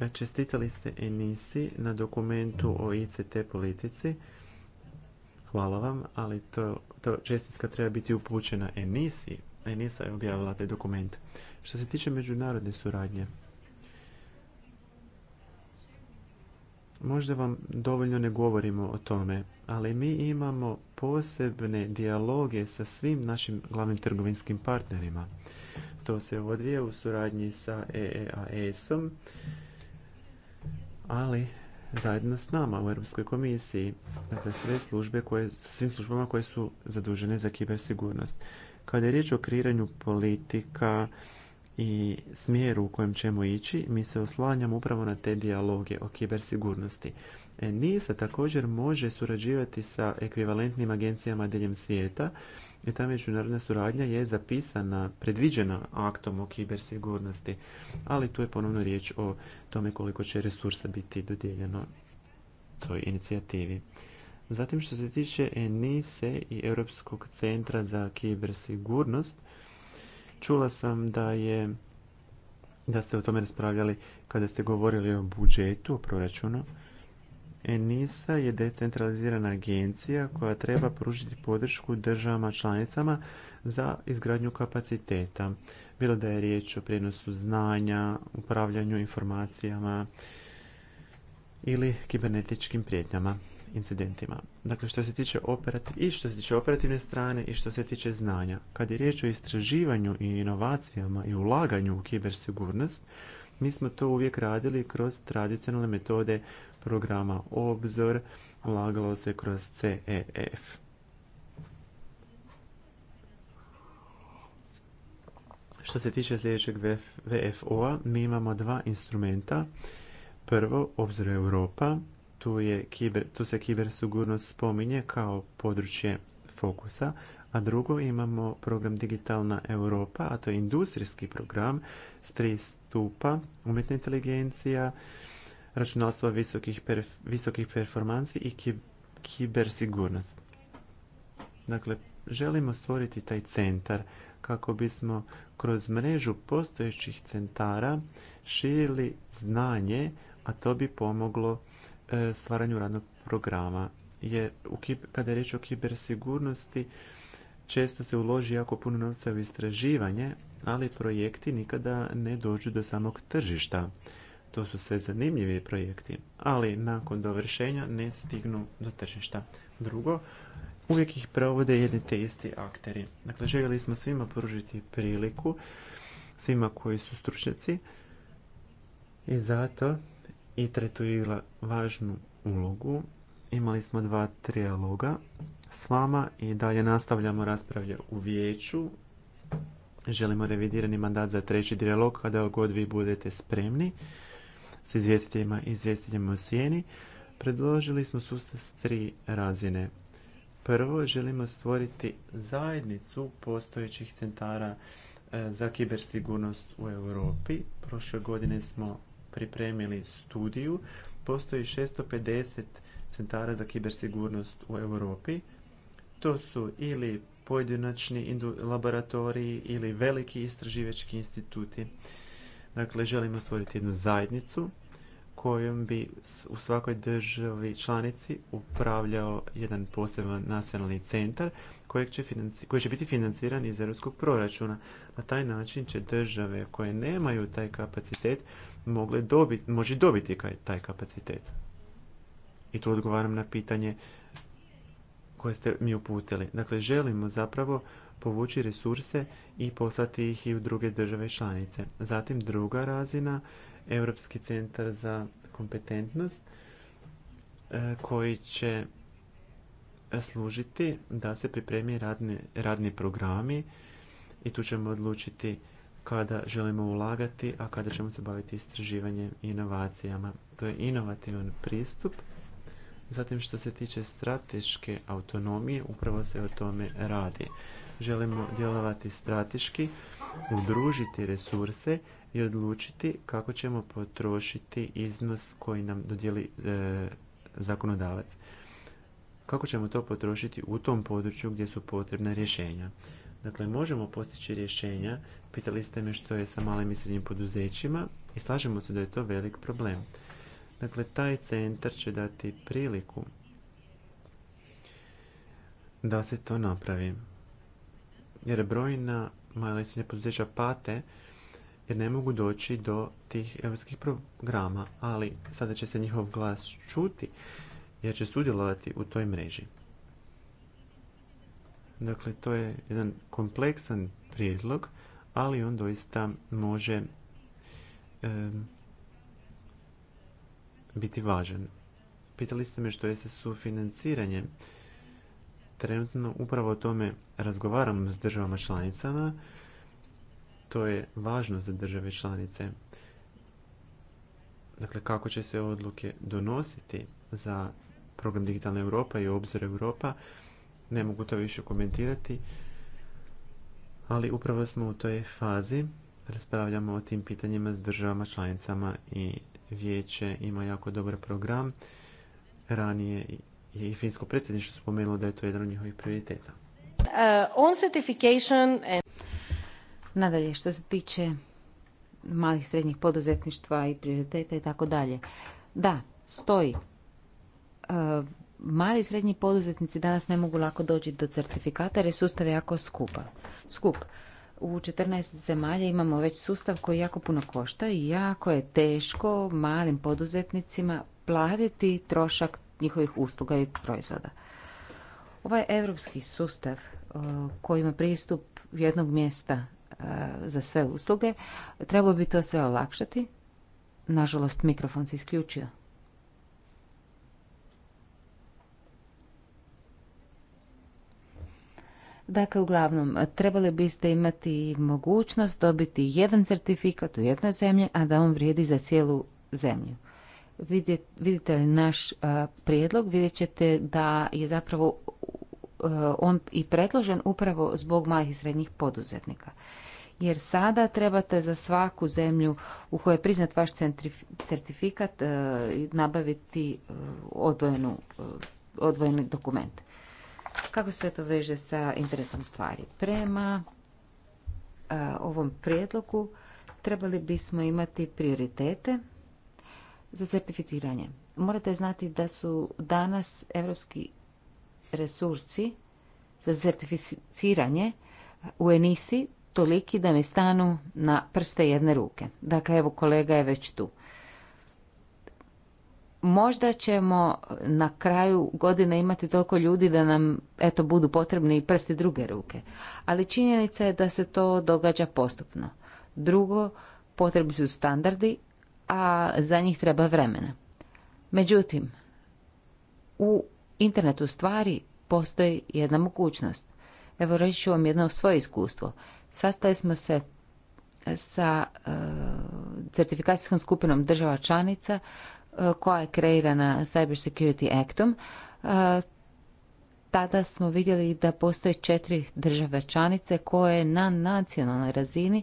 E, Čestitali ste Enisi na dokumentu o ICT politici. Hvala vam, ali to, to čestitka treba biti upućena Enisi, Enisa je objavila taj dokument. Što se tiče međunarodne suradnje, možda vam dovoljno ne govorimo o tome, ali mi imamo posebne dijaloge sa svim našim glavnim trgovinskim partnerima. To se odvija u suradnji sa EEAS-om, e ali zajedno s nama u Europskoj komisiji, dakle sve službe koje, sa svim službama koje su zadužene za kibersigurnost. Kada je riječ o kreiranju politika i smjeru u kojem ćemo ići, mi se oslanjamo upravo na te dijaloge o kibersigurnosti. E, NISA također može surađivati sa ekvivalentnim agencijama diljem svijeta i ta međunarodna suradnja je zapisana, predviđena aktom o kibersigurnosti, ali tu je ponovno riječ o tome koliko će resursa biti dodijeljeno toj inicijativi. Zatim što se tiče ENISE i Europskog centra za kibersigurnost, čula sam da je da ste o tome raspravljali kada ste govorili o budžetu, o proračunu. ENISA je decentralizirana agencija koja treba pružiti podršku državama članicama za izgradnju kapaciteta. Bilo da je riječ o prijenosu znanja, upravljanju informacijama ili kibernetičkim prijetnjama incidentima. Dakle, što se tiče i što se tiče operativne strane i što se tiče znanja. Kad je riječ o istraživanju i inovacijama i ulaganju u kibersigurnost, mi smo to uvijek radili kroz tradicionalne metode programa Obzor, ulagalo se kroz CEF. Što se tiče sljedećeg VFO-a, mi imamo dva instrumenta. Prvo, Obzor Europa, tu, je kiber, tu se kibersigurnost spominje kao područje fokusa, a drugo imamo program Digitalna Europa, a to je industrijski program s tri stupa, umjetna inteligencija, računalstvo visokih, perf, visokih performansi i kibersigurnost. Dakle, želimo stvoriti taj centar kako bismo kroz mrežu postojećih centara širili znanje, a to bi pomoglo E, stvaranju radnog programa. Jer kada je riječ o kibersigurnosti, često se uloži jako puno novca u istraživanje, ali projekti nikada ne dođu do samog tržišta. To su sve zanimljivi projekti, ali nakon dovršenja ne stignu do tržišta. Drugo, uvijek ih provode jedni te isti akteri. Dakle, željeli smo svima pružiti priliku, svima koji su stručnjaci i zato i tu je važnu ulogu. Imali smo dva trijaloga s vama i dalje nastavljamo raspravlje u vijeću. Želimo revidirani mandat za treći dijalog kada god vi budete spremni s izvjestiteljima i izvjestiteljima u sjeni. Predložili smo sustav s tri razine. Prvo, želimo stvoriti zajednicu postojećih centara e, za kibersigurnost u Europi. Prošle godine smo pripremili studiju. Postoji 650 centara za kibersigurnost u Europi. To su ili pojedinačni laboratoriji ili veliki istraživački instituti. Dakle, želimo stvoriti jednu zajednicu kojom bi u svakoj državi članici upravljao jedan poseban nacionalni centar kojeg će koji će biti financiran iz europskog proračuna. Na taj način će države koje nemaju taj kapacitet mogle dobiti, može dobiti taj kapacitet. I tu odgovaram na pitanje koje ste mi uputili. Dakle, želimo zapravo povući resurse i poslati ih i u druge države članice. Zatim druga razina, Europski centar za kompetentnost e, koji će služiti da se pripremi radni, radni programi i tu ćemo odlučiti kada želimo ulagati, a kada ćemo se baviti istraživanjem i inovacijama. To je inovativan pristup. Zatim što se tiče strateške autonomije, upravo se o tome radi. Želimo djelovati strateški, udružiti resurse i odlučiti kako ćemo potrošiti iznos koji nam dodijeli e, zakonodavac. Kako ćemo to potrošiti u tom području gdje su potrebna rješenja. Dakle, možemo postići rješenja. Pitali ste me što je sa malim i srednjim poduzećima i slažemo se da je to velik problem. Dakle, taj centar će dati priliku da se to napravi. Jer brojna mala i srednja poduzeća pate jer ne mogu doći do tih europskih programa, ali sada će se njihov glas čuti jer će sudjelovati u toj mreži. Dakle, to je jedan kompleksan prijedlog, ali on doista može biti važan. Pitali ste me što jeste sufinanciranje. Trenutno upravo o tome razgovaram s državama članicama. To je važno za države članice. Dakle, kako će se odluke donositi za program Digitalna Europa i Obzor Europa, ne mogu to više komentirati, ali upravo smo u toj fazi, raspravljamo o tim pitanjima s državama, članicama i vijeće ima jako dobar program. Ranije je i finsko predsjedništvo spomenulo da je to jedan od njihovih prioriteta. Uh, on certification Nadalje, što se tiče malih i srednjih poduzetništva i prioriteta i tako dalje. Da, stoji. Uh, mali i srednji poduzetnici danas ne mogu lako doći do certifikata jer je sustav jako skupa. skup. U 14 zemalja imamo već sustav koji jako puno košta i jako je teško malim poduzetnicima platiti trošak njihovih usluga i proizvoda. Ovaj europski sustav e, koji ima pristup jednog mjesta e, za sve usluge, trebao bi to sve olakšati. Nažalost, mikrofon se isključio. Dakle, uglavnom, trebali biste imati mogućnost dobiti jedan certifikat u jednoj zemlji, a da on vrijedi za cijelu zemlju. Vidite li naš prijedlog, vidjet ćete da je zapravo e, on i predložen upravo zbog malih i srednjih poduzetnika. Jer sada trebate za svaku zemlju u kojoj je priznat vaš certifikat e, nabaviti e, odvojenu, odvojeni dokument. Kako se to veže sa internetom stvari? Prema ovom prijedlogu trebali bismo imati prioritete za certificiranje. Morate znati da su danas evropski resursi za certificiranje u Enisi toliki da mi stanu na prste jedne ruke. Dakle, evo kolega je već tu možda ćemo na kraju godine imati toliko ljudi da nam eto budu potrebni i prsti druge ruke. Ali činjenica je da se to događa postupno. Drugo, potrebni su standardi, a za njih treba vremena. Međutim, u internetu stvari postoji jedna mogućnost. Evo reći ću vam jedno svoje iskustvo. Sastali smo se sa e, certifikacijskom skupinom država članica E, koja je kreirana Cyber Security Actom, e, tada smo vidjeli da postoje četiri države članice koje na nacionalnoj razini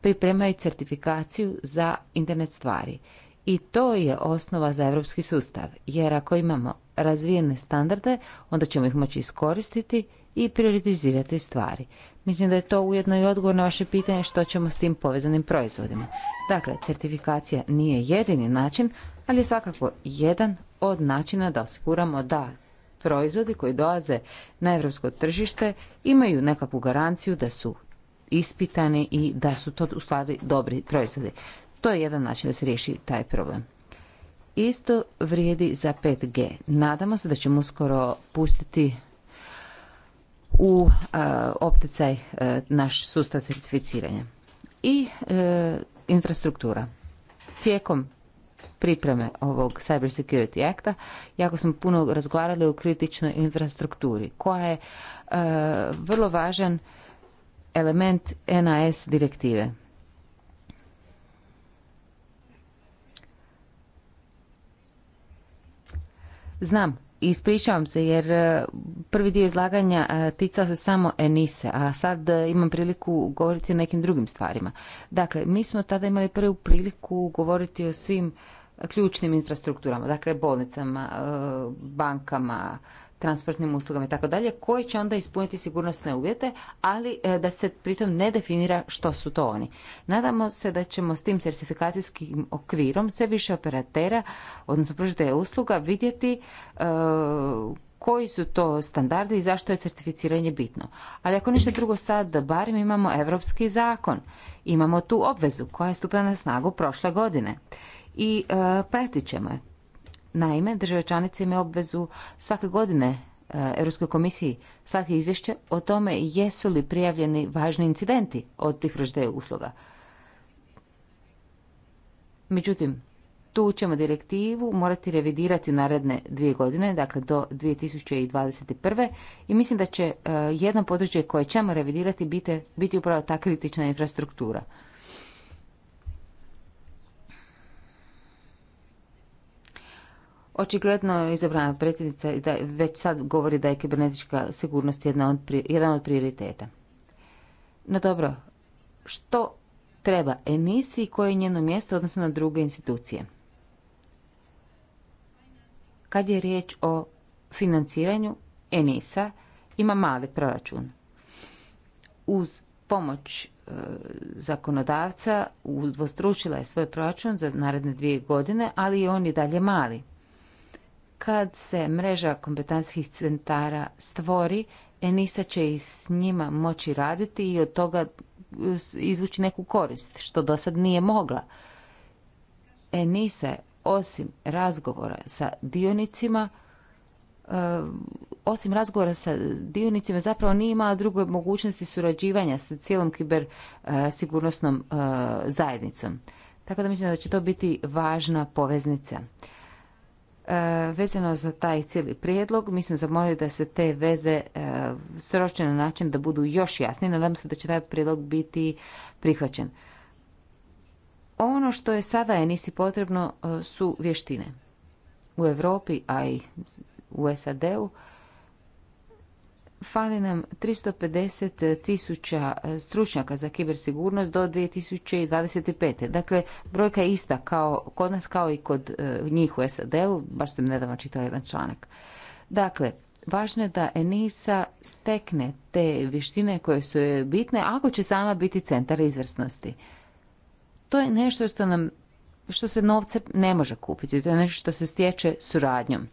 pripremaju certifikaciju za internet stvari. I to je osnova za europski sustav, jer ako imamo razvijene standarde, onda ćemo ih moći iskoristiti i prioritizirati stvari. Mislim da je to ujedno i odgovor na vaše pitanje što ćemo s tim povezanim proizvodima. Dakle, certifikacija nije jedini način, ali je svakako jedan od načina da osiguramo da proizvodi koji dolaze na europsko tržište imaju nekakvu garanciju da su ispitani i da su to u dobri proizvodi. To je jedan način da se riješi taj problem. Isto vrijedi za 5G. Nadamo se da ćemo uskoro pustiti u e, opticaj e, naš sustav certificiranja. I e, infrastruktura. Tijekom pripreme ovog Cyber Security Acta, jako smo puno razgovarali o kritičnoj infrastrukturi, koja je vrlo važan element NAS direktive. Znam Ispričavam se jer e, prvi dio izlaganja e, tica se samo Enise, a sad e, imam priliku govoriti o nekim drugim stvarima. Dakle, mi smo tada imali prvu priliku govoriti o svim ključnim infrastrukturama, dakle bolnicama, bankama, transportnim uslugama i tako dalje, koji će onda ispuniti sigurnosne uvjete, ali e, da se pritom ne definira što su to oni. Nadamo se da ćemo s tim certifikacijskim okvirom sve više operatera, odnosno pružite usluga, vidjeti e, koji su to standardi i zašto je certificiranje bitno. Ali ako ništa drugo sad, barem imamo europski zakon. Imamo tu obvezu koja je stupila na snagu prošle godine i e, pratit ćemo je. Naime, države članice imaju obvezu svake godine e, Europskoj komisiji svake izvješće o tome jesu li prijavljeni važni incidenti od tih proždeja usluga. Međutim, tu ćemo direktivu morati revidirati u naredne dvije godine, dakle do 2021. I mislim da će e, jedno područje koje ćemo revidirati biti upravo ta kritična infrastruktura. Očigledno je izabrana predsjednica da već sad govori da je kibernetička sigurnost jedna od, jedan od prioriteta. No dobro, što treba Enisi i koje je njeno mjesto odnosno na druge institucije? Kad je riječ o financiranju, Enisa ima mali proračun. Uz pomoć e, zakonodavca udvostručila je svoj proračun za naredne dvije godine, ali on je dalje mali. Kad se mreža kompetencijskih centara stvori, Enisa će i s njima moći raditi i od toga izvući neku korist, što do sad nije mogla. Enisa osim razgovora sa dionicima, eh, osim razgovora sa dionicima zapravo nije imala druge mogućnosti surađivanja sa cijelom kiber eh, sigurnosnom eh, zajednicom. Tako da mislim da će to biti važna poveznica. E, vezano za taj cijeli prijedlog. Mi smo da se te veze e, sroče na način da budu još jasnije. Nadam se da će taj prijedlog biti prihvaćen. Ono što je sada nisi potrebno e, su vještine. U Europi, a i u SAD-u, Fali nam 350 tisuća e, stručnjaka za kibersigurnost do 2025. Dakle, brojka je ista kao, kod nas kao i kod e, njih u SAD-u, baš sam nedavno čitala jedan članak. Dakle, važno je da Enisa stekne te vještine koje su joj bitne ako će sama biti centar izvrsnosti. To je nešto što nam što se novce ne može kupiti, to je nešto što se stječe suradnjom.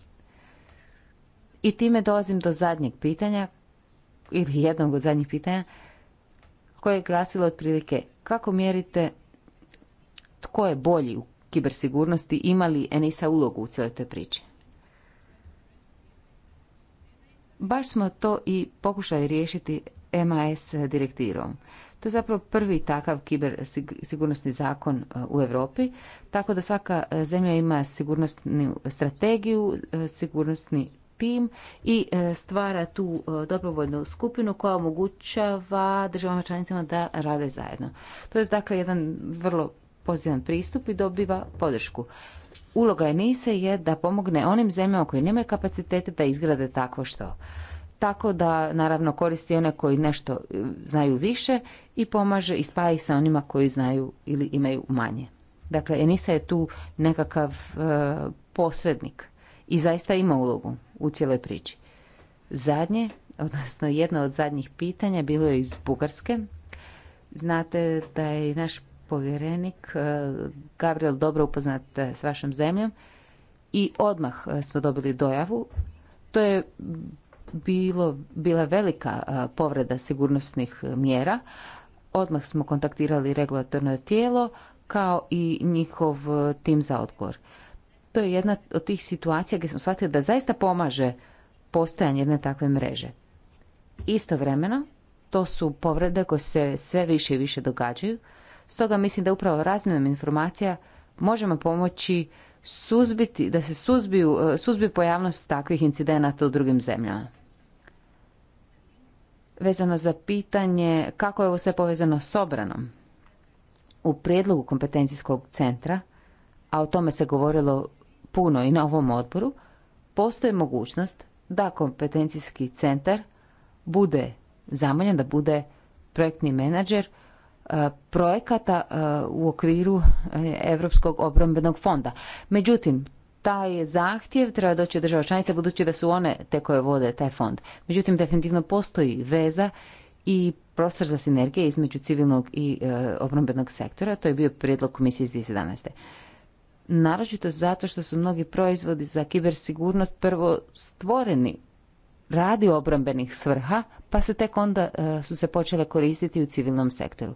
I time dolazim do zadnjeg pitanja, ili jednog od zadnjih pitanja, koje je glasilo otprilike kako mjerite tko je bolji u kibersigurnosti, ima li Enisa ulogu u cijeloj toj priči? Baš smo to i pokušali riješiti MAS direktivom. To je zapravo prvi takav kibersigurnosni zakon e, u Europi, tako da svaka e, zemlja ima sigurnosnu strategiju, e, sigurnosni tim i e, stvara tu e, dobrovoljnu skupinu koja omogućava državama članicama da rade zajedno. To je dakle jedan vrlo pozitivan pristup i dobiva podršku. Uloga Enise je da pomogne onim zemljama koje nemaju kapacitete da izgrade takvo što. Tako da naravno koristi one koji nešto e, znaju više i pomaže i spaja sa onima koji znaju ili imaju manje. Dakle, Enisa je tu nekakav posrednik i zaista ima ulogu u cijeloj priči. Zadnje, odnosno jedno od zadnjih pitanja bilo je iz Bugarske. Znate da je naš povjerenik e, Gabriel dobro upoznat e, s vašom zemljom i odmah e, smo dobili dojavu. To je bilo, bila velika povreda sigurnosnih mjera. Odmah smo kontaktirali regulatorno tijelo kao i njihov tim za odgovor to je jedna od tih situacija gdje smo shvatili da zaista pomaže postojanje jedne takve mreže. Istovremeno, to su povrede koje se sve više i više događaju, stoga mislim da upravo razmjenom informacija možemo pomoći suzbiti, da se suzbiju, e, suzbiju pojavnost takvih incidenata u drugim zemljama. Vezano za pitanje kako je ovo sve povezano s obranom, u prijedlogu kompetencijskog centra, a o tome se govorilo puno i na ovom odboru, postoji mogućnost da kompetencijski centar bude zamoljen, da bude projektni menadžer e, projekata e, u okviru Europskog obrambenog fonda. Međutim, taj je zahtjev treba doći od država članica budući da su one te koje vode taj fond. Međutim, definitivno postoji veza i prostor za sinergije između civilnog i e, obrambenog sektora. To je bio prijedlog komisije iz 2017 naročito zato što su mnogi proizvodi za kibersigurnost prvo stvoreni radi obrambenih svrha, pa se tek onda e, su se počele koristiti u civilnom sektoru.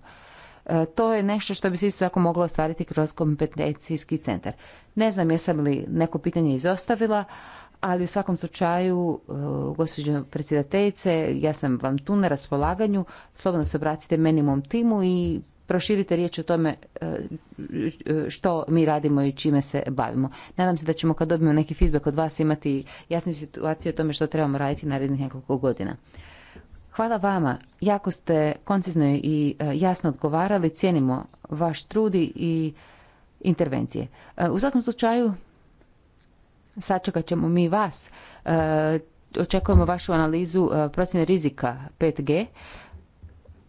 E, to je nešto što bi se isto tako moglo ostvariti kroz kompetencijski centar. Ne znam jesam li neko pitanje izostavila, ali u svakom slučaju, e, gospođo predsjedateljice, ja sam vam tu na raspolaganju, slobodno se obratite meni mom timu i proširite riječ o tome e, e, što mi radimo i čime se bavimo. Nadam se da ćemo kad dobijemo neki feedback od vas imati jasnu situaciju o tome što trebamo raditi narednih nekoliko godina. Hvala vama. Jako ste koncizno i e, jasno odgovarali. Cijenimo vaš trud i intervencije. U svakom slučaju, sačekat ćemo mi vas. Očekujemo vašu analizu procjene rizika 5G,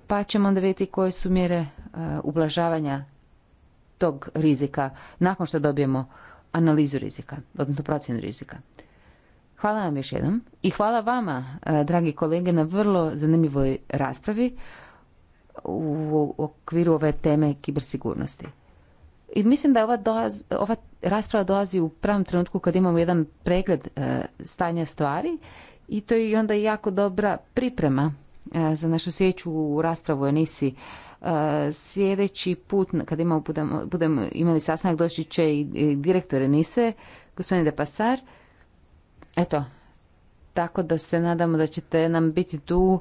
pa ćemo onda vidjeti koje su mjere E, ublažavanja tog rizika nakon što dobijemo analizu rizika, odnosno procjenu rizika. Hvala vam još jednom i hvala vama, e, dragi kolege, na vrlo zanimljivoj raspravi u okviru ove teme kibersigurnosti. I mislim da ova, ova rasprava dolazi u pravom trenutku kad imamo jedan pregled e, stanja stvari i to je onda jako dobra priprema za našu sjeću u raspravu o Nisi Sljedeći put, kad imamo, budemo, budemo imali sastanak, doći će i direktore Nise, gospodin De Pasar. Eto, tako da se nadamo da ćete nam biti tu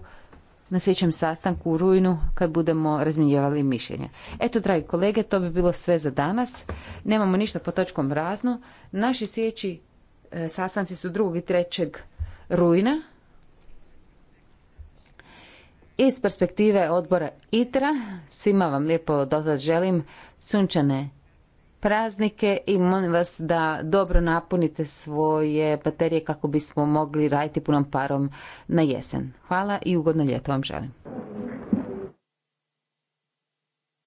na sljedećem sastanku u rujnu kad budemo razmjenjivali mišljenja. Eto, dragi kolege, to bi bilo sve za danas. Nemamo ništa po točkom razno. Naši sljedeći e, sastanci su 2. i 3. rujna. Iz perspektive odbora ITRA, svima vam lijepo dotad želim sunčane praznike i molim vas da dobro napunite svoje baterije kako bismo mogli raditi punom parom na jesen. Hvala i ugodno ljeto vam želim.